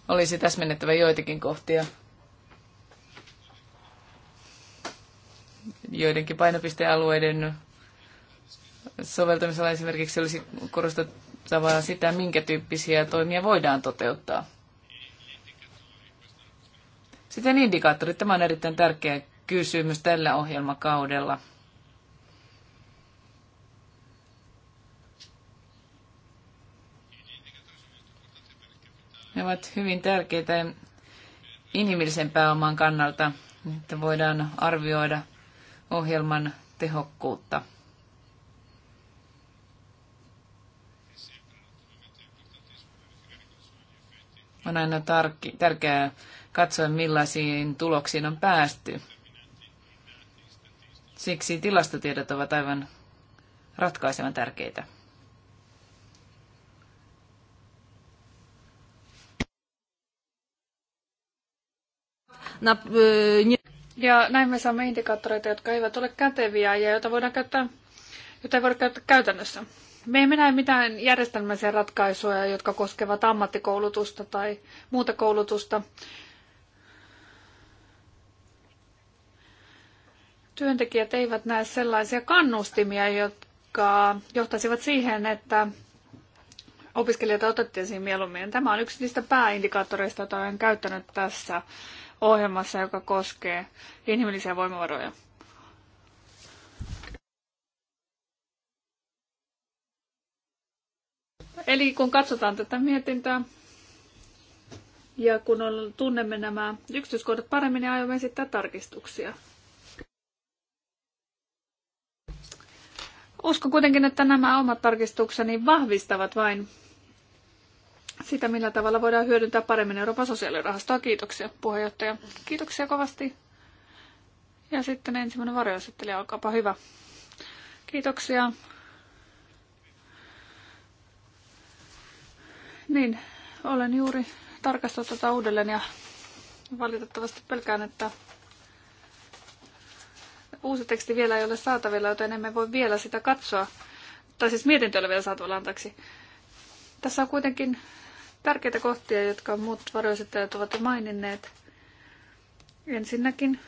Olisi täsmennettävä joitakin kohtia. Joidenkin painopistealueiden soveltamisella esimerkiksi olisi korostettavaa sitä, minkä tyyppisiä toimia voidaan toteuttaa. Sitten indikaattorit. Tämä on erittäin tärkeä kysymys tällä ohjelmakaudella. Ne ovat hyvin tärkeitä inhimillisen pääoman kannalta, että voidaan arvioida ohjelman tehokkuutta. On aina tärkeää katsoin millaisiin tuloksiin on päästy. Siksi tilastotiedot ovat aivan ratkaisevan tärkeitä. Ja näin me saamme indikaattoreita, jotka eivät ole käteviä ja joita voidaan käyttää, joita ei voida käyttää käytännössä. Me emme näe mitään järjestelmäisiä ratkaisuja, jotka koskevat ammattikoulutusta tai muuta koulutusta. työntekijät eivät näe sellaisia kannustimia, jotka johtaisivat siihen, että opiskelijoita otettaisiin mieluummin. Tämä on yksi niistä pääindikaattoreista, joita olen käyttänyt tässä ohjelmassa, joka koskee inhimillisiä voimavaroja. Eli kun katsotaan tätä mietintöä ja kun on, tunnemme nämä yksityiskohdat paremmin, niin aiomme esittää tarkistuksia. Usko kuitenkin, että nämä omat tarkistukseni vahvistavat vain sitä, millä tavalla voidaan hyödyntää paremmin Euroopan sosiaalirahastoa. Kiitoksia puheenjohtaja. Kiitoksia kovasti. Ja sitten ensimmäinen varjoesittelijä, olkaapa hyvä. Kiitoksia. Niin, olen juuri tarkastanut tätä uudelleen ja valitettavasti pelkään, että Uusi teksti vielä ei ole saatavilla, joten emme voi vielä sitä katsoa. Tai siis mietintö ei ole vielä saatavilla, antaksi. Tässä on kuitenkin tärkeitä kohtia, jotka muut varoisittajat ovat jo maininneet. Ensinnäkin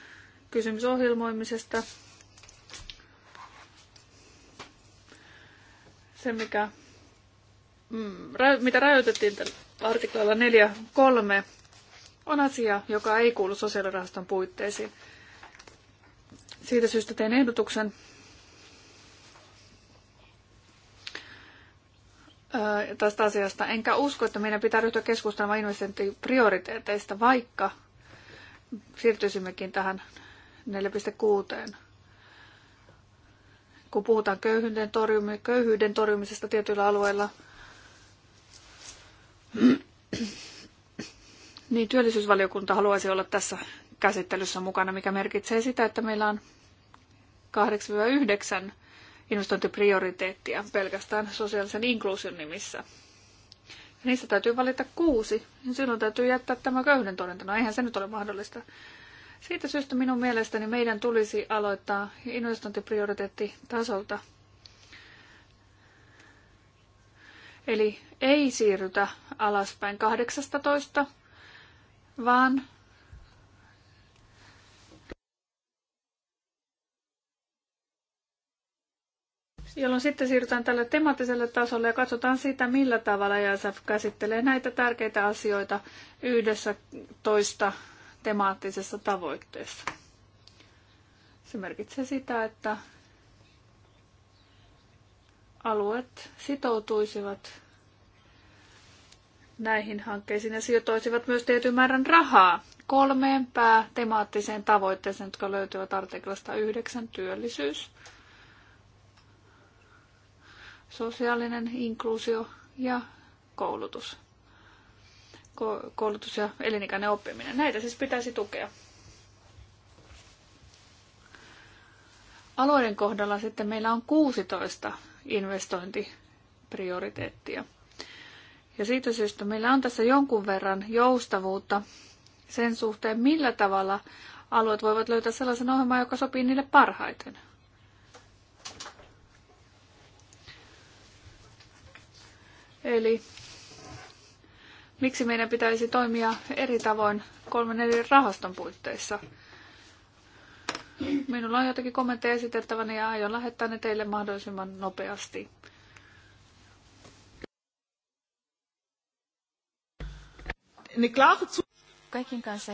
kysymys ohjelmoimisesta. Se, mikä, mm, mitä rajoitettiin artiklalla 4.3, on asia, joka ei kuulu sosiaalirahaston puitteisiin. Siitä syystä tein ehdotuksen tästä asiasta. Enkä usko, että meidän pitää ryhtyä keskustelemaan investointiprioriteeteista, vaikka siirtyisimmekin tähän 4.6. Kun puhutaan köyhyyden, torjum- köyhyyden torjumisesta tietyillä alueilla, niin työllisyysvaliokunta haluaisi olla tässä käsittelyssä mukana, mikä merkitsee sitä, että meillä on 8-9 investointiprioriteettia pelkästään sosiaalisen inkluusion nimissä. Ja niistä täytyy valita kuusi, niin silloin täytyy jättää tämä köyhden todentana. No, eihän se nyt ole mahdollista. Siitä syystä minun mielestäni meidän tulisi aloittaa investointiprioriteettitasolta. Eli ei siirrytä alaspäin 18, vaan jolloin sitten siirrytään tälle temaattiselle tasolle ja katsotaan sitä, millä tavalla JSF e käsittelee näitä tärkeitä asioita yhdessä toista temaattisessa tavoitteessa. Se merkitsee sitä, että alueet sitoutuisivat näihin hankkeisiin ja sijoittaisivat myös tietyn määrän rahaa kolmeen päätemaattiseen tavoitteeseen, jotka löytyvät artiklasta 9 työllisyys, sosiaalinen inkluusio ja koulutus. Ko- koulutus ja elinikäinen oppiminen. Näitä siis pitäisi tukea. Alueiden kohdalla sitten meillä on 16 investointiprioriteettia. Ja siitä syystä meillä on tässä jonkun verran joustavuutta sen suhteen, millä tavalla alueet voivat löytää sellaisen ohjelman, joka sopii niille parhaiten. Eli miksi meidän pitäisi toimia eri tavoin kolmen eri rahaston puitteissa? Minulla on jotakin kommentteja esitettävänä ja aion lähettää ne teille mahdollisimman nopeasti. Kaikin kanssa,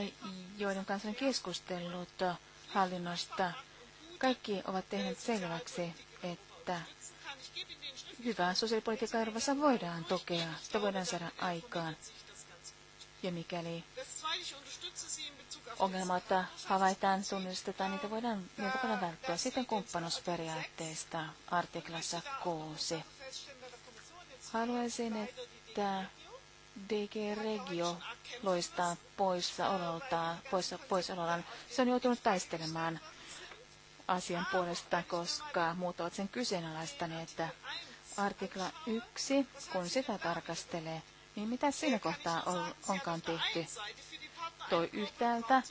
joiden kanssa on keskustellut hallinnosta, kaikki ovat tehneet selväksi, että hyvää sosiaalipolitiikkaa Euroopassa voidaan tukea, sitä voidaan saada aikaan. Ja mikäli ongelmat havaitaan, tunnistetaan, niitä voidaan jonkun välttää. Sitten kumppanuusperiaatteista artiklassa 6. Haluaisin, että DG Regio loistaa poissaololtaan, poissa, poissaolollaan. Se on joutunut taistelemaan asian puolesta, koska muut ovat sen kyseenalaistaneet, että artikla 1, kun sitä tarkastelee, niin mitä siinä kohtaa on, onkaan tehty? Toi yhtäältä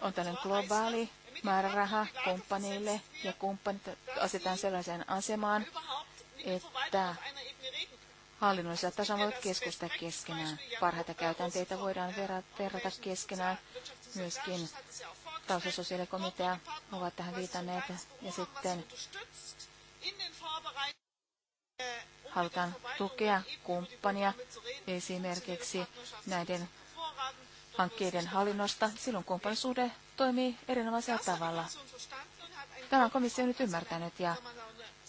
on tällainen globaali määräraha kumppaneille ja kumppanit asetetaan sellaiseen asemaan, että hallinnollisella tasolla voivat keskustella keskenään. Parhaita käytänteitä voidaan verrata keskenään. Myöskin taustasosiaalikomitea ovat tähän viitanneet. Ja sitten halutaan tukea kumppania esimerkiksi näiden hankkeiden hallinnosta, silloin kumppanisuhde toimii erinomaisella tavalla. Tämä komissio on nyt ymmärtänyt ja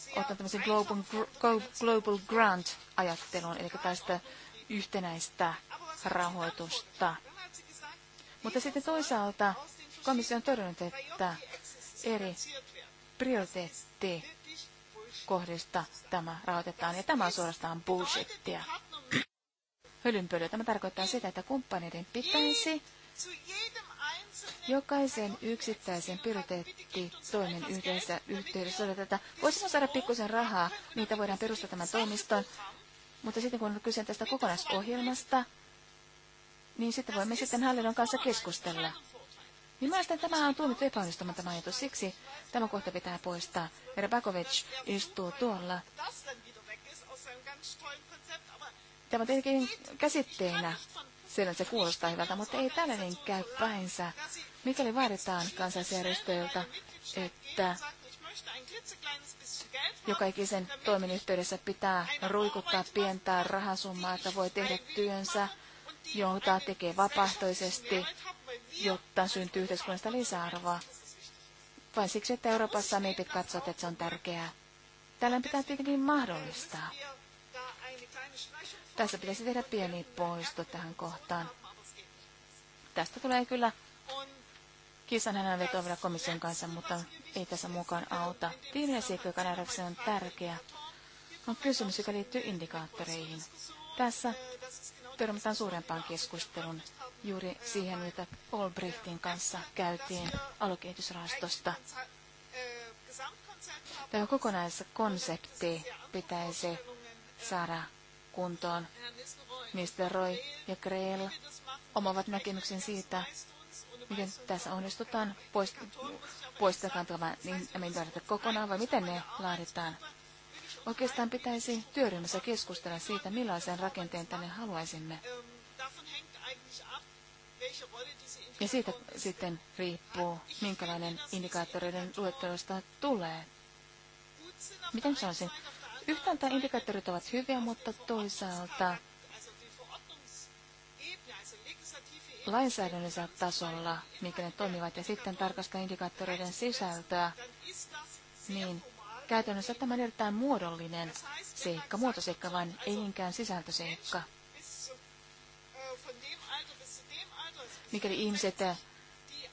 ottanut tämmöisen global, global grant ajattelun, eli tästä yhtenäistä rahoitusta. Mutta sitten toisaalta komissio on todennut, että eri prioriteetti kohdista tämä rahoitetaan, ja tämä on suorastaan bullshittia. Hölynpölyä. Tämä tarkoittaa sitä, että kumppaneiden pitäisi jokaisen yksittäisen toimen yhdessä yhteydessä oli tätä. Voisimme saada pikkusen rahaa, niitä voidaan perustaa tämän toimiston, mutta sitten kun on kyse tästä kokonaisohjelmasta, niin sitten voimme sitten hallinnon kanssa keskustella. Niin että tämä on tuomittu epäonnistumaan tämä ajatus. Siksi tämä kohta pitää poistaa. Herra Bakovic istuu tuolla. Tämä on tietenkin käsitteenä sillä se kuulostaa hyvältä, mutta ei tällainen käy päinsä. Mikäli vaaditaan kansallisjärjestöiltä, että joka ikisen toimin yhteydessä pitää ruikuttaa pientää rahasummaa, että voi tehdä työnsä, jota tekee vapaaehtoisesti, jotta syntyy yhteiskunnasta lisäarvoa. Vain siksi, että Euroopassa meitä niin katsot, että se on tärkeää. Tällä pitää tietenkin mahdollistaa. Tässä pitäisi tehdä pieni poisto tähän kohtaan. Tästä tulee kyllä kissan hänen vetoa komission kanssa, mutta ei tässä mukaan auta. Viimeinen seikka, joka nähdäkseni on tärkeä, on kysymys, joka liittyy indikaattoreihin. Tässä törmätään suurempaan keskustelun juuri siihen, mitä Olbrichtin kanssa käytiin alokehitysrahastosta. Tämä kokonaisessa konsepti pitäisi saada kuntoon. Mr. Roy ja Greel omavat näkemyksen siitä, miten tässä onnistutaan, poistetaan tämä niin, kokonaan vai miten ne laaditaan. Oikeastaan pitäisi työryhmässä keskustella siitä, millaisen rakenteen tänne haluaisimme. Ja siitä sitten riippuu, minkälainen indikaattoreiden luettelosta tulee. Miten sanoisin? Yhtäältä indikaattorit ovat hyviä, mutta toisaalta lainsäädännöllisellä tasolla, mikä ne toimivat, ja sitten tarkastaa indikaattoreiden sisältöä, niin Käytännössä tämä on erittäin muodollinen seikka, muotoseikka, vaan ei niinkään sisältöseikka. Mikäli ihmiset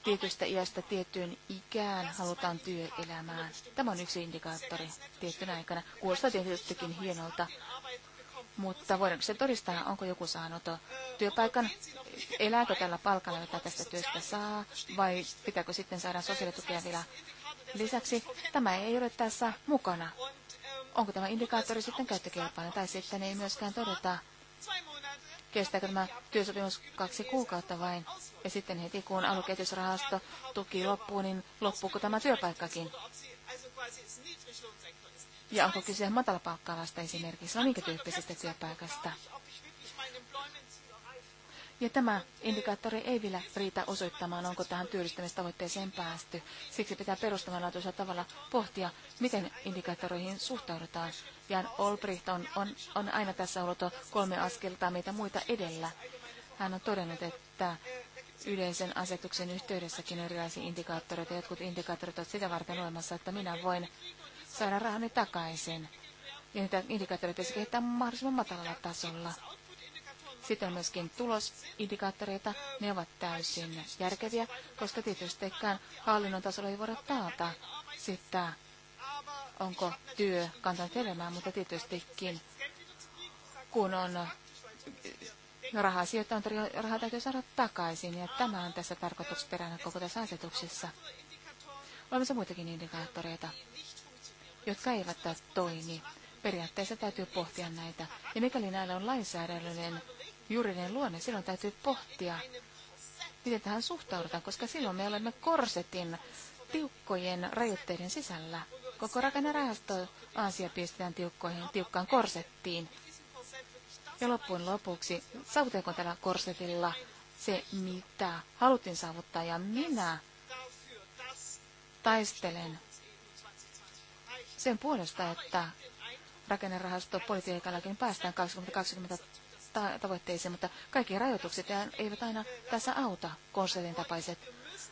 tietystä iästä tiettyyn ikään halutaan työelämään. Tämä on yksi indikaattori tiettynä aikana. Kuulostaa tietystikin hienolta, mutta voidaanko se todistaa, onko joku saanut työpaikan, elääkö tällä palkalla, jota tästä työstä saa, vai pitääkö sitten saada sosiaalitukea vielä Lisäksi tämä ei ole tässä mukana. Onko tämä indikaattori sitten käyttökelpoinen tai sitten ei myöskään todeta, kestääkö tämä työsopimus kaksi kuukautta vain. Ja sitten heti kun alukehitysrahasto tuki loppuu, niin loppuuko tämä työpaikkakin? Ja onko kyse matalapalkkaavasta esimerkiksi, vai minkä tyyppisestä työpaikasta? Ja tämä indikaattori ei vielä riitä osoittamaan, onko tähän työllistämistavoitteeseen päästy. Siksi pitää perustavanlaatuisella tavalla pohtia, miten indikaattoreihin suhtaudutaan. Jan Olbricht on, on, on aina tässä ollut kolme askelta meitä muita edellä. Hän on todennut, että yleisen asetuksen yhteydessäkin on erilaisia indikaattoreita. Jotkut indikaattorit ovat sitä varten olemassa, että minä voin saada rahani takaisin. Ja niitä indikaattoreita pitäisi kehittää mahdollisimman matalalla tasolla sitten on myöskin tulosindikaattoreita. Ne ovat täysin järkeviä, koska tietystikään hallinnon tasolla ei voida taata sitä, onko työ kantanut elämään, mutta tietystikin kun on rahaa sijoittanut, niin rahaa täytyy saada takaisin, ja tämä on tässä tarkoitusperänä koko tässä asetuksessa. Olemassa muitakin indikaattoreita, jotka eivät toimi. Periaatteessa täytyy pohtia näitä, ja mikäli näillä on lainsäädännöllinen juridinen niin luonne, niin silloin täytyy pohtia, miten tähän suhtaudutaan, koska silloin me olemme korsetin tiukkojen rajoitteiden sisällä. Koko rakennerahasto ansia pistetään tiukkoihin, tiukkaan korsettiin. Ja loppujen lopuksi, saavutetaanko tällä korsetilla se, mitä haluttiin saavuttaa, ja minä taistelen sen puolesta, että rakennerahastopolitiikallakin päästään 2020 tavoitteisiin, mutta kaikki rajoitukset eivät aina tässä auta konsertin tapaiset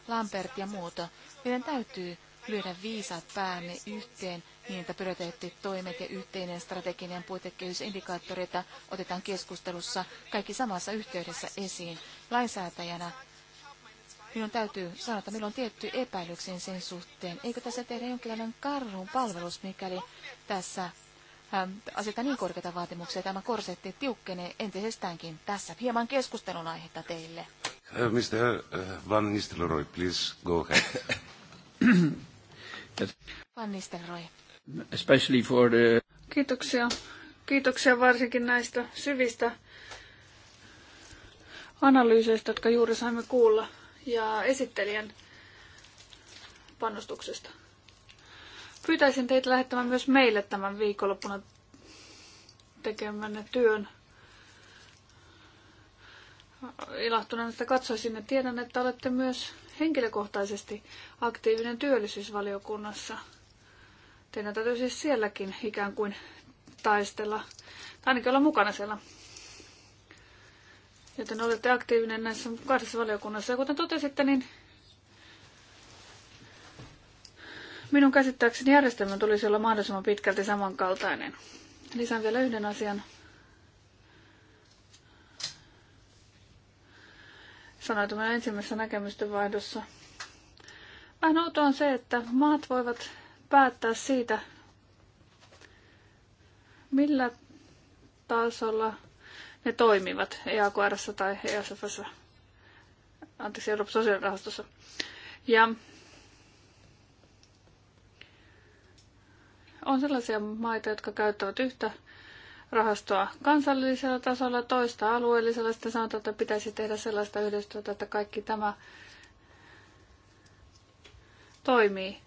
Lambert ja muuta. Meidän täytyy lyödä viisaat päämme yhteen niin, että toimet ja yhteinen strateginen puitekehys otetaan keskustelussa kaikki samassa yhteydessä esiin. Lainsäätäjänä minun täytyy sanoa, että minulla on tietty epäilyksiin sen suhteen. Eikö tässä tehdä jonkinlainen karhun palvelus, mikäli tässä Ähm, aseta niin korkeita vaatimuksia. Tämä korsetti tiukkenee entisestäänkin tässä. Hieman keskustelun aihetta teille. Uh, äh, Mr. Äh, Van Nistelrooy, please go ahead. Van Nistelrooy. Especially for the... Kiitoksia. Kiitoksia varsinkin näistä syvistä analyyseistä, jotka juuri saimme kuulla, ja esittelijän panostuksesta. Pyytäisin teitä lähettämään myös meille tämän viikonloppuna tekemänne työn. Ilahtuneena, että katsoisin ja tiedän, että olette myös henkilökohtaisesti aktiivinen työllisyysvaliokunnassa. Teidän täytyy siis sielläkin ikään kuin taistella, tai ainakin olla mukana siellä. Joten olette aktiivinen näissä kahdessa valiokunnassa. Ja kuten totesitte, niin Minun käsittääkseni järjestelmän tulisi olla mahdollisimman pitkälti samankaltainen. Lisään vielä yhden asian. Sanoin tämän ensimmäisessä näkemysten vaihdossa. Vähän outoa on se, että maat voivat päättää siitä, millä tasolla ne toimivat EAKR tai ESFssä, anteeksi, Euroopan sosiaalirahastossa. Ja On sellaisia maita, jotka käyttävät yhtä rahastoa kansallisella tasolla, toista alueellisella. Sitten sanotaan, että pitäisi tehdä sellaista yhdistyötä, että kaikki tämä toimii.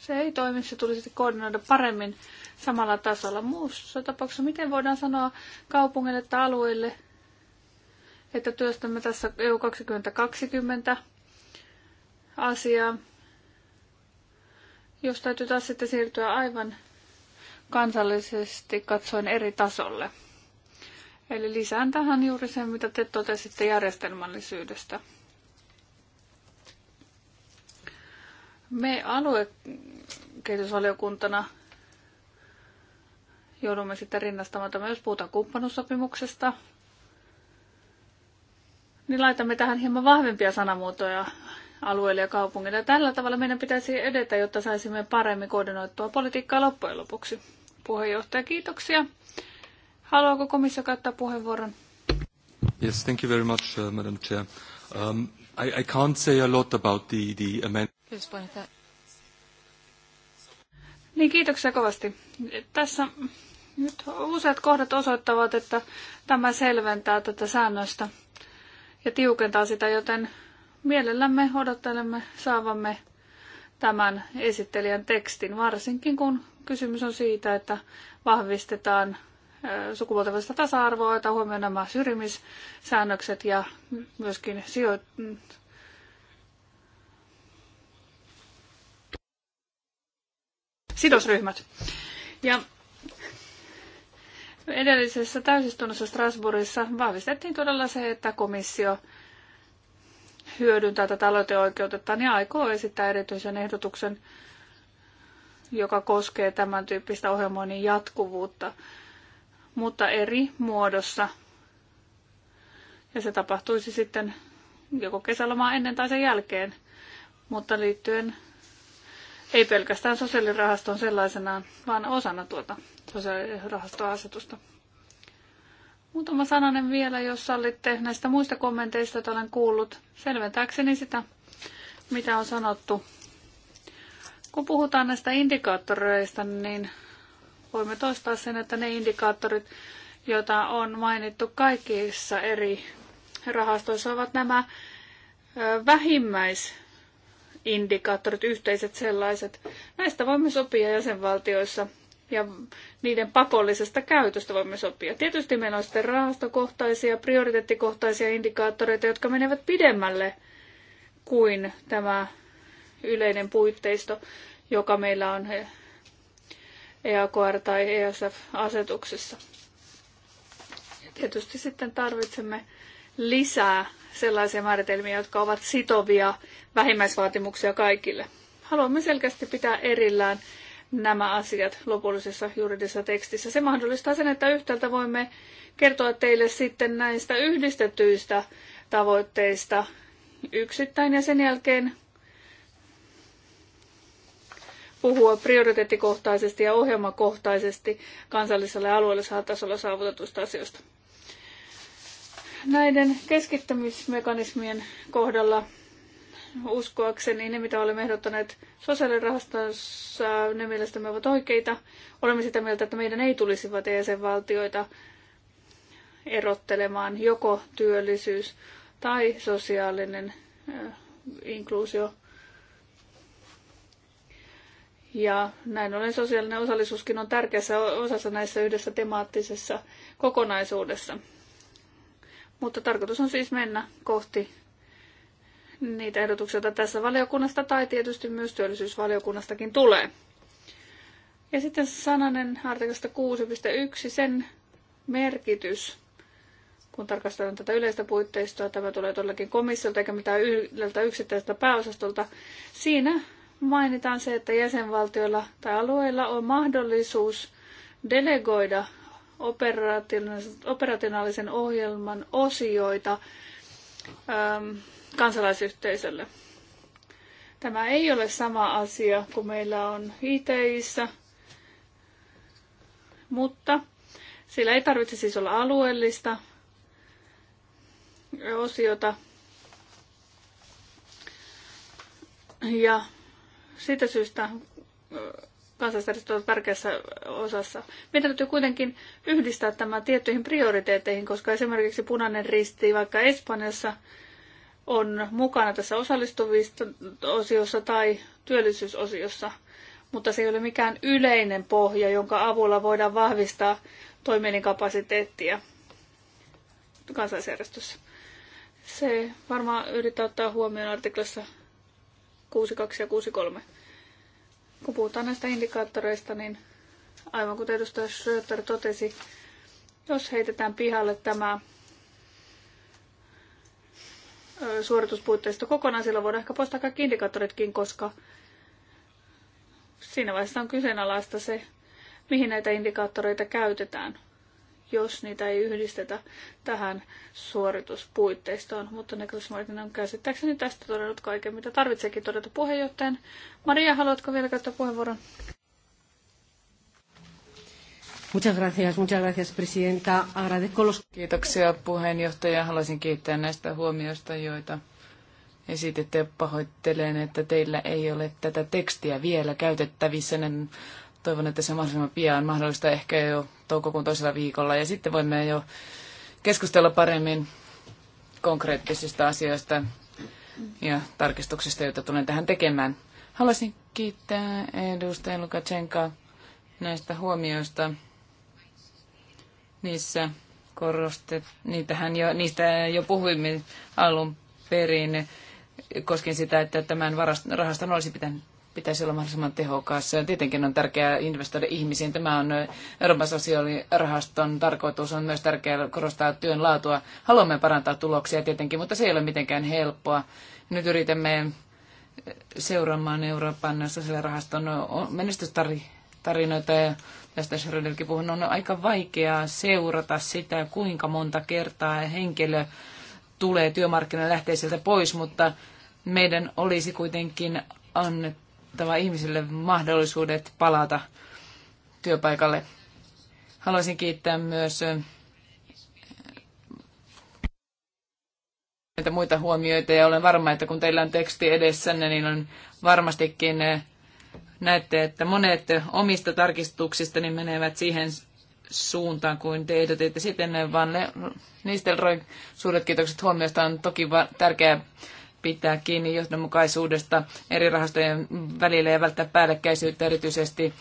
Se ei toimi, se tulisi koordinoida paremmin samalla tasolla. Muussa tapauksessa, miten voidaan sanoa kaupungille tai alueille, että työstämme tässä EU 2020 asiaa, jos täytyy taas sitten siirtyä aivan kansallisesti katsoen eri tasolle. Eli lisään tähän juuri sen, mitä te totesitte järjestelmällisyydestä. Me aluekehitysvaliokuntana joudumme sitten rinnastamaan, myös puhutaan kumppanuussopimuksesta, niin laitamme tähän hieman vahvempia sanamuotoja alueille ja kaupungeille. Ja tällä tavalla meidän pitäisi edetä, jotta saisimme paremmin koordinoitua politiikkaa loppujen lopuksi. Puheenjohtaja, kiitoksia. Haluaako komissio käyttää puheenvuoron? Yes, thank you very much, uh, Madam Chair. Um, I, I can't say a lot about the, the amendment. Niin, kiitoksia kovasti. Tässä nyt useat kohdat osoittavat, että tämä selventää tätä säännöstä ja tiukentaa sitä, joten Mielellämme odottelemme saavamme tämän esittelijän tekstin, varsinkin kun kysymys on siitä, että vahvistetaan sukupuolten tasa-arvoa, että huomioon nämä syrjimissäännökset ja myöskin sidosryhmät. Ja edellisessä täysistunnossa Strasbourgissa vahvistettiin todella se, että komissio hyödyntää tätä aloiteoikeutetta, niin aikoo esittää erityisen ehdotuksen, joka koskee tämän tyyppistä ohjelmoinnin jatkuvuutta, mutta eri muodossa. Ja se tapahtuisi sitten joko kesälomaa ennen tai sen jälkeen, mutta liittyen ei pelkästään sosiaalirahastoon sellaisenaan, vaan osana tuota sosiaalirahastoasetusta. Muutama sananen vielä, jos sallitte näistä muista kommenteista, joita olen kuullut, selventääkseni sitä, mitä on sanottu. Kun puhutaan näistä indikaattoreista, niin voimme toistaa sen, että ne indikaattorit, joita on mainittu kaikissa eri rahastoissa, ovat nämä vähimmäisindikaattorit, yhteiset sellaiset. Näistä voimme sopia jäsenvaltioissa – ja niiden pakollisesta käytöstä voimme sopia. Tietysti meillä on sitten rahastokohtaisia, prioriteettikohtaisia indikaattoreita, jotka menevät pidemmälle kuin tämä yleinen puitteisto, joka meillä on EAKR e tai ESF-asetuksessa. Tietysti sitten tarvitsemme lisää sellaisia määritelmiä, jotka ovat sitovia vähimmäisvaatimuksia kaikille. Haluamme selkeästi pitää erillään nämä asiat lopullisessa juridisessa tekstissä. Se mahdollistaa sen, että yhtäältä voimme kertoa teille sitten näistä yhdistetyistä tavoitteista yksittäin ja sen jälkeen puhua prioriteettikohtaisesti ja ohjelmakohtaisesti kansallisella ja alueellisella tasolla saavutetuista asioista. Näiden keskittämismekanismien kohdalla uskoakseni ne, mitä olemme ehdottaneet sosiaalirahastossa, ne mielestämme ovat oikeita. Olemme sitä mieltä, että meidän ei tulisi vaatia jäsenvaltioita erottelemaan joko työllisyys tai sosiaalinen inkluusio. Ja näin ollen sosiaalinen osallisuuskin on tärkeässä osassa näissä yhdessä temaattisessa kokonaisuudessa. Mutta tarkoitus on siis mennä kohti niitä ehdotuksia, joita tässä valiokunnasta tai tietysti myös työllisyysvaliokunnastakin tulee. Ja sitten sananen artikasta 6.1, sen merkitys, kun tarkastellaan tätä yleistä puitteistoa, tämä tulee todellakin komissiolta eikä mitään yhdeltä yksittäiseltä pääosastolta. Siinä mainitaan se, että jäsenvaltioilla tai alueilla on mahdollisuus delegoida operationaalisen ohjelman osioita ähm, kansalaisyhteisölle. Tämä ei ole sama asia kuin meillä on ITIssä, mutta sillä ei tarvitse siis olla alueellista osiota. Ja siitä syystä kansalaisjärjestöt ovat tärkeässä osassa. Meidän täytyy kuitenkin yhdistää tämä tiettyihin prioriteetteihin, koska esimerkiksi punainen risti vaikka Espanjassa – on mukana tässä osallistuvista osiossa tai työllisyysosiossa, mutta se ei ole mikään yleinen pohja, jonka avulla voidaan vahvistaa toimielin kapasiteettia Se varmaan yrittää ottaa huomioon artiklassa 6.2 ja 6.3. Kun puhutaan näistä indikaattoreista, niin aivan kuten edustaja Schröter totesi, jos heitetään pihalle tämä suorituspuitteista kokonaan, silloin voidaan ehkä poistaa kaikki indikaattoritkin, koska siinä vaiheessa on kyseenalaista se, mihin näitä indikaattoreita käytetään, jos niitä ei yhdistetä tähän suorituspuitteistoon. Mutta ne Martin on käsittääkseni tästä todennut kaiken, mitä tarvitseekin todeta puheenjohtajan. Maria, haluatko vielä käyttää puheenvuoron? Muchas gracias, muchas gracias, presidenta. Agradezco los... Kiitoksia puheenjohtaja. Haluaisin kiittää näistä huomioista, joita esititte. Pahoittelen, että teillä ei ole tätä tekstiä vielä käytettävissä. En toivon, että se mahdollisimman pian mahdollista ehkä jo toukokuun toisella viikolla. Ja sitten voimme jo keskustella paremmin konkreettisista asioista ja tarkistuksista, joita tulen tähän tekemään. Haluaisin kiittää edustaja Lukashenkaa näistä huomioista. Niissä korostet, niitähän jo, niistä jo puhuimme alun perin koskien sitä, että tämän rahaston olisi pitänyt pitäisi olla mahdollisimman tehokas. Tietenkin on tärkeää investoida ihmisiin. Tämä on Euroopan sosiaalirahaston tarkoitus. On myös tärkeää korostaa työn laatua. Haluamme parantaa tuloksia tietenkin, mutta se ei ole mitenkään helppoa. Nyt yritämme seuraamaan Euroopan sosiaalirahaston menestystarinoita ja tästä Schröderkin puhun, on aika vaikeaa seurata sitä, kuinka monta kertaa henkilö tulee työmarkkinoille lähtee sieltä pois, mutta meidän olisi kuitenkin annettava ihmisille mahdollisuudet palata työpaikalle. Haluaisin kiittää myös näitä muita huomioita ja olen varma, että kun teillä on teksti edessänne, niin on varmastikin näette, että monet omista tarkistuksista niin menevät siihen suuntaan kuin te ehdotitte sitten, vaan ne, roi suuret kiitokset huomiosta on toki tärkeää pitää kiinni johdonmukaisuudesta eri rahastojen välillä ja välttää päällekkäisyyttä erityisesti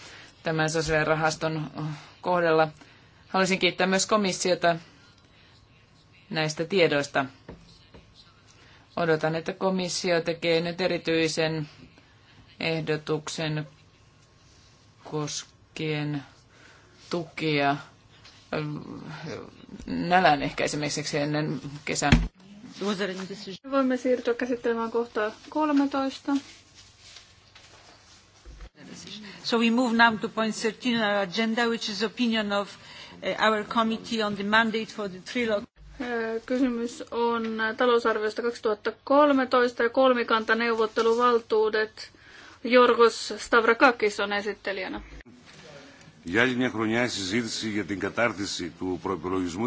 tämän sosiaalirahaston kohdalla. Haluaisin kiittää myös komissiota näistä tiedoista. Odotan, että komissio tekee nyt erityisen ehdotuksen koskien tukia nälän ehkäisemiseksi ennen kesän. Voimme siirtyä käsittelemään kohtaa 13. So we move now to point 13 on our agenda, which is opinion of eh, our committee on the mandate for the trilogue. Eh, kysymys on talousarviosta 2013 ja kolmikanta neuvotteluvaltuudet. Jorgos Stavrakakis on esittelijänä. Για άλλη μια χρονιά η συζήτηση για την κατάρτιση του προπολογισμού.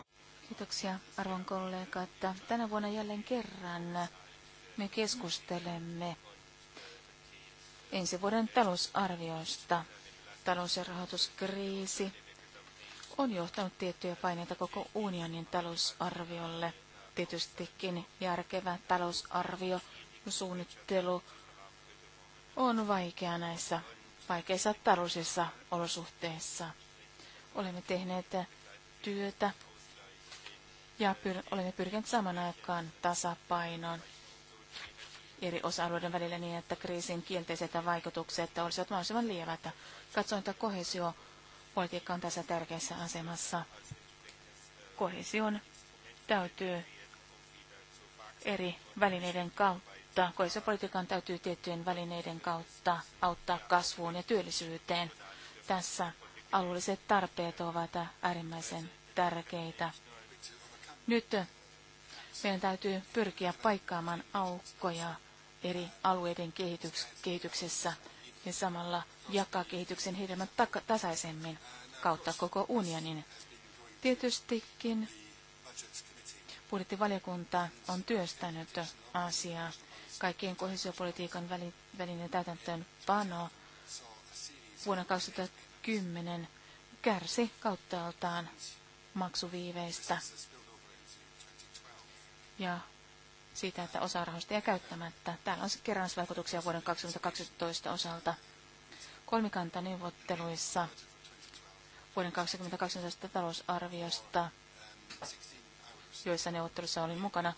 Kiitoksia arvon kollegat. Tänä vuonna jälleen kerran me keskustelemme ensi vuoden talousarvioista. Talous- ja rahoituskriisi on johtanut tiettyjä paineita koko unionin talousarviolle. Tietystikin järkevä talousarvio, suunnittelu on vaikea näissä vaikeissa taloudellisissa olosuhteissa. Olemme tehneet työtä ja pyr- olemme pyrkineet saman aikaan tasapainoon eri osa-alueiden välillä niin, että kriisin kielteiset vaikutukset olisivat mahdollisimman lievät. Katsoin, että kohesiopolitiikka on tässä tärkeässä asemassa. Kohesion täytyy eri välineiden kautta mutta koesiopolitiikan täytyy tiettyjen välineiden kautta auttaa kasvuun ja työllisyyteen. Tässä alueelliset tarpeet ovat äärimmäisen tärkeitä. Nyt meidän täytyy pyrkiä paikkaamaan aukkoja eri alueiden kehityksessä ja samalla jakaa kehityksen hedelmät tasaisemmin kautta koko unionin. Tietystikin budjettivaliokunta on työstänyt asiaa kaikkien kohesiopolitiikan välinen täytäntöön pano vuonna 2010 kärsi kauttaaltaan maksuviiveistä ja siitä, että osa rahoista jää käyttämättä. Täällä on kerransvaikutuksia vuoden 2012 osalta. Kolmikantaneuvotteluissa vuoden 2012 talousarviosta, joissa neuvottelussa olin mukana,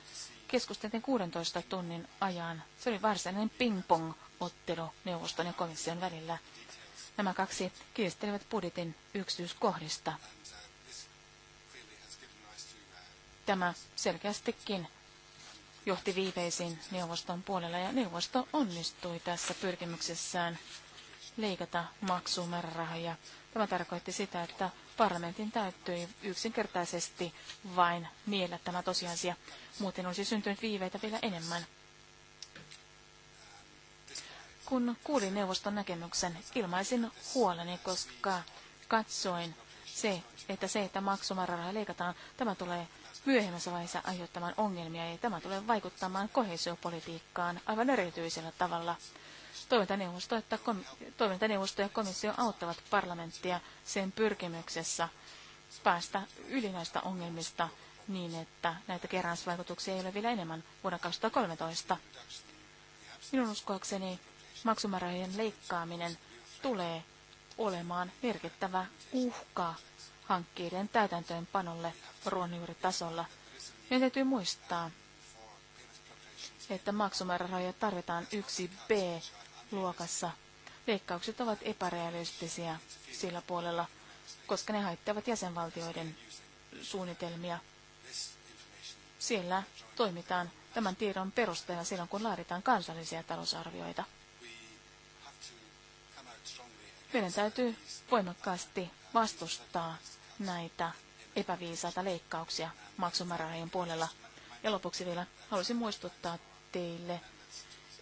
keskusteltiin 16 tunnin ajan. Se oli varsinainen ping-pong-ottelu neuvoston ja komission välillä. Nämä kaksi kiistelivät budjetin yksityiskohdista. Tämä selkeästikin johti viiveisiin neuvoston puolella ja neuvosto onnistui tässä pyrkimyksessään leikata maksumäärärahoja. Tämä tarkoitti sitä, että parlamentin täytyi yksinkertaisesti vain niellä tämä tosiasia. Muuten olisi syntynyt viiveitä vielä enemmän. Kun kuulin neuvoston näkemyksen, ilmaisin huoleni, koska katsoin se, että se, että maksumäärärahaa leikataan, tämä tulee myöhemmässä vaiheessa aiheuttamaan ongelmia ja tämä tulee vaikuttamaan kohesiopolitiikkaan aivan erityisellä tavalla. Toimintaneuvosto, että kom- toimintaneuvosto ja komissio auttavat parlamenttia sen pyrkimyksessä päästä yli näistä ongelmista niin, että näitä keräysvaikutuksia ei ole vielä enemmän vuonna 2013. Minun uskoakseni maksumäärärahojen leikkaaminen tulee olemaan merkittävä uhka hankkeiden täytäntöönpanolle ruonjuuritasolla. Meidän täytyy muistaa, että maksumäärärahoja tarvitaan 1B-luokassa. Leikkaukset ovat epärealistisia sillä puolella, koska ne haittavat jäsenvaltioiden suunnitelmia siellä toimitaan tämän tiedon perusteella silloin, kun laaditaan kansallisia talousarvioita. Meidän täytyy voimakkaasti vastustaa näitä epäviisaita leikkauksia maksumäärärahojen puolella. Ja lopuksi vielä haluaisin muistuttaa teille,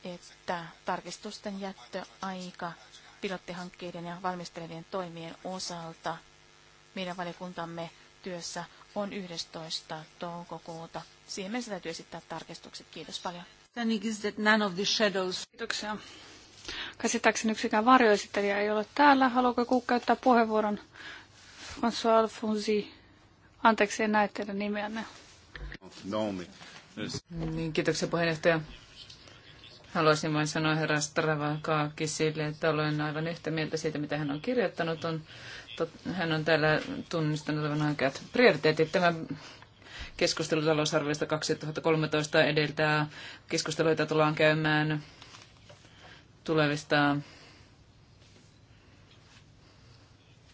että tarkistusten jättöaika pilottihankkeiden ja valmistelevien toimien osalta meidän valiokuntamme työssä on 11. toukokuuta. Siihen mennessä täytyy esittää tarkistukset. Kiitos paljon. Kiitoksia. Käsittääkseni yksikään varjoesittelijä ei ole täällä. Haluatko kukaan käyttää puheenvuoron? François Alfonsi. Anteeksi, en näe teidän nimeänne. Niin, kiitoksia puheenjohtaja. Haluaisin vain sanoa herra sille, että olen aivan yhtä mieltä siitä, mitä hän on kirjoittanut. On hän on täällä tunnistanut aivan oikeat prioriteetit. Tämä keskustelu talousarviosta 2013 edeltää keskusteluita tullaan käymään tulevista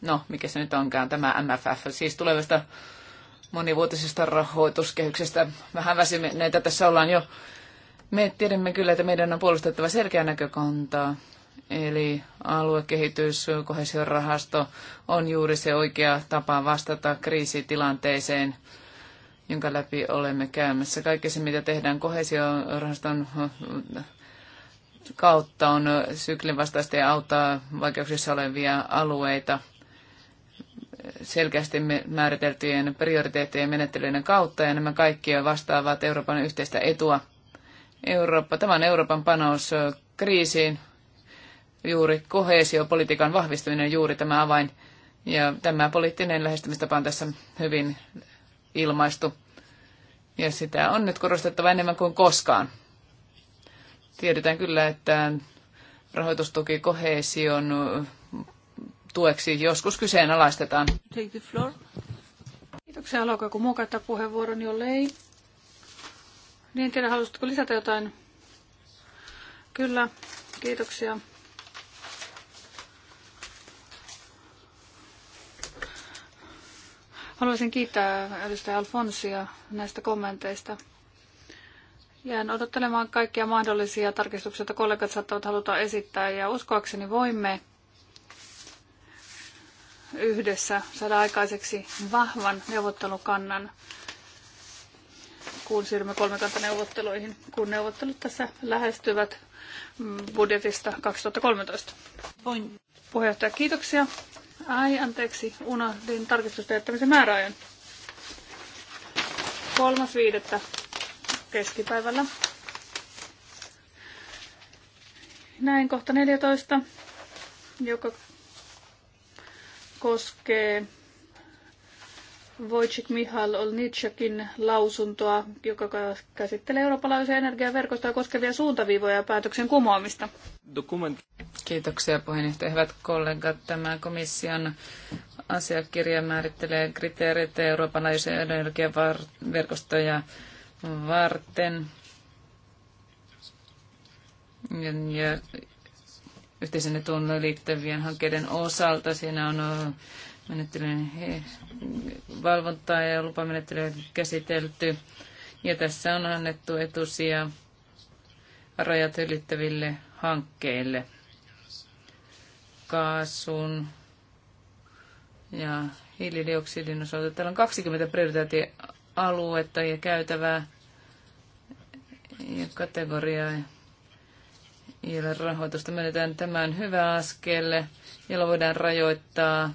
no, mikä se nyt onkaan, tämä MFF, siis tulevista monivuotisesta rahoituskehyksestä. Vähän väsimme näitä tässä ollaan jo. Me tiedämme kyllä, että meidän on puolustettava selkeä näkökantaa Eli aluekehitys, kohesiorahasto on juuri se oikea tapa vastata kriisitilanteeseen, jonka läpi olemme käymässä. Kaikki se, mitä tehdään kohesiorahaston kautta, on syklin vastaista ja auttaa vaikeuksissa olevia alueita selkeästi määriteltyjen prioriteettien menettelyiden kautta, ja nämä kaikki vastaavat Euroopan yhteistä etua. Eurooppa, tämä on Euroopan panos kriisiin, juuri kohesiopolitiikan vahvistuminen on juuri tämä avain. Ja tämä poliittinen lähestymistapa on tässä hyvin ilmaistu. Ja sitä on nyt korostettava enemmän kuin koskaan. Tiedetään kyllä, että rahoitustuki koheesion tueksi joskus kyseenalaistetaan. Take the floor. Kiitoksia. Haluatko joku muu käyttää puheenvuoron, jollei? Niin, tiedä, haluaisitko lisätä jotain? Kyllä, kiitoksia. Haluaisin kiittää edustaja Alfonsia näistä kommenteista. Jään odottelemaan kaikkia mahdollisia tarkistuksia, joita kollegat saattavat haluta esittää, ja uskoakseni voimme yhdessä saada aikaiseksi vahvan neuvottelukannan, kun siirrymme kolmikantaneuvotteluihin, kun neuvottelut tässä lähestyvät budjetista 2013. Voin. Puheenjohtaja, kiitoksia. Ai, anteeksi, unohdin tarkistusta määräajan. Kolmas viidettä keskipäivällä. Näin kohta 14, joka koskee Wojciech Mihal Olnitsakin lausuntoa, joka käsittelee eurooppalaisia energiaverkostoja koskevia suuntaviivoja ja päätöksen kumoamista. Dokument. Kiitoksia puheenjohtaja. Hyvät kollegat, tämä komission asiakirja määrittelee kriteerit Euroopan energiaverkostoja varten. Ja, ja yhteisen etuun liittyvien hankkeiden osalta siinä on menettelyjen valvontaa ja lupamenettelyä käsitelty. Ja tässä on annettu etusia rajat ylittäville hankkeille kaasun ja hiilidioksidin osalta. Täällä on 20 prioriteettialuetta ja käytävää ja kategoriaa, joilla rahoitusta menetään tämän hyvä askelle, jolla voidaan rajoittaa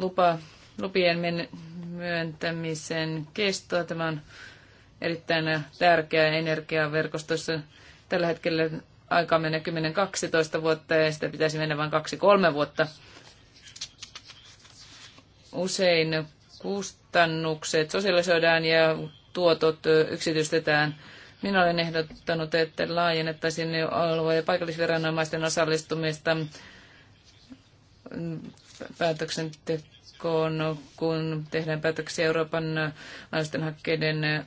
lupa, lupien myöntämisen kestoa. Tämä on erittäin tärkeä energiaverkostossa. Tällä hetkellä aika menee 10-12 vuotta ja sitä pitäisi mennä vain 2-3 vuotta. Usein kustannukset sosialisoidaan ja tuotot yksityistetään. Minä olen ehdottanut, että laajennettaisiin alue- ja paikallisviranomaisten osallistumista päätöksentekoon, kun tehdään päätöksiä Euroopan naisten hakkeiden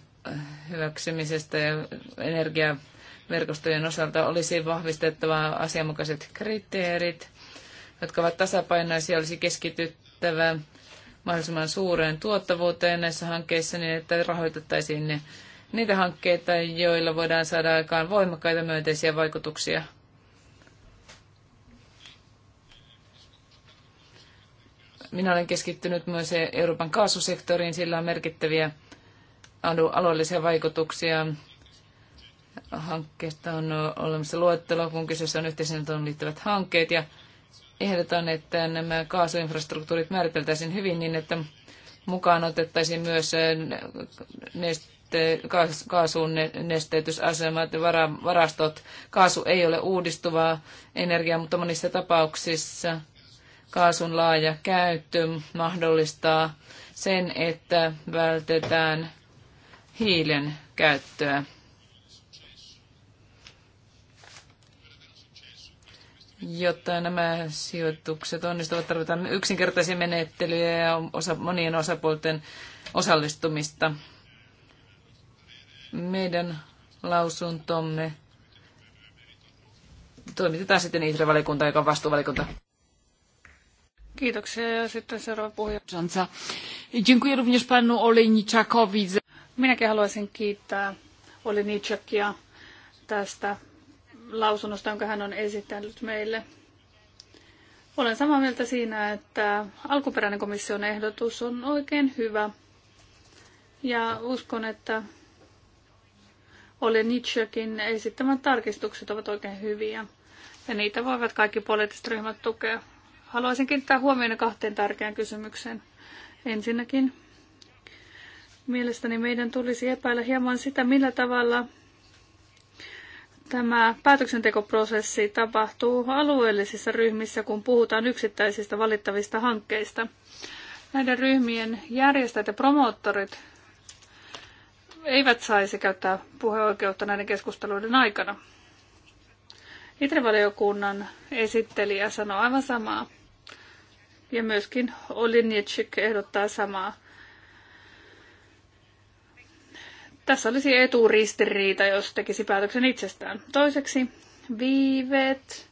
hyväksymisestä ja energiaverkostojen osalta olisi vahvistettava asianmukaiset kriteerit, jotka ovat tasapainoisia, olisi keskityttävä mahdollisimman suureen tuottavuuteen näissä hankkeissa niin, että rahoitettaisiin ne, niitä hankkeita, joilla voidaan saada aikaan voimakkaita myönteisiä vaikutuksia. Minä olen keskittynyt myös Euroopan kaasusektoriin, sillä on merkittäviä alueellisia vaikutuksia. Hankkeesta on olemassa luettelo, kun kyseessä on yhteisöön liittyvät hankkeet ja ehdotan, että nämä kaasuinfrastruktuurit määriteltäisiin hyvin niin, että mukaan otettaisiin myös äh, neste, kaasun nesteytysasemat ja varastot. Kaasu ei ole uudistuvaa energiaa, mutta monissa tapauksissa – kaasun laaja käyttö mahdollistaa sen, että vältetään hiilen käyttöä. Jotta nämä sijoitukset onnistuvat, tarvitaan yksinkertaisia menettelyjä ja osa, monien osapuolten osallistumista. Meidän lausuntomme toimitetaan sitten Itre-valikunta, joka on vastuuvalikunta. Kiitoksia ja sitten seuraava puhuja. Dziękuję również panu Olejniczakowi. Minäkin haluaisin kiittää Olejniczakia tästä lausunnosta, jonka hän on esittänyt meille. Olen samaa mieltä siinä, että alkuperäinen komission ehdotus on oikein hyvä. Ja uskon, että Ole Nietzschekin esittämät tarkistukset ovat oikein hyviä. Ja niitä voivat kaikki poliittiset ryhmät tukea. Haluaisin kiinnittää huomioon kahteen tärkeään kysymykseen. Ensinnäkin, mielestäni meidän tulisi epäillä hieman sitä, millä tavalla tämä päätöksentekoprosessi tapahtuu alueellisissa ryhmissä, kun puhutaan yksittäisistä valittavista hankkeista. Näiden ryhmien järjestäjät ja promoottorit eivät saisi käyttää puheoikeutta näiden keskusteluiden aikana. Itrevaliokunnan esittelijä sanoi aivan samaa. Ja myöskin Olinjitsik ehdottaa samaa. Tässä olisi eturistiriita, jos tekisi päätöksen itsestään. Toiseksi viiveet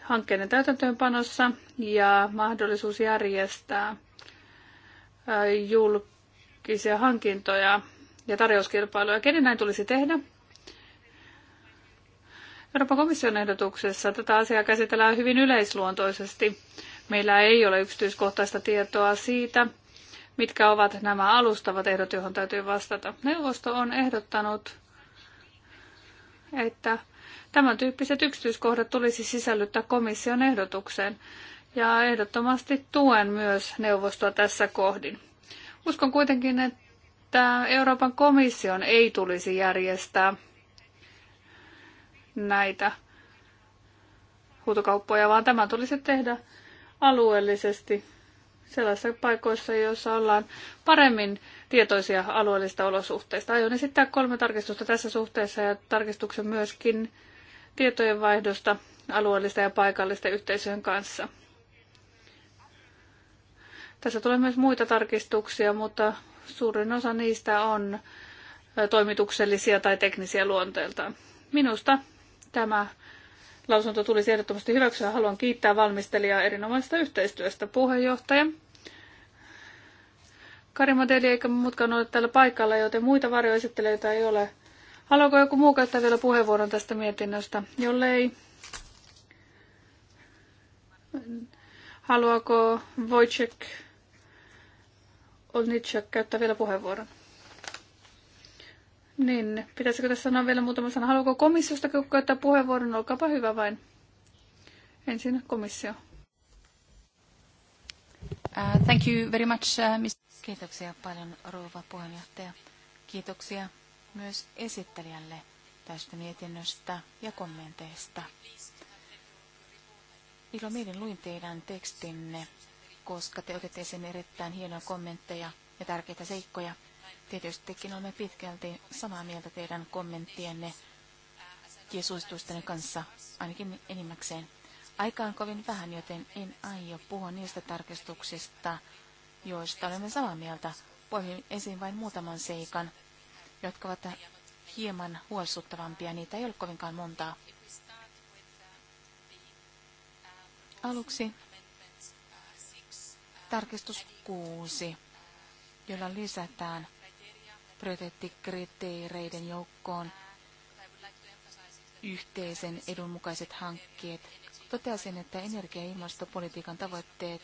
hankkeiden täytäntöönpanossa ja mahdollisuus järjestää julkisia hankintoja ja tarjouskilpailuja. Kenen näin tulisi tehdä? Euroopan komission ehdotuksessa tätä asiaa käsitellään hyvin yleisluontoisesti Meillä ei ole yksityiskohtaista tietoa siitä, mitkä ovat nämä alustavat ehdot, johon täytyy vastata. Neuvosto on ehdottanut, että tämän tyyppiset yksityiskohdat tulisi sisällyttää komission ehdotukseen. Ja ehdottomasti tuen myös neuvostoa tässä kohdin. Uskon kuitenkin, että Euroopan komission ei tulisi järjestää näitä huutokauppoja, vaan tämä tulisi tehdä alueellisesti sellaisissa paikoissa, joissa ollaan paremmin tietoisia alueellista olosuhteista. Aion esittää kolme tarkistusta tässä suhteessa ja tarkistuksen myöskin tietojen vaihdosta alueellista ja paikallista yhteisöjen kanssa. Tässä tulee myös muita tarkistuksia, mutta suurin osa niistä on toimituksellisia tai teknisiä luonteeltaan. Minusta tämä lausunto tulisi ehdottomasti hyväksyä. Haluan kiittää valmistelijaa erinomaisesta yhteistyöstä. Puheenjohtaja. Kari Mateli eikä muutkaan ole täällä paikalla, joten muita varjoesittelijöitä ei ole. Haluaako joku muu käyttää vielä puheenvuoron tästä mietinnöstä? Jollei. Haluaako Wojciech Olnitschek käyttää vielä puheenvuoron? Niin, pitäisikö tässä sanoa vielä muutama sana? Haluatko komissiosta käyttää puheenvuoron? Olkaapa hyvä vain. Ensin komissio. Uh, thank you very much, uh, Ms. Kiitoksia paljon, rouva puheenjohtaja. Kiitoksia myös esittelijälle tästä mietinnöstä ja kommenteista. Ilo mielin luin teidän tekstinne, koska te otitte esiin erittäin hienoja kommentteja ja tärkeitä seikkoja. Tietystikin olemme pitkälti samaa mieltä teidän kommenttienne ja suositustenne kanssa, ainakin enimmäkseen. Aika on kovin vähän, joten en aio puhua niistä tarkistuksista, joista olemme samaa mieltä. Poihin esiin vain muutaman seikan, jotka ovat hieman huolestuttavampia. Niitä ei ole kovinkaan montaa. Aluksi tarkistus 6, jolla lisätään prioriteettikriteereiden joukkoon yhteisen edun mukaiset hankkeet. Toteasin, että energia- ja ilmastopolitiikan tavoitteet,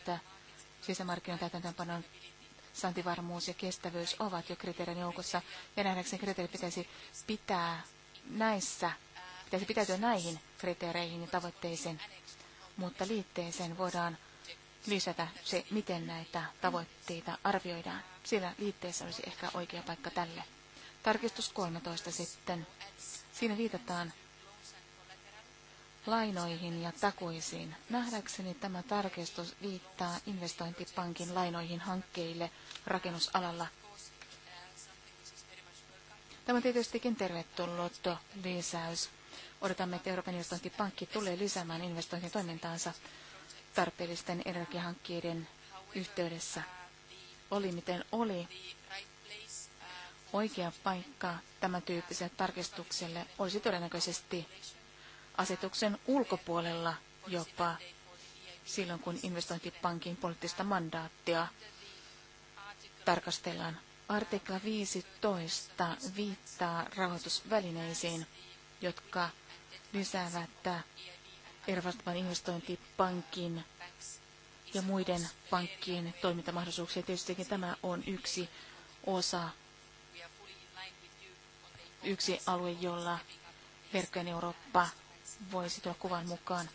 sisämarkkinoiden täytäntöönpanon saantivarmuus ja kestävyys ovat jo kriteerin joukossa, ja nähdäkseni kriteerit pitäisi pitää näissä, pitäisi pitäytyä näihin kriteereihin ja tavoitteisiin, mutta liitteeseen voidaan lisätä se, miten näitä tavoitteita arvioidaan. Siellä liitteessä olisi ehkä oikea paikka tälle. Tarkistus 13 sitten. Siinä viitataan lainoihin ja takuisiin. Nähdäkseni tämä tarkistus viittaa investointipankin lainoihin hankkeille rakennusalalla. Tämä on tietystikin tervetullut lisäys. Odotamme, että Euroopan investointipankki tulee lisäämään investointitoimintaansa tarpeellisten energiahankkeiden yhteydessä. Oli miten oli, oikea paikka tämän tyyppiselle tarkistukselle olisi todennäköisesti asetuksen ulkopuolella jopa silloin, kun investointipankin poliittista mandaattia tarkastellaan. Artikla 15 viittaa rahoitusvälineisiin, jotka lisäävät Euroopan investointipankin ja muiden pankkien toimintamahdollisuuksia. Tietysti tämä on yksi osa, yksi alue, jolla verkkojen Eurooppa voisi tulla kuvan mukaan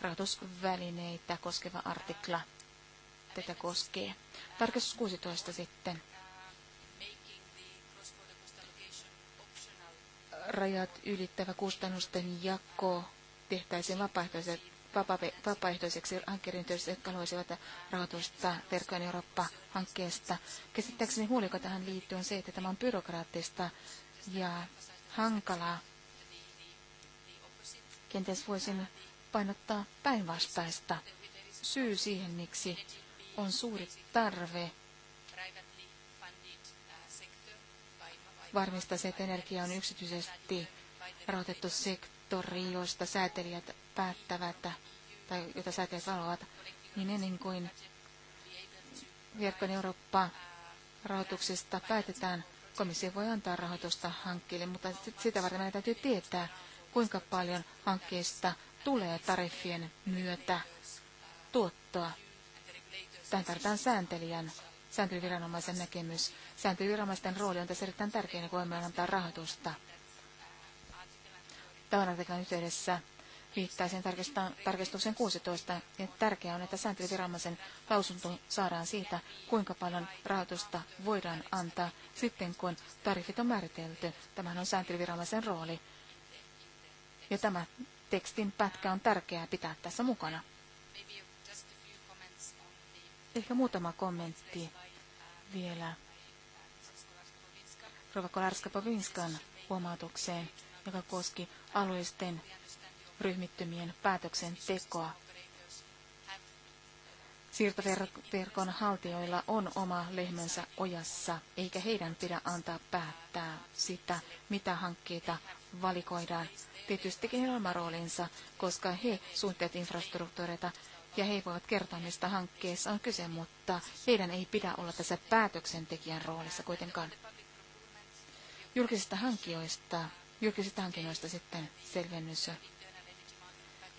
rahoitusvälineitä koskeva artikla tätä koskee. Tarkastus 16 sitten. Rajat ylittävä kustannusten jako tehtäisiin vapaaehtoiset vapaaehtoiseksi työssä, jotka haluaisivat rahoitusta Verkkojen Eurooppa-hankkeesta. Käsittääkseni huoli, joka tähän liittyy, on se, että tämä on byrokraattista ja hankalaa. Kenties voisin painottaa päinvastaista. Syy siihen, miksi on suuri tarve varmistaa se, että energia on yksityisesti rahoitettu sektori sektori, joista säätelijät päättävät tai joita säätelijät valvovat, niin ennen kuin Verkon Eurooppa-rahoituksesta päätetään, komissio voi antaa rahoitusta hankkeelle, mutta sitä varten meidän täytyy tietää, kuinka paljon hankkeesta tulee tariffien myötä tuottoa. Tähän tarvitaan sääntelijän, sääntelyviranomaisen näkemys. Sääntelyviranomaisten rooli on tässä erittäin tärkeä, niin kun voimme antaa rahoitusta tavarantekon yhteydessä viittaisin tarkistuksen 16. Ja tärkeää on, että sääntelyviranomaisen lausunto saadaan siitä, kuinka paljon rahoitusta voidaan antaa sitten, kun tarifit on määritelty. Tämähän on sääntelyviranomaisen rooli. Ja tämä tekstin pätkä on tärkeää pitää tässä mukana. Ehkä muutama kommentti vielä Rova Kolarska-Povinskan huomautukseen joka koski alueisten ryhmittymien päätöksentekoa. Siirtoverkon haltijoilla on oma lehmänsä ojassa, eikä heidän pidä antaa päättää sitä, mitä hankkeita valikoidaan. Tietystikin heillä on oma roolinsa, koska he suunnittelevat infrastruktuureita ja he voivat kertoa, mistä hankkeessa on kyse, mutta heidän ei pidä olla tässä päätöksentekijän roolissa kuitenkaan. Julkisista hankijoista julkisista hankinnoista sitten selvennys.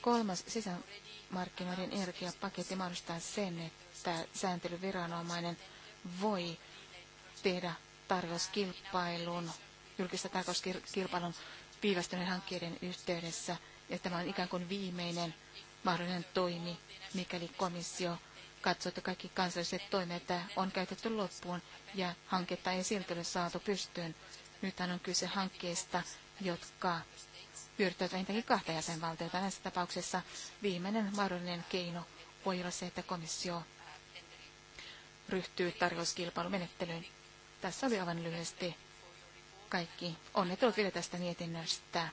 Kolmas sisämarkkinoiden energiapaketti mahdollistaa sen, että sääntelyviranomainen voi tehdä tarjouskilpailun, julkista tarjouskilpailun viivästyneen hankkeiden yhteydessä, ja tämä on ikään kuin viimeinen mahdollinen toimi, mikäli komissio katsoo, että kaikki kansalliset toimet on käytetty loppuun ja hanketta ei silti ole saatu pystyyn. Nythän on kyse hankkeesta jotka pyörittävät vähintäänkin kahta jäsenvaltiota. Näissä tapauksessa viimeinen mahdollinen keino voi olla se, että komissio ryhtyy tarjouskilpailumenettelyyn. Tässä oli aivan lyhyesti kaikki. Onnittelut vielä tästä mietinnöstä.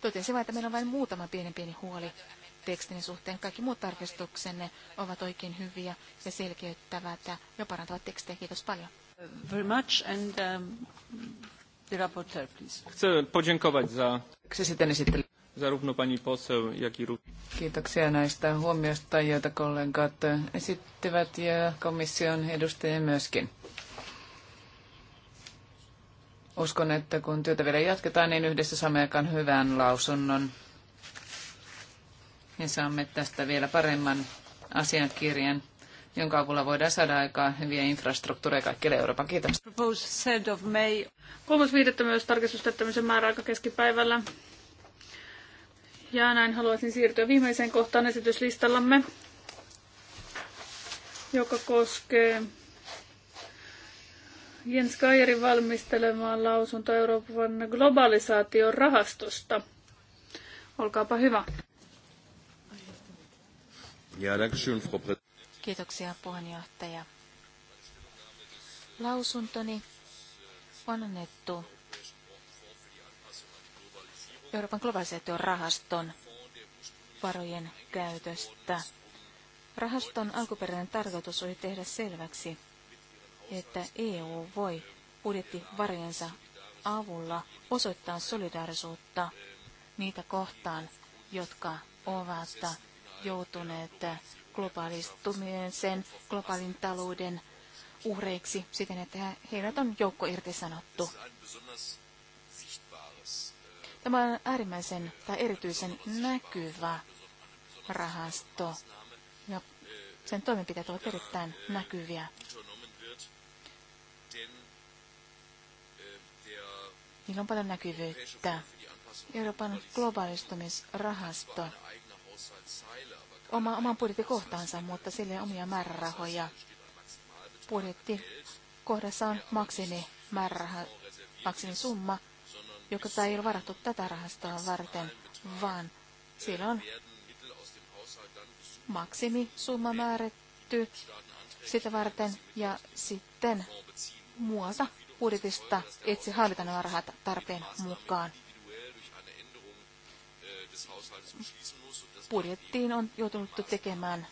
Totesin vain, että meillä on vain muutama pienen pieni huoli tekstin suhteen. Kaikki muut tarkistuksenne ovat oikein hyviä ja selkeyttävät ja parantavat tekstejä. Kiitos paljon. Very much and, um... Chcę podziękować za... Zarówno pani poseł, jak i również. Kiitoksia näistä huomioista, joita kollegat esittivät ja komission edustajia myöskin. Uskon, että kun työtä vielä jatketaan, niin yhdessä saamme aikaan hyvän lausunnon. Ja saamme tästä vielä paremman asiakirjan jonka avulla voidaan saada aikaan hyviä infrastruktuureja kaikille Euroopan. Kiitos. 3.5. myös tarkistustettämisen määräaika keskipäivällä. Ja näin haluaisin siirtyä viimeiseen kohtaan esityslistallamme, joka koskee Jens Kajerin valmistelemaa lausunto Euroopan globalisaation rahastosta. Olkaapa hyvä. Ja, dankeschön, Frau Kiitoksia puheenjohtaja. Lausuntoni on annettu Euroopan globalisaation rahaston varojen käytöstä. Rahaston alkuperäinen tarkoitus oli tehdä selväksi, että EU voi budjettivarojensa avulla osoittaa solidaarisuutta niitä kohtaan, jotka ovat joutuneet globaalistuminen sen globaalin talouden uhreiksi siten, että heidät on joukko irtisanottu. Tämä on äärimmäisen tai erityisen näkyvä rahasto ja sen toimenpiteet ovat erittäin näkyviä. Niillä on paljon näkyvyyttä. Euroopan globaalistumisrahasto oma, oman budjettikohtaansa, mutta sille on omia määrärahoja. Budjettikohdassa on maksimi määräraha, maksimi summa, joka ei ole varattu tätä rahastoa varten, vaan siellä on summa määrätty sitä varten ja sitten muualta budjetista etsi hallita nämä rahat tarpeen mukaan budjettiin on joutunut tekemään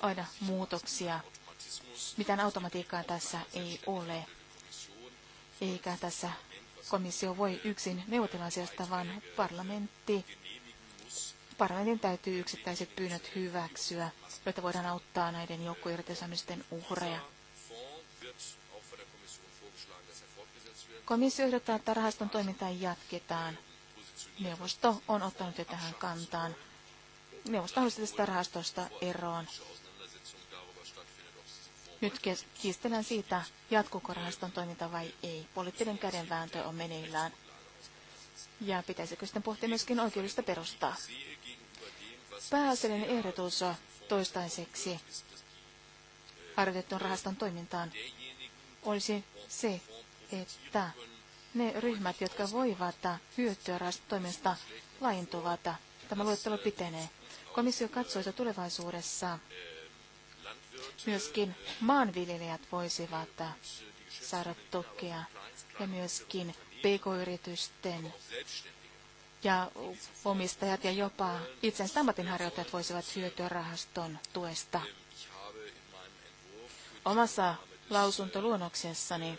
aina muutoksia. Mitään automatiikkaa tässä ei ole, eikä tässä komissio voi yksin neuvotella asiasta, vaan parlamentti, parlamentin täytyy yksittäiset pyynnöt hyväksyä, jotta voidaan auttaa näiden joukkoirtisanomisten uhreja. Komissio ehdottaa, että rahaston toimintaa jatketaan. Neuvosto on ottanut jo tähän kantaan neuvosto halusi tästä rahastosta eroon. Nyt kiistellään siitä, jatkuuko rahaston toiminta vai ei. Poliittinen kädenvääntö on meneillään. Ja pitäisikö sitten pohtia myöskin oikeudellista perustaa. Pääasiallinen ehdotus toistaiseksi harjoitettuun rahaston toimintaan olisi se, että ne ryhmät, jotka voivat hyötyä rahastotoimista, laajentuvat. Tämä luettelo pitenee. Komissio katsoo, että tulevaisuudessa myöskin maanviljelijät voisivat saada tukea ja myöskin pk-yritysten ja omistajat ja jopa itsensä ammatinharjoittajat voisivat hyötyä rahaston tuesta. Omassa lausuntoluonnoksessani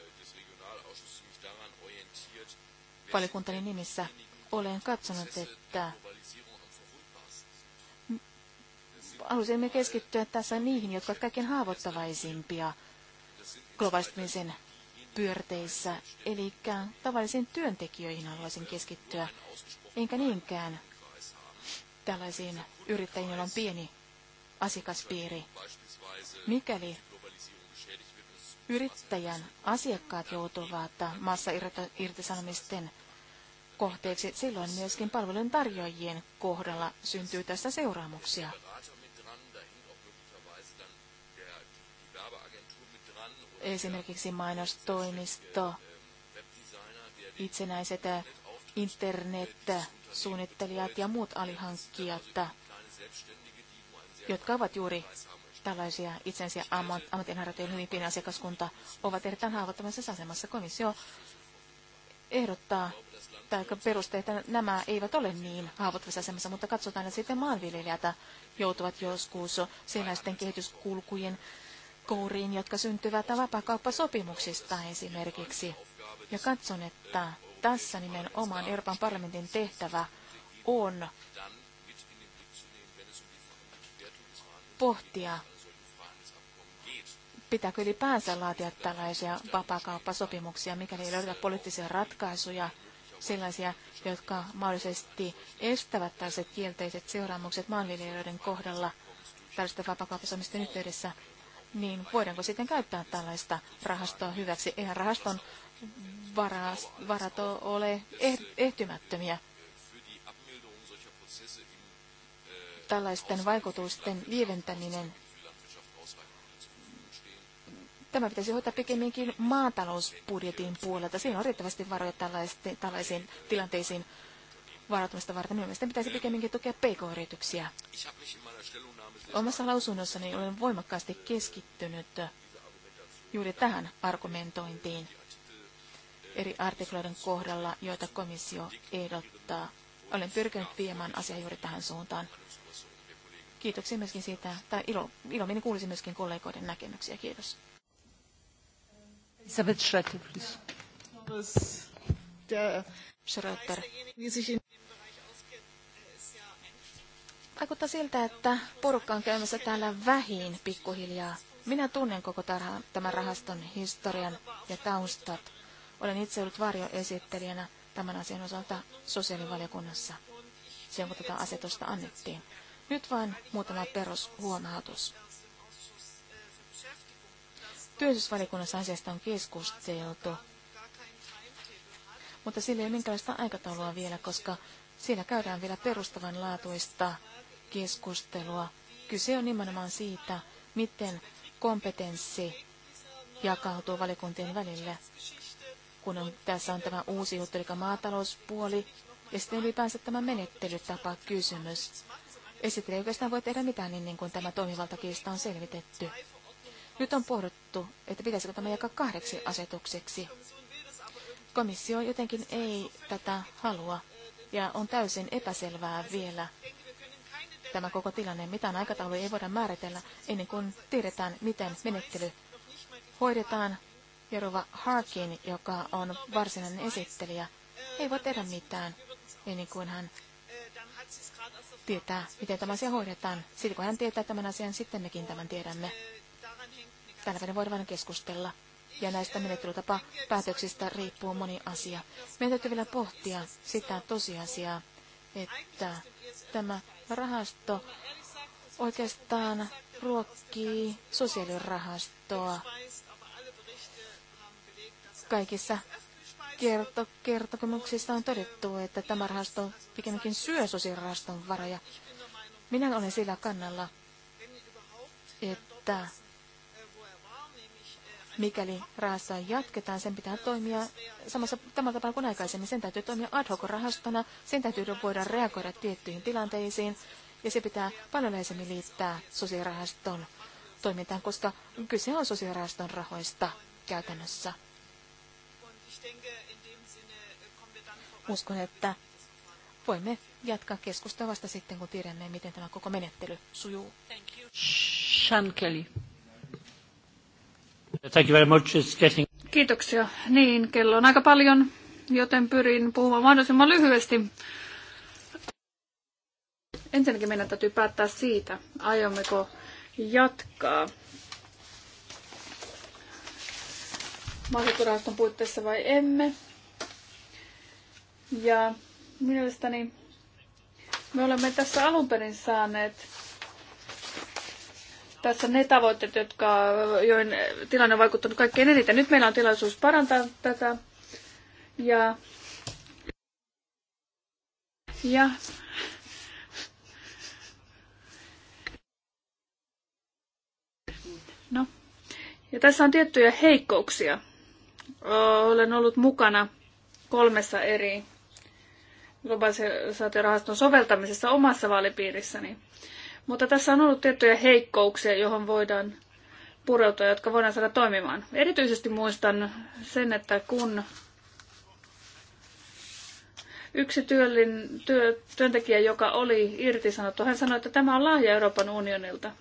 valiokuntani nimissä olen katsonut, että halusimme keskittyä tässä niihin, jotka ovat kaikkein haavoittavaisimpia globaalistumisen pyörteissä, eli tavallisiin työntekijöihin haluaisin keskittyä, enkä niinkään tällaisiin yrittäjiin, joilla on pieni asiakaspiiri. Mikäli yrittäjän asiakkaat joutuvat maassa irtisanomisten kohteeksi, silloin myöskin palvelun tarjoajien kohdalla syntyy tästä seuraamuksia. esimerkiksi mainostoimisto, itsenäiset äh, internet-suunnittelijat äh, ja muut alihankkijat, äh, jotka ovat juuri tällaisia itsensä ammat, ammatinharjoittajien hyvin pieni asiakaskunta, ovat erittäin haavoittavassa asemassa. Komissio ehdottaa tai peruste, että nämä eivät ole niin haavoittuvassa asemassa, mutta katsotaan, että sitten maanviljelijät joutuvat joskus sellaisten kehityskulkujen kouriin, jotka syntyvät vapakauppasopimuksista esimerkiksi. Ja katson, että tässä nimenomaan Euroopan parlamentin tehtävä on pohtia, pitääkö ylipäänsä laatia tällaisia vapaakauppasopimuksia, mikäli ei löydetä poliittisia ratkaisuja, sellaisia, jotka mahdollisesti estävät tällaiset kielteiset seuraamukset maanviljelijöiden kohdalla tällaista vapaakauppasopimusten yhteydessä niin voidaanko sitten käyttää tällaista rahastoa hyväksi? Eihän rahaston varas, varat ole eh- ehtymättömiä. Tällaisten vaikutusten lieventäminen Tämä pitäisi hoitaa pikemminkin maatalousbudjetin puolelta. Siinä on riittävästi varoja tällaisiin tilanteisiin varautumista varten. Mielestäni pitäisi pikemminkin tukea pk-yrityksiä. Omassa lausunnossani olen voimakkaasti keskittynyt juuri tähän argumentointiin eri artikloiden kohdalla, joita komissio ehdottaa. Olen pyrkinyt viemään asiaa juuri tähän suuntaan. Kiitoksia myöskin siitä, tai ilo, minä kuulisin myöskin kollegoiden näkemyksiä. Kiitos. Schröter, please. Uh, Schröter. Vaikuttaa siltä, että porukka on käymässä täällä vähin pikkuhiljaa. Minä tunnen koko tarha, tämän rahaston historian ja taustat. Olen itse ollut varjoesittelijänä tämän asian osalta sosiaalivaliokunnassa, sen kun tätä asetusta annettiin. Nyt vain muutama perushuomautus. Työllisyysvaliokunnassa asiasta on keskusteltu, mutta sillä ei ole minkäänlaista aikataulua vielä, koska siinä käydään vielä perustavanlaatuista keskustelua. Kyse on nimenomaan siitä, miten kompetenssi jakautuu valikuntien välillä. Kun on, tässä on tämä uusi juttu, eli maatalouspuoli, ja sitten ylipäänsä tämä menettelytapa kysymys. Esittely ei oikeastaan voi tehdä mitään niin, niin kuin tämä toimivaltakiista on selvitetty. Nyt on pohdittu, että pitäisikö tämä jakaa kahdeksi asetukseksi. Komissio jotenkin ei tätä halua, ja on täysin epäselvää vielä, tämä koko tilanne. Mitään aikataulua ei voida määritellä ennen kuin tiedetään, miten menettely hoidetaan. Jerova Harkin, joka on varsinainen esittelijä, ei voi tehdä mitään ennen kuin hän tietää, miten tämä asia hoidetaan. Sitten kun hän tietää tämän asian, sitten mekin tämän tiedämme. Tänä päivänä voidaan vain keskustella. Ja näistä menettelytapa päätöksistä riippuu moni asia. Meidän täytyy vielä pohtia sitä tosiasiaa, että tämä rahasto oikeastaan ruokkii sosiaalirahastoa. Kaikissa kerto, kertomuksissa on todettu, että tämä rahasto pikemminkin syö sosiaalirahaston varoja. Minä olen sillä kannalla, että Mikäli rahassa jatketaan, sen pitää toimia samassa tämän tapaan kuin aikaisemmin. Sen täytyy toimia ad hoc rahastona, sen täytyy voida reagoida tiettyihin tilanteisiin, ja se pitää paljon läheisemmin liittää sosiaalirahaston toimintaan, koska kyse on sosiaalirahaston rahoista käytännössä. Uskon, että voimme jatkaa keskustelua vasta sitten, kun tiedämme, miten tämä koko menettely sujuu. Shankeli. Kelly. Thank you very much. It's getting... Kiitoksia. Niin, kello on aika paljon, joten pyrin puhumaan mahdollisimman lyhyesti. Ensinnäkin meidän täytyy päättää siitä, aiommeko jatkaa maaseuturahaston puitteissa vai emme. Ja mielestäni me olemme tässä alun perin saaneet tässä ne tavoitteet, jotka, joihin tilanne on vaikuttanut kaikkein eniten. Nyt meillä on tilaisuus parantaa tätä. Ja, ja No. Ja tässä on tiettyjä heikkouksia. Olen ollut mukana kolmessa eri globalisaatiorahaston soveltamisessa omassa vaalipiirissäni. Mutta tässä on ollut tiettyjä heikkouksia, johon voidaan pureutua, jotka voidaan saada toimimaan. Erityisesti muistan sen, että kun yksi työllin, työ, työntekijä, joka oli irtisanottu, hän sanoi, että tämä on lahja Euroopan unionilta.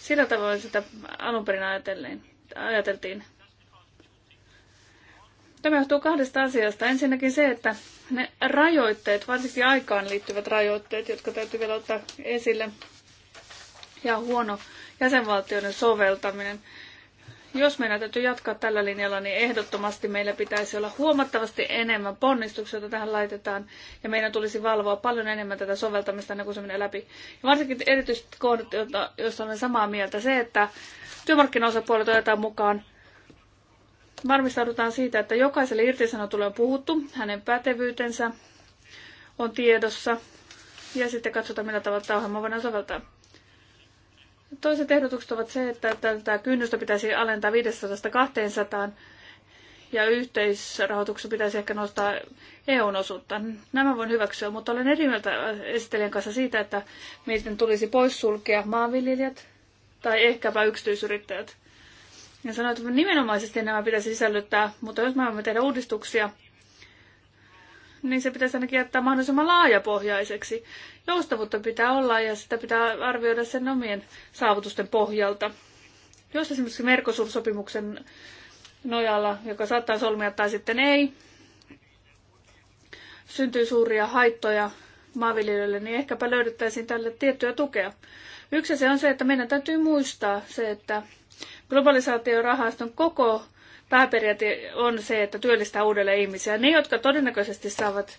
Sillä tavoin sitä alun perin ajateltiin. Tämä johtuu kahdesta asiasta. Ensinnäkin se, että ne rajoitteet, varsinkin aikaan liittyvät rajoitteet, jotka täytyy vielä ottaa esille, ja huono jäsenvaltioiden soveltaminen. Jos meidän täytyy jatkaa tällä linjalla, niin ehdottomasti meillä pitäisi olla huomattavasti enemmän ponnistuksia, joita tähän laitetaan, ja meidän tulisi valvoa paljon enemmän tätä soveltamista ennen kuin se menee läpi. Ja varsinkin erityisesti kohdat, joista olen samaa mieltä, se, että työmarkkinaosapuolet otetaan mukaan, varmistaudutaan siitä, että jokaiselle irtisanotulle on puhuttu, hänen pätevyytensä on tiedossa, ja sitten katsotaan, millä tavalla tämä ohjelma voidaan soveltaa. Toiset ehdotukset ovat se, että tätä kynnystä pitäisi alentaa 500-200 ja yhteisrahoituksen pitäisi ehkä nostaa EUn osuutta. Nämä voin hyväksyä, mutta olen eri mieltä esittelijän kanssa siitä, että miten tulisi poissulkea maanviljelijät tai ehkäpä yksityisyrittäjät. Ja sanoin, että nimenomaisesti nämä pitäisi sisällyttää, mutta jos me voimme tehdä uudistuksia, niin se pitäisi ainakin jättää mahdollisimman laajapohjaiseksi. Joustavuutta pitää olla ja sitä pitää arvioida sen omien saavutusten pohjalta. Jos esimerkiksi Mercosur-sopimuksen nojalla, joka saattaa solmia tai sitten ei, syntyy suuria haittoja maanviljelijöille, niin ehkäpä löydettäisiin tälle tiettyä tukea. Yksi se on se, että meidän täytyy muistaa se, että globalisaatiorahaston koko pääperiaate on se, että työllistää uudelleen ihmisiä. Ne, jotka todennäköisesti saavat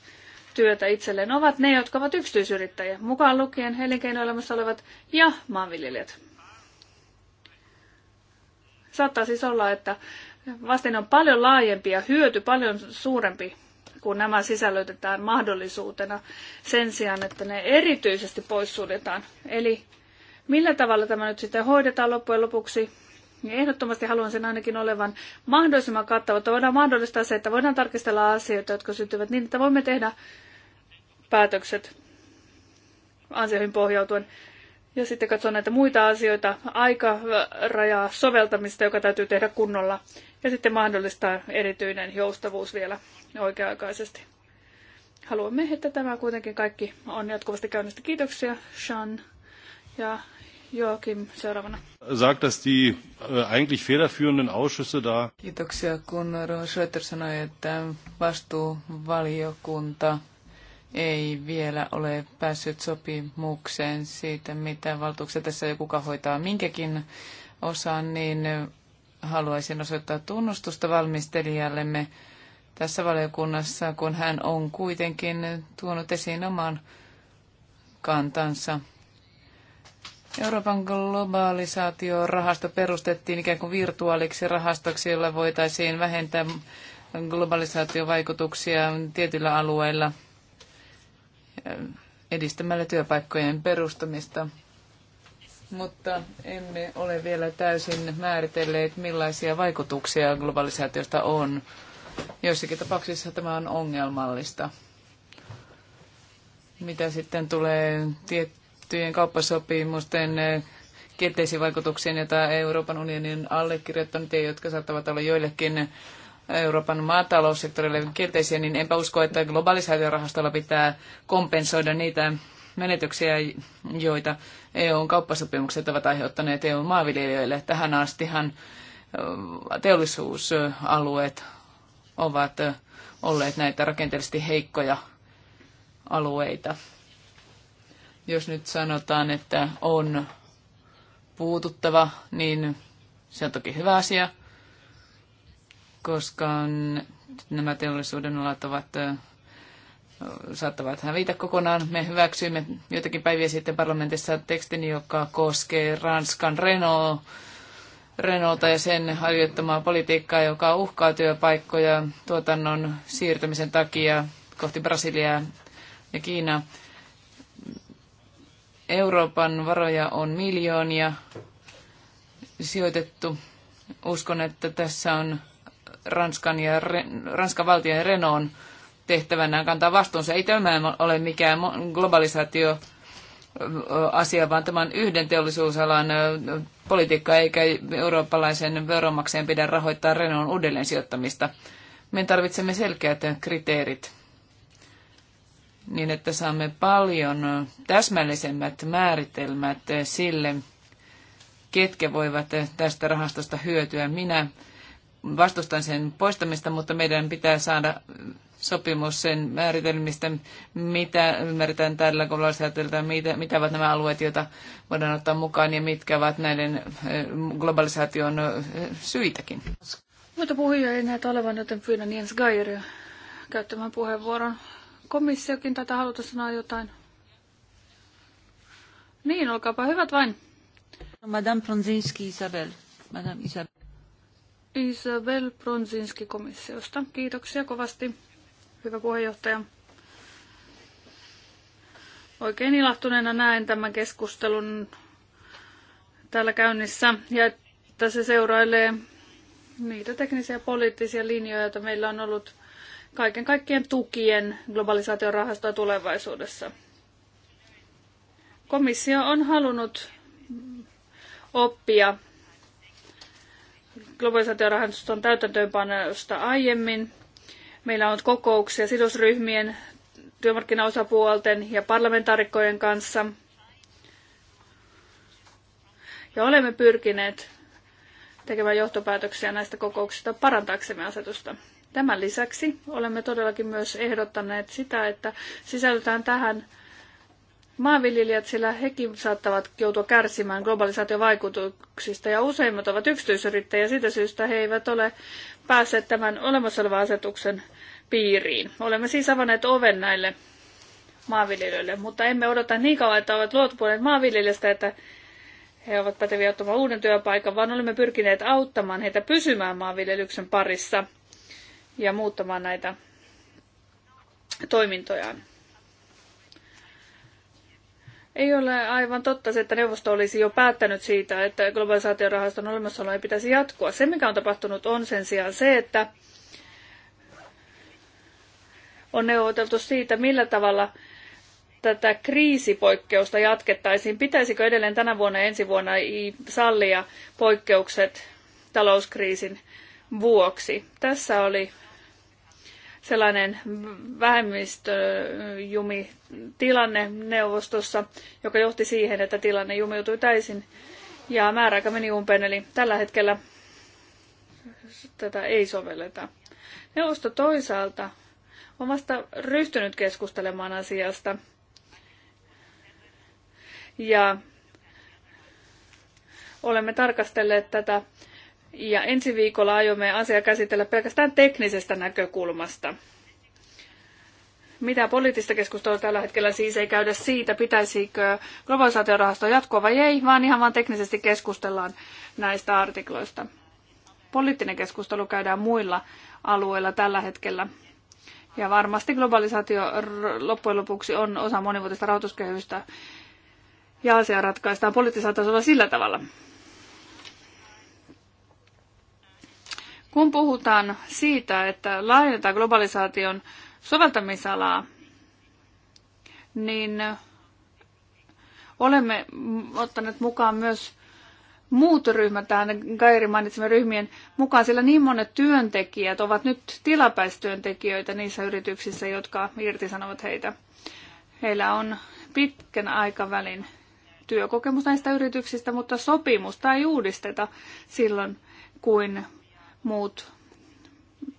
työtä itselleen, ovat ne, jotka ovat yksityisyrittäjiä, mukaan lukien elinkeinoelämässä olevat ja maanviljelijät. Saattaa siis olla, että vasten on paljon laajempi ja hyöty paljon suurempi, kun nämä sisällytetään mahdollisuutena sen sijaan, että ne erityisesti poissuljetaan. Eli millä tavalla tämä nyt sitten hoidetaan loppujen lopuksi? Ja ehdottomasti haluan sen ainakin olevan mahdollisimman kattava, että voidaan mahdollistaa se, että voidaan tarkistella asioita, jotka syntyvät niin, että voimme tehdä päätökset ansioihin pohjautuen. Ja sitten katsoa näitä muita asioita, aikarajaa, soveltamista, joka täytyy tehdä kunnolla. Ja sitten mahdollistaa erityinen joustavuus vielä oikea-aikaisesti. Haluamme, että tämä kuitenkin kaikki on jatkuvasti käynnistä. Kiitoksia, Sean. Ja Joakim seuraavana. Sagt, dass die äh, eigentlich federführenden Ausschüsse da... Kiitoksia, kun Schröter sanoi, että vastuuvaliokunta ei vielä ole päässyt sopimukseen siitä, mitä valtuuksia tässä ja kuka hoitaa minkäkin osan, niin haluaisin osoittaa tunnustusta valmistelijallemme tässä valiokunnassa, kun hän on kuitenkin tuonut esiin oman kantansa Euroopan globalisaatiorahasto perustettiin ikään kuin virtuaaliksi rahastoksi, jolla voitaisiin vähentää globalisaatiovaikutuksia tietyillä alueilla edistämällä työpaikkojen perustamista. Mutta emme ole vielä täysin määritelleet, millaisia vaikutuksia globalisaatiosta on. Joissakin tapauksissa tämä on ongelmallista. Mitä sitten tulee tiet tehtyjen kauppasopimusten eh, kielteisiin vaikutuksiin, joita Euroopan unionin allekirjoittanut ja jotka saattavat olla joillekin Euroopan maataloussektorille kielteisiä, niin enpä usko, että globalisaatiorahastolla pitää kompensoida niitä menetyksiä, joita EUn kauppasopimukset ovat aiheuttaneet EUn maanviljelijöille. Tähän astihan eh, teollisuusalueet ovat eh, olleet näitä rakenteellisesti heikkoja alueita. Jos nyt sanotaan, että on puututtava, niin se on toki hyvä asia, koska nämä teollisuuden alat ovat, saattavat hävitä kokonaan. Me hyväksyimme joitakin päiviä sitten parlamentissa tekstin, joka koskee Ranskan Renault, Renaulta ja sen harjoittamaa politiikkaa, joka uhkaa työpaikkoja tuotannon siirtämisen takia kohti Brasiliaa ja Kiinaa. Euroopan varoja on miljoonia sijoitettu. Uskon, että tässä on Ranskan, ja Re, Ranskan valtion ja Renon tehtävänä kantaa vastuunsa. Ei tämä ole mikään globalisaatio asia, vaan tämän yhden teollisuusalan politiikka, eikä eurooppalaisen veronmaksajan pidä rahoittaa Renon uudelleen sijoittamista. Me tarvitsemme selkeät kriteerit niin että saamme paljon täsmällisemmät määritelmät sille, ketkä voivat tästä rahastosta hyötyä. Minä vastustan sen poistamista, mutta meidän pitää saada sopimus sen määritelmistä, mitä ymmärretään tällä globalisaatiolta, mitä, mitä ovat nämä alueet, joita voidaan ottaa mukaan ja mitkä ovat näiden eh, globalisaation eh, syitäkin. Muita puhujia ei näitä olevan, joten pyydän Jens Geiria käyttämään puheenvuoron komissiokin tätä haluta sanoa jotain. Niin, olkaapa hyvät vain. Madame Pronzinski Isabel. Madame Isabel. Isabel Pronzinski komissiosta. Kiitoksia kovasti, hyvä puheenjohtaja. Oikein ilahtuneena näen tämän keskustelun täällä käynnissä ja että se seurailee niitä teknisiä poliittisia linjoja, joita meillä on ollut kaiken kaikkien tukien rahastoa tulevaisuudessa. Komissio on halunnut oppia globalisaatiorahaston täytäntöönpanosta aiemmin. Meillä on kokouksia sidosryhmien, työmarkkinaosapuolten ja parlamentaarikkojen kanssa. Ja olemme pyrkineet tekemään johtopäätöksiä näistä kokouksista parantaaksemme asetusta. Tämän lisäksi olemme todellakin myös ehdottaneet sitä, että sisällytään tähän maanviljelijät, sillä hekin saattavat joutua kärsimään globalisaatiovaikutuksista ja useimmat ovat yksityisyrittäjiä. Siitä syystä he eivät ole päässeet tämän olemassa olevan asetuksen piiriin. Olemme siis avanneet oven näille maanviljelijöille, mutta emme odota niin kauan, että ovat luotupuolet maanviljelijästä, että he ovat päteviä ottamaan uuden työpaikan, vaan olemme pyrkineet auttamaan heitä pysymään maanviljelyksen parissa – ja muuttamaan näitä toimintojaan. Ei ole aivan totta se, että neuvosto olisi jo päättänyt siitä, että globalisaatiorahaston olemassaolo ei pitäisi jatkua. Se, mikä on tapahtunut, on sen sijaan se, että on neuvoteltu siitä, millä tavalla tätä kriisipoikkeusta jatkettaisiin. Pitäisikö edelleen tänä vuonna ja ensi vuonna sallia poikkeukset talouskriisin vuoksi? Tässä oli sellainen vähemmistöjumitilanne neuvostossa, joka johti siihen, että tilanne jumiutui täysin ja määräaika meni umpeen, eli tällä hetkellä tätä ei sovelleta. Neuvosto toisaalta on vasta ryhtynyt keskustelemaan asiasta ja olemme tarkastelleet tätä ja ensi viikolla aiomme asia käsitellä pelkästään teknisestä näkökulmasta. Mitä poliittista keskustelua tällä hetkellä siis ei käydä siitä, pitäisikö globalisaatiorahasto jatkoa vai ei, vaan ihan vain teknisesti keskustellaan näistä artikloista. Poliittinen keskustelu käydään muilla alueilla tällä hetkellä. Ja varmasti globalisaatio loppujen lopuksi on osa monivuotista rahoituskehystä ja asia ratkaistaan poliittisella tasolla sillä tavalla. Kun puhutaan siitä, että laajennetaan globalisaation soveltamisalaa, niin olemme ottaneet mukaan myös muut ryhmät tähän Kairi mainitsemme ryhmien mukaan, sillä niin monet työntekijät ovat nyt tilapäistyöntekijöitä niissä yrityksissä, jotka irtisanovat heitä. Heillä on pitkän aikavälin työkokemus näistä yrityksistä, mutta sopimusta ei uudisteta silloin, kuin muut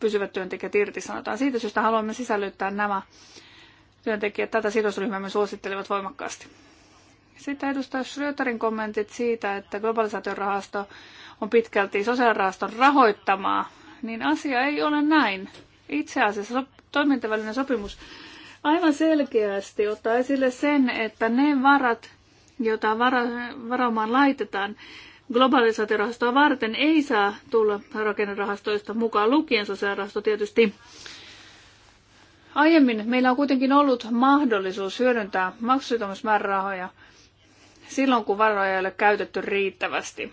pysyvät työntekijät irtisanotaan. Siitä syystä haluamme sisällyttää nämä työntekijät. Tätä sidosryhmää me suosittelevat voimakkaasti. Sitten edustaa Schröterin kommentit siitä, että globalisaatiorahasto on pitkälti sosiaalirahaston rahoittamaa, niin asia ei ole näin. Itse asiassa toimintavälinen sopimus aivan selkeästi ottaa esille sen, että ne varat, joita vara- varaumaan laitetaan, globalisaatiorahastoa varten ei saa tulla rakennerahastoista mukaan lukien sosiaalirahasto tietysti. Aiemmin meillä on kuitenkin ollut mahdollisuus hyödyntää maksusitoumusmäärärahoja silloin, kun varoja ei ole käytetty riittävästi.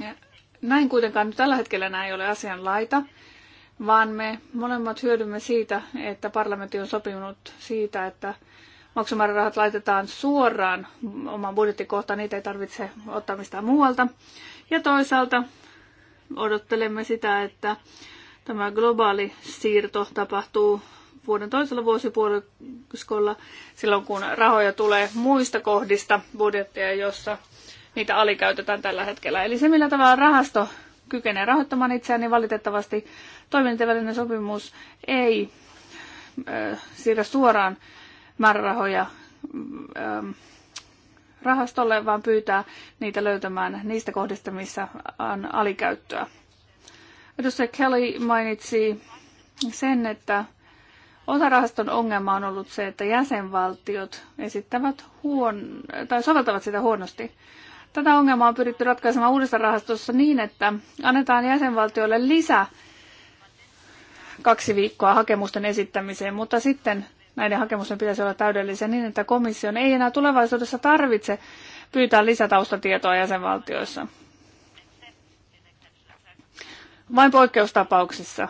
Ja näin kuitenkaan nyt tällä hetkellä näin ei ole asian laita, vaan me molemmat hyödymme siitä, että parlamentti on sopinut siitä, että maksumäärärahat laitetaan suoraan oman budjettikohtaan, niitä ei tarvitse ottaa mistään muualta. Ja toisaalta odottelemme sitä, että tämä globaali siirto tapahtuu vuoden toisella vuosipuoliskolla silloin, kun rahoja tulee muista kohdista budjetteja, jossa niitä alikäytetään tällä hetkellä. Eli se, millä tavalla rahasto kykenee rahoittamaan itseään, niin valitettavasti toimintavälinen sopimus ei siirrä suoraan määrärahoja ähm, rahastolle, vaan pyytää niitä löytämään niistä kohdista, missä on alikäyttöä. Edustaja Kelly mainitsi sen, että osarahaston ongelma on ollut se, että jäsenvaltiot esittävät huon, tai soveltavat sitä huonosti. Tätä ongelmaa on pyritty ratkaisemaan uudessa rahastossa niin, että annetaan jäsenvaltioille lisää kaksi viikkoa hakemusten esittämiseen, mutta sitten näiden hakemusten pitäisi olla täydellisiä niin, että komission ei enää tulevaisuudessa tarvitse pyytää lisätaustatietoa jäsenvaltioissa. Vain poikkeustapauksissa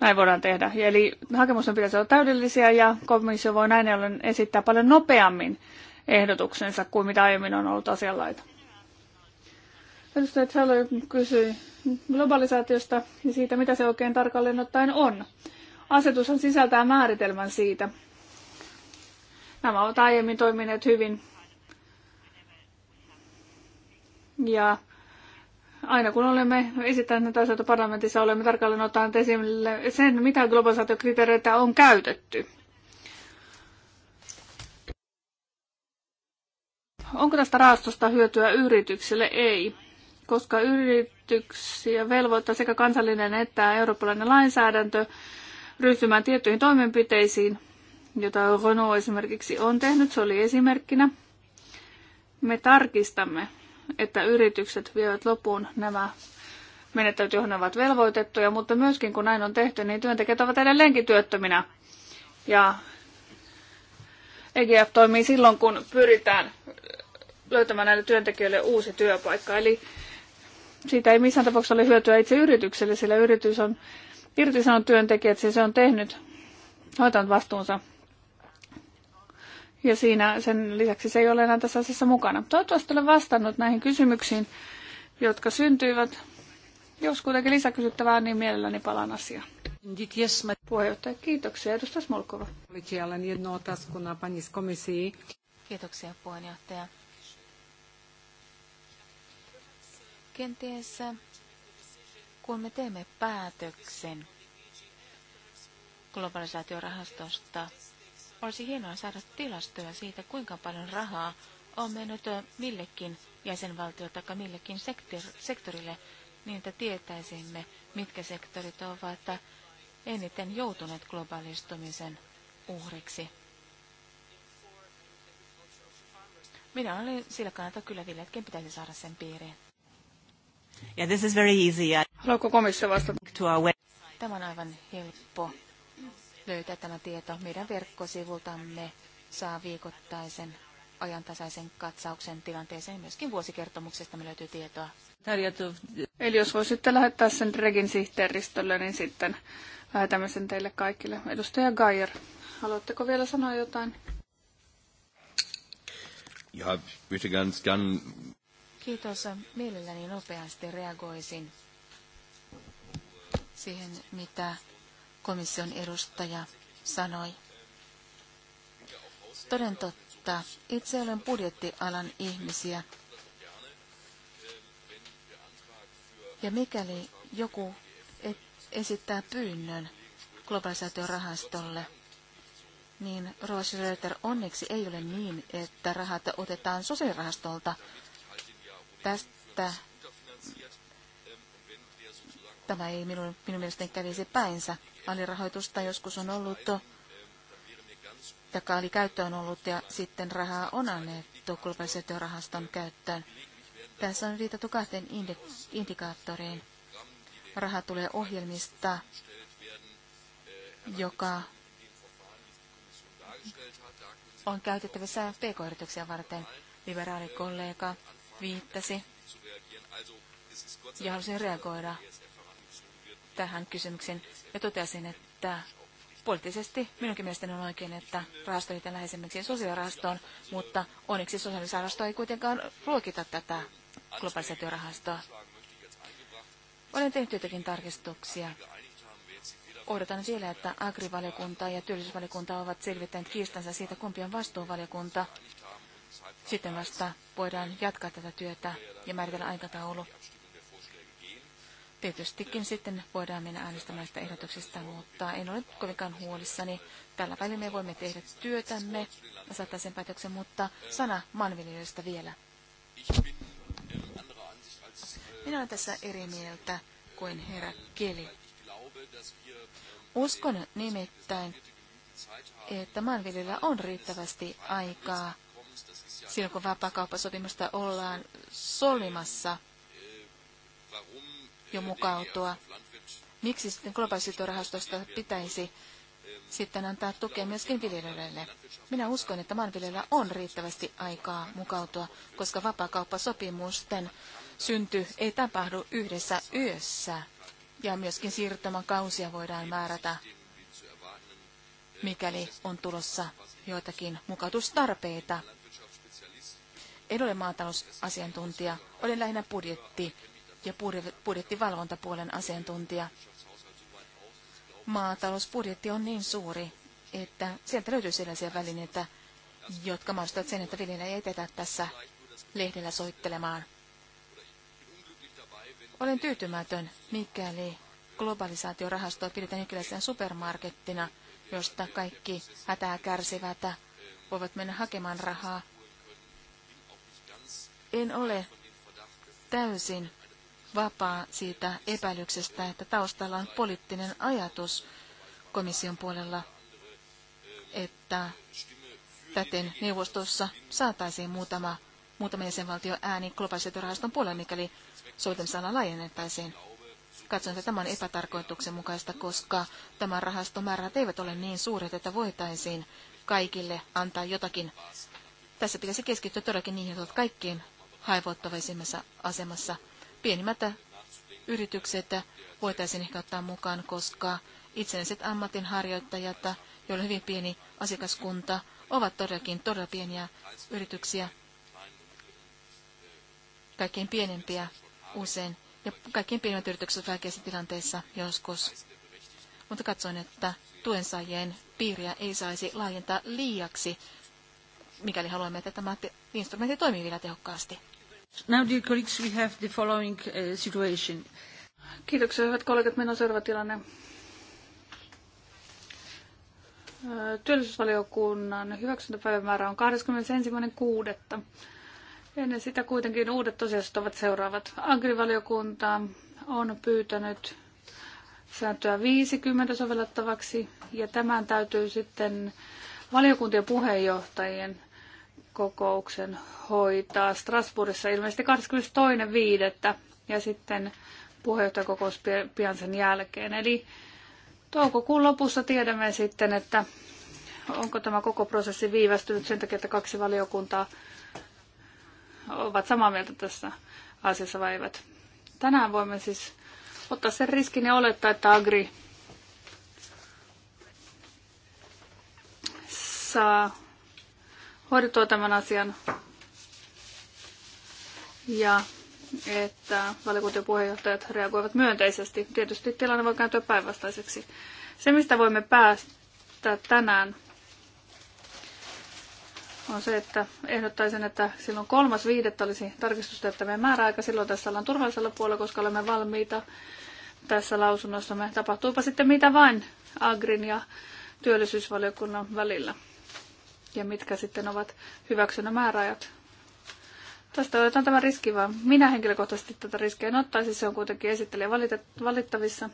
näin voidaan tehdä. Eli hakemusten pitäisi olla täydellisiä ja komissio voi näin ollen esittää paljon nopeammin ehdotuksensa kuin mitä aiemmin on ollut asianlaita. Edustaja Chalo kysyi globalisaatiosta ja siitä, mitä se oikein tarkalleen ottaen on asetushan sisältää määritelmän siitä. Nämä ovat aiemmin toimineet hyvin. Ja aina kun olemme esittäneet näitä asioita parlamentissa, olemme tarkalleen ottaneet esille sen, mitä globalisaatiokriteereitä on käytetty. Onko tästä rahastosta hyötyä yrityksille? Ei, koska yrityksiä velvoittaa sekä kansallinen että eurooppalainen lainsäädäntö ryhtymään tiettyihin toimenpiteisiin, jota Rono esimerkiksi on tehnyt. Se oli esimerkkinä. Me tarkistamme, että yritykset vievät lopuun nämä menettelyt, johon ne ovat velvoitettuja, mutta myöskin kun näin on tehty, niin työntekijät ovat edelleenkin työttöminä. Ja EGF toimii silloin, kun pyritään löytämään näille työntekijöille uusi työpaikka. Eli siitä ei missään tapauksessa ole hyötyä itse yritykselle, sillä yritys on irtisanon työntekijät, siis se on tehnyt, hoitanut vastuunsa. Ja siinä sen lisäksi se ei ole enää tässä asiassa mukana. Toivottavasti olen vastannut näihin kysymyksiin, jotka syntyivät. Jos kuitenkin lisäkysyttävää, niin mielelläni palaan asiaan. Puheenjohtaja, kiitoksia. Edustaja Smolkova. Kiitoksia, puheenjohtaja. Kenties kun me teemme päätöksen globalisaatiorahastosta, olisi hienoa saada tilastoja siitä, kuinka paljon rahaa on mennyt millekin jäsenvaltio tai millekin sektorille, niin että tietäisimme, mitkä sektorit ovat eniten joutuneet globaalistumisen uhriksi. Minä olin sillä kannalta kyllä viljatkin pitäisi saada sen piiriin. Yeah, this is very easy. Haluatko komissio vastata? Tämä on aivan helppo löytää tämä tieto. Meidän verkkosivultamme saa viikoittaisen ajantasaisen katsauksen tilanteeseen. Myöskin vuosikertomuksesta me löytyy tietoa. Eli jos voisitte lähettää sen Regin sihteeristölle, niin sitten lähetämme sen teille kaikille. Edustaja Geyer. haluatteko vielä sanoa jotain? Ja, ganz gern. Kiitos. Mielelläni nopeasti reagoisin siihen, mitä komission edustaja sanoi. Toden totta, itse olen budjettialan ihmisiä. Ja mikäli joku esittää pyynnön rahastolle, niin Röter onneksi ei ole niin, että rahat otetaan sosiaalirahastolta. Tästä Tämä ei minun, minun mielestäni kävisi päinsä. Alirahoitusta joskus on ollut, ja kaalikäyttö on ollut, ja sitten rahaa on annettu globalisaatiorahaston käyttöön. Tässä on viitattu kahteen indikaattoriin. Raha tulee ohjelmista, joka on käytettävissä pk-yrityksiä varten, liberaalikollega viittasi. Ja halusin reagoida tähän kysymykseen ja toteasin, että poliittisesti minunkin mielestäni on oikein, että rahastoliiton läheisemmiksi sosiaalirahastoon, mutta onneksi sosiaalirahasto ei kuitenkaan ruokita tätä globalisaatiorahastoa. Olen tehnyt jotakin tarkistuksia. Odotan vielä, että agrivaliokunta ja työllisyysvaliokunta ovat selvittäneet kiistansa siitä, kumpi on vastuuvaliokunta. Sitten vasta voidaan jatkaa tätä työtä ja määritellä aikataulu. Tietystikin sitten voidaan mennä äänestämään sitä ehdotuksista, mutta en ole kovinkaan huolissani. Tällä välin me voimme tehdä työtämme ja saattaa sen päätöksen, mutta sana manviljelijöistä vielä. Minä olen tässä eri mieltä kuin herra Keli. Uskon nimittäin, että maanviljelijöillä on riittävästi aikaa silloin, kun vapaakauppasopimusta ollaan solimassa – jo mukautua. Miksi sitten globaalisiutorahastosta pitäisi sitten antaa tukea myöskin viljelijöille? Minä uskon, että maanviljelijöillä on riittävästi aikaa mukautua, koska vapaakauppasopimusten synty ei tapahdu yhdessä yössä. Ja myöskin siirtymäkausia voidaan määrätä, mikäli on tulossa joitakin mukautustarpeita. En ole maatalousasiantuntija, olen lähinnä budjetti ja budjettivalvontapuolen asiantuntija. Maatalousbudjetti on niin suuri, että sieltä löytyy sellaisia välineitä, jotka mahdollistavat sen, että viljelijä ei etetä tässä lehdellä soittelemaan. Olen tyytymätön, mikäli globalisaatiorahastoa pidetään jonkinlaisena supermarkettina, josta kaikki hätää kärsivät voivat mennä hakemaan rahaa. En ole täysin vapaa siitä epäilyksestä, että taustalla on poliittinen ajatus komission puolella, että täten neuvostossa saataisiin muutama, muutama jäsenvaltio ääni globalisaatiorahaston puolella, mikäli soitamisala laajennettaisiin. Katson, että tämä on epätarkoituksenmukaista, koska tämän rahaston määrät eivät ole niin suuret, että voitaisiin kaikille antaa jotakin. Tässä pitäisi keskittyä todellakin niihin, jotka ovat kaikkein haivoittavaisimmassa asemassa – Pienimmät yritykset voitaisiin ehkä ottaa mukaan, koska itsenäiset ammatinharjoittajat, joilla on hyvin pieni asiakaskunta, ovat todellakin todella pieniä yrityksiä, kaikkein pienempiä usein, ja kaikkien pienemmät yritykset ovat vaikeissa tilanteissa joskus. Mutta katsoin, että tuensaajien piiriä ei saisi laajentaa liiaksi, mikäli haluamme, että tämä instrumentti toimii vielä tehokkaasti. Now, dear colleagues, we have the following uh, situation. Kiitoksia, hyvät kollegat. Meillä on seuraava tilanne. Työllisyysvaliokunnan hyväksyntäpäivämäärä on 21.6. Ennen sitä kuitenkin uudet tosiasiat ovat seuraavat. Agrivaliokunta on pyytänyt sääntöä 50 sovellettavaksi ja tämän täytyy sitten valiokuntien puheenjohtajien kokouksen hoitaa Strasbourgissa ilmeisesti 22.5. ja sitten puheenjohtajakokous pian sen jälkeen. Eli toukokuun lopussa tiedämme sitten, että onko tämä koko prosessi viivästynyt sen takia, että kaksi valiokuntaa ovat samaa mieltä tässä asiassa vai eivät. Tänään voimme siis ottaa sen riskin ja olettaa, että Agri saa hoidettua tämän asian. Ja että valiokuntien puheenjohtajat reagoivat myönteisesti. Tietysti tilanne voi kääntyä päinvastaiseksi. Se, mistä voimme päästä tänään, on se, että ehdottaisin, että silloin kolmas viidettä olisi tarkistustehtävien määräaika. Silloin tässä ollaan turvallisella puolella, koska olemme valmiita tässä lausunnossamme. Tapahtuupa sitten mitä vain Agrin ja työllisyysvaliokunnan välillä ja mitkä sitten ovat hyväksynnän määräajat. Tästä otetaan tämä riski vaan. Minä henkilökohtaisesti tätä riskiä en ottaisi, se on kuitenkin esittelijä valittavissa.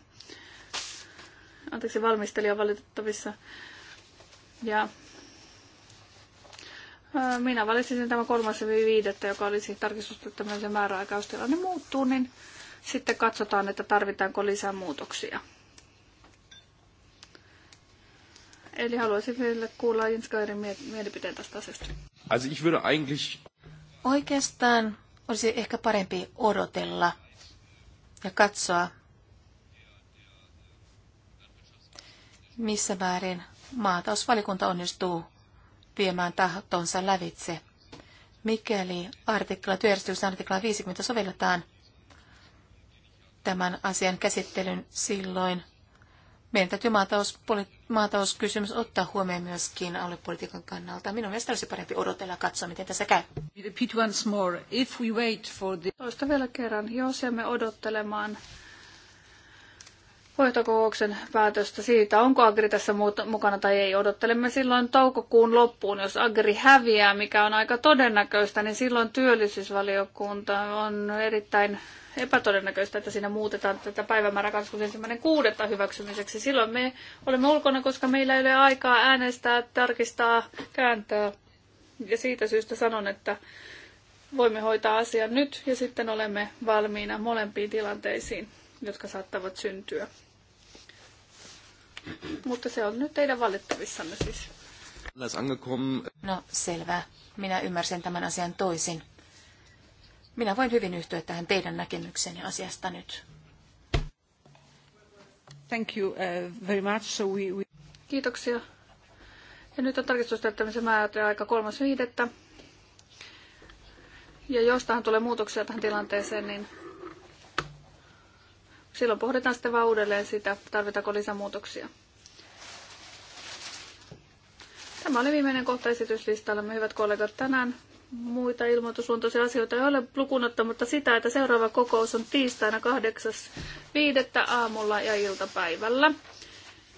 Anteeksi, valmistelija valitettavissa. Ja minä valitsisin tämä kolmas viidettä, joka olisi tarkistusta, että tämmöisen määräaikaustilanne muuttuu, niin sitten katsotaan, että tarvitaanko lisää muutoksia. Eli haluaisin vielä kuulla Inskairin mielipiteen tästä asiasta. Also ich würde eigentlich... Oikeastaan olisi ehkä parempi odotella ja katsoa, missä määrin maatausvalikunta onnistuu viemään tahtonsa lävitse. Mikäli artikla, työjärjestyksen artikla 50 sovelletaan tämän asian käsittelyn silloin, meidän täytyy maatalous, maatalouskysymys ottaa huomioon myöskin aluepolitiikan kannalta. Minun mielestä olisi parempi odotella ja katsoa, miten tässä käy. Repeat once more. If we wait for the... Toista vielä kerran. Jos jäämme odottelemaan puheenjohtajakokouksen päätöstä siitä, onko Agri tässä mukana tai ei. Odottelemme silloin toukokuun loppuun. Jos Agri häviää, mikä on aika todennäköistä, niin silloin työllisyysvaliokunta on erittäin epätodennäköistä, että siinä muutetaan tätä päivämäärää 21.6. hyväksymiseksi. Silloin me olemme ulkona, koska meillä ei ole aikaa äänestää, tarkistaa, kääntää. Ja siitä syystä sanon, että voimme hoitaa asian nyt ja sitten olemme valmiina molempiin tilanteisiin, jotka saattavat syntyä. Mutta se on nyt teidän valittavissanne siis. No selvä. Minä ymmärsin tämän asian toisin. Minä voin hyvin yhtyä tähän teidän näkemykseni asiasta nyt. Thank you uh, very much. So we, we... Kiitoksia. Ja nyt on aika kolmas viidettä. Ja jos tähän tulee muutoksia tähän tilanteeseen, niin Silloin pohditaan sitten vaan uudelleen sitä, tarvitaanko lisämuutoksia. Tämä oli viimeinen kohta Me hyvät kollegat, tänään. Muita ilmoitusluontoisia asioita ei ole mutta sitä, että seuraava kokous on tiistaina 8.5. aamulla ja iltapäivällä.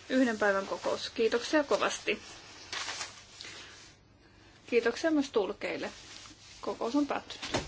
Yhden päivän kokous. Kiitoksia kovasti. Kiitoksia myös tulkeille. Kokous on päättynyt.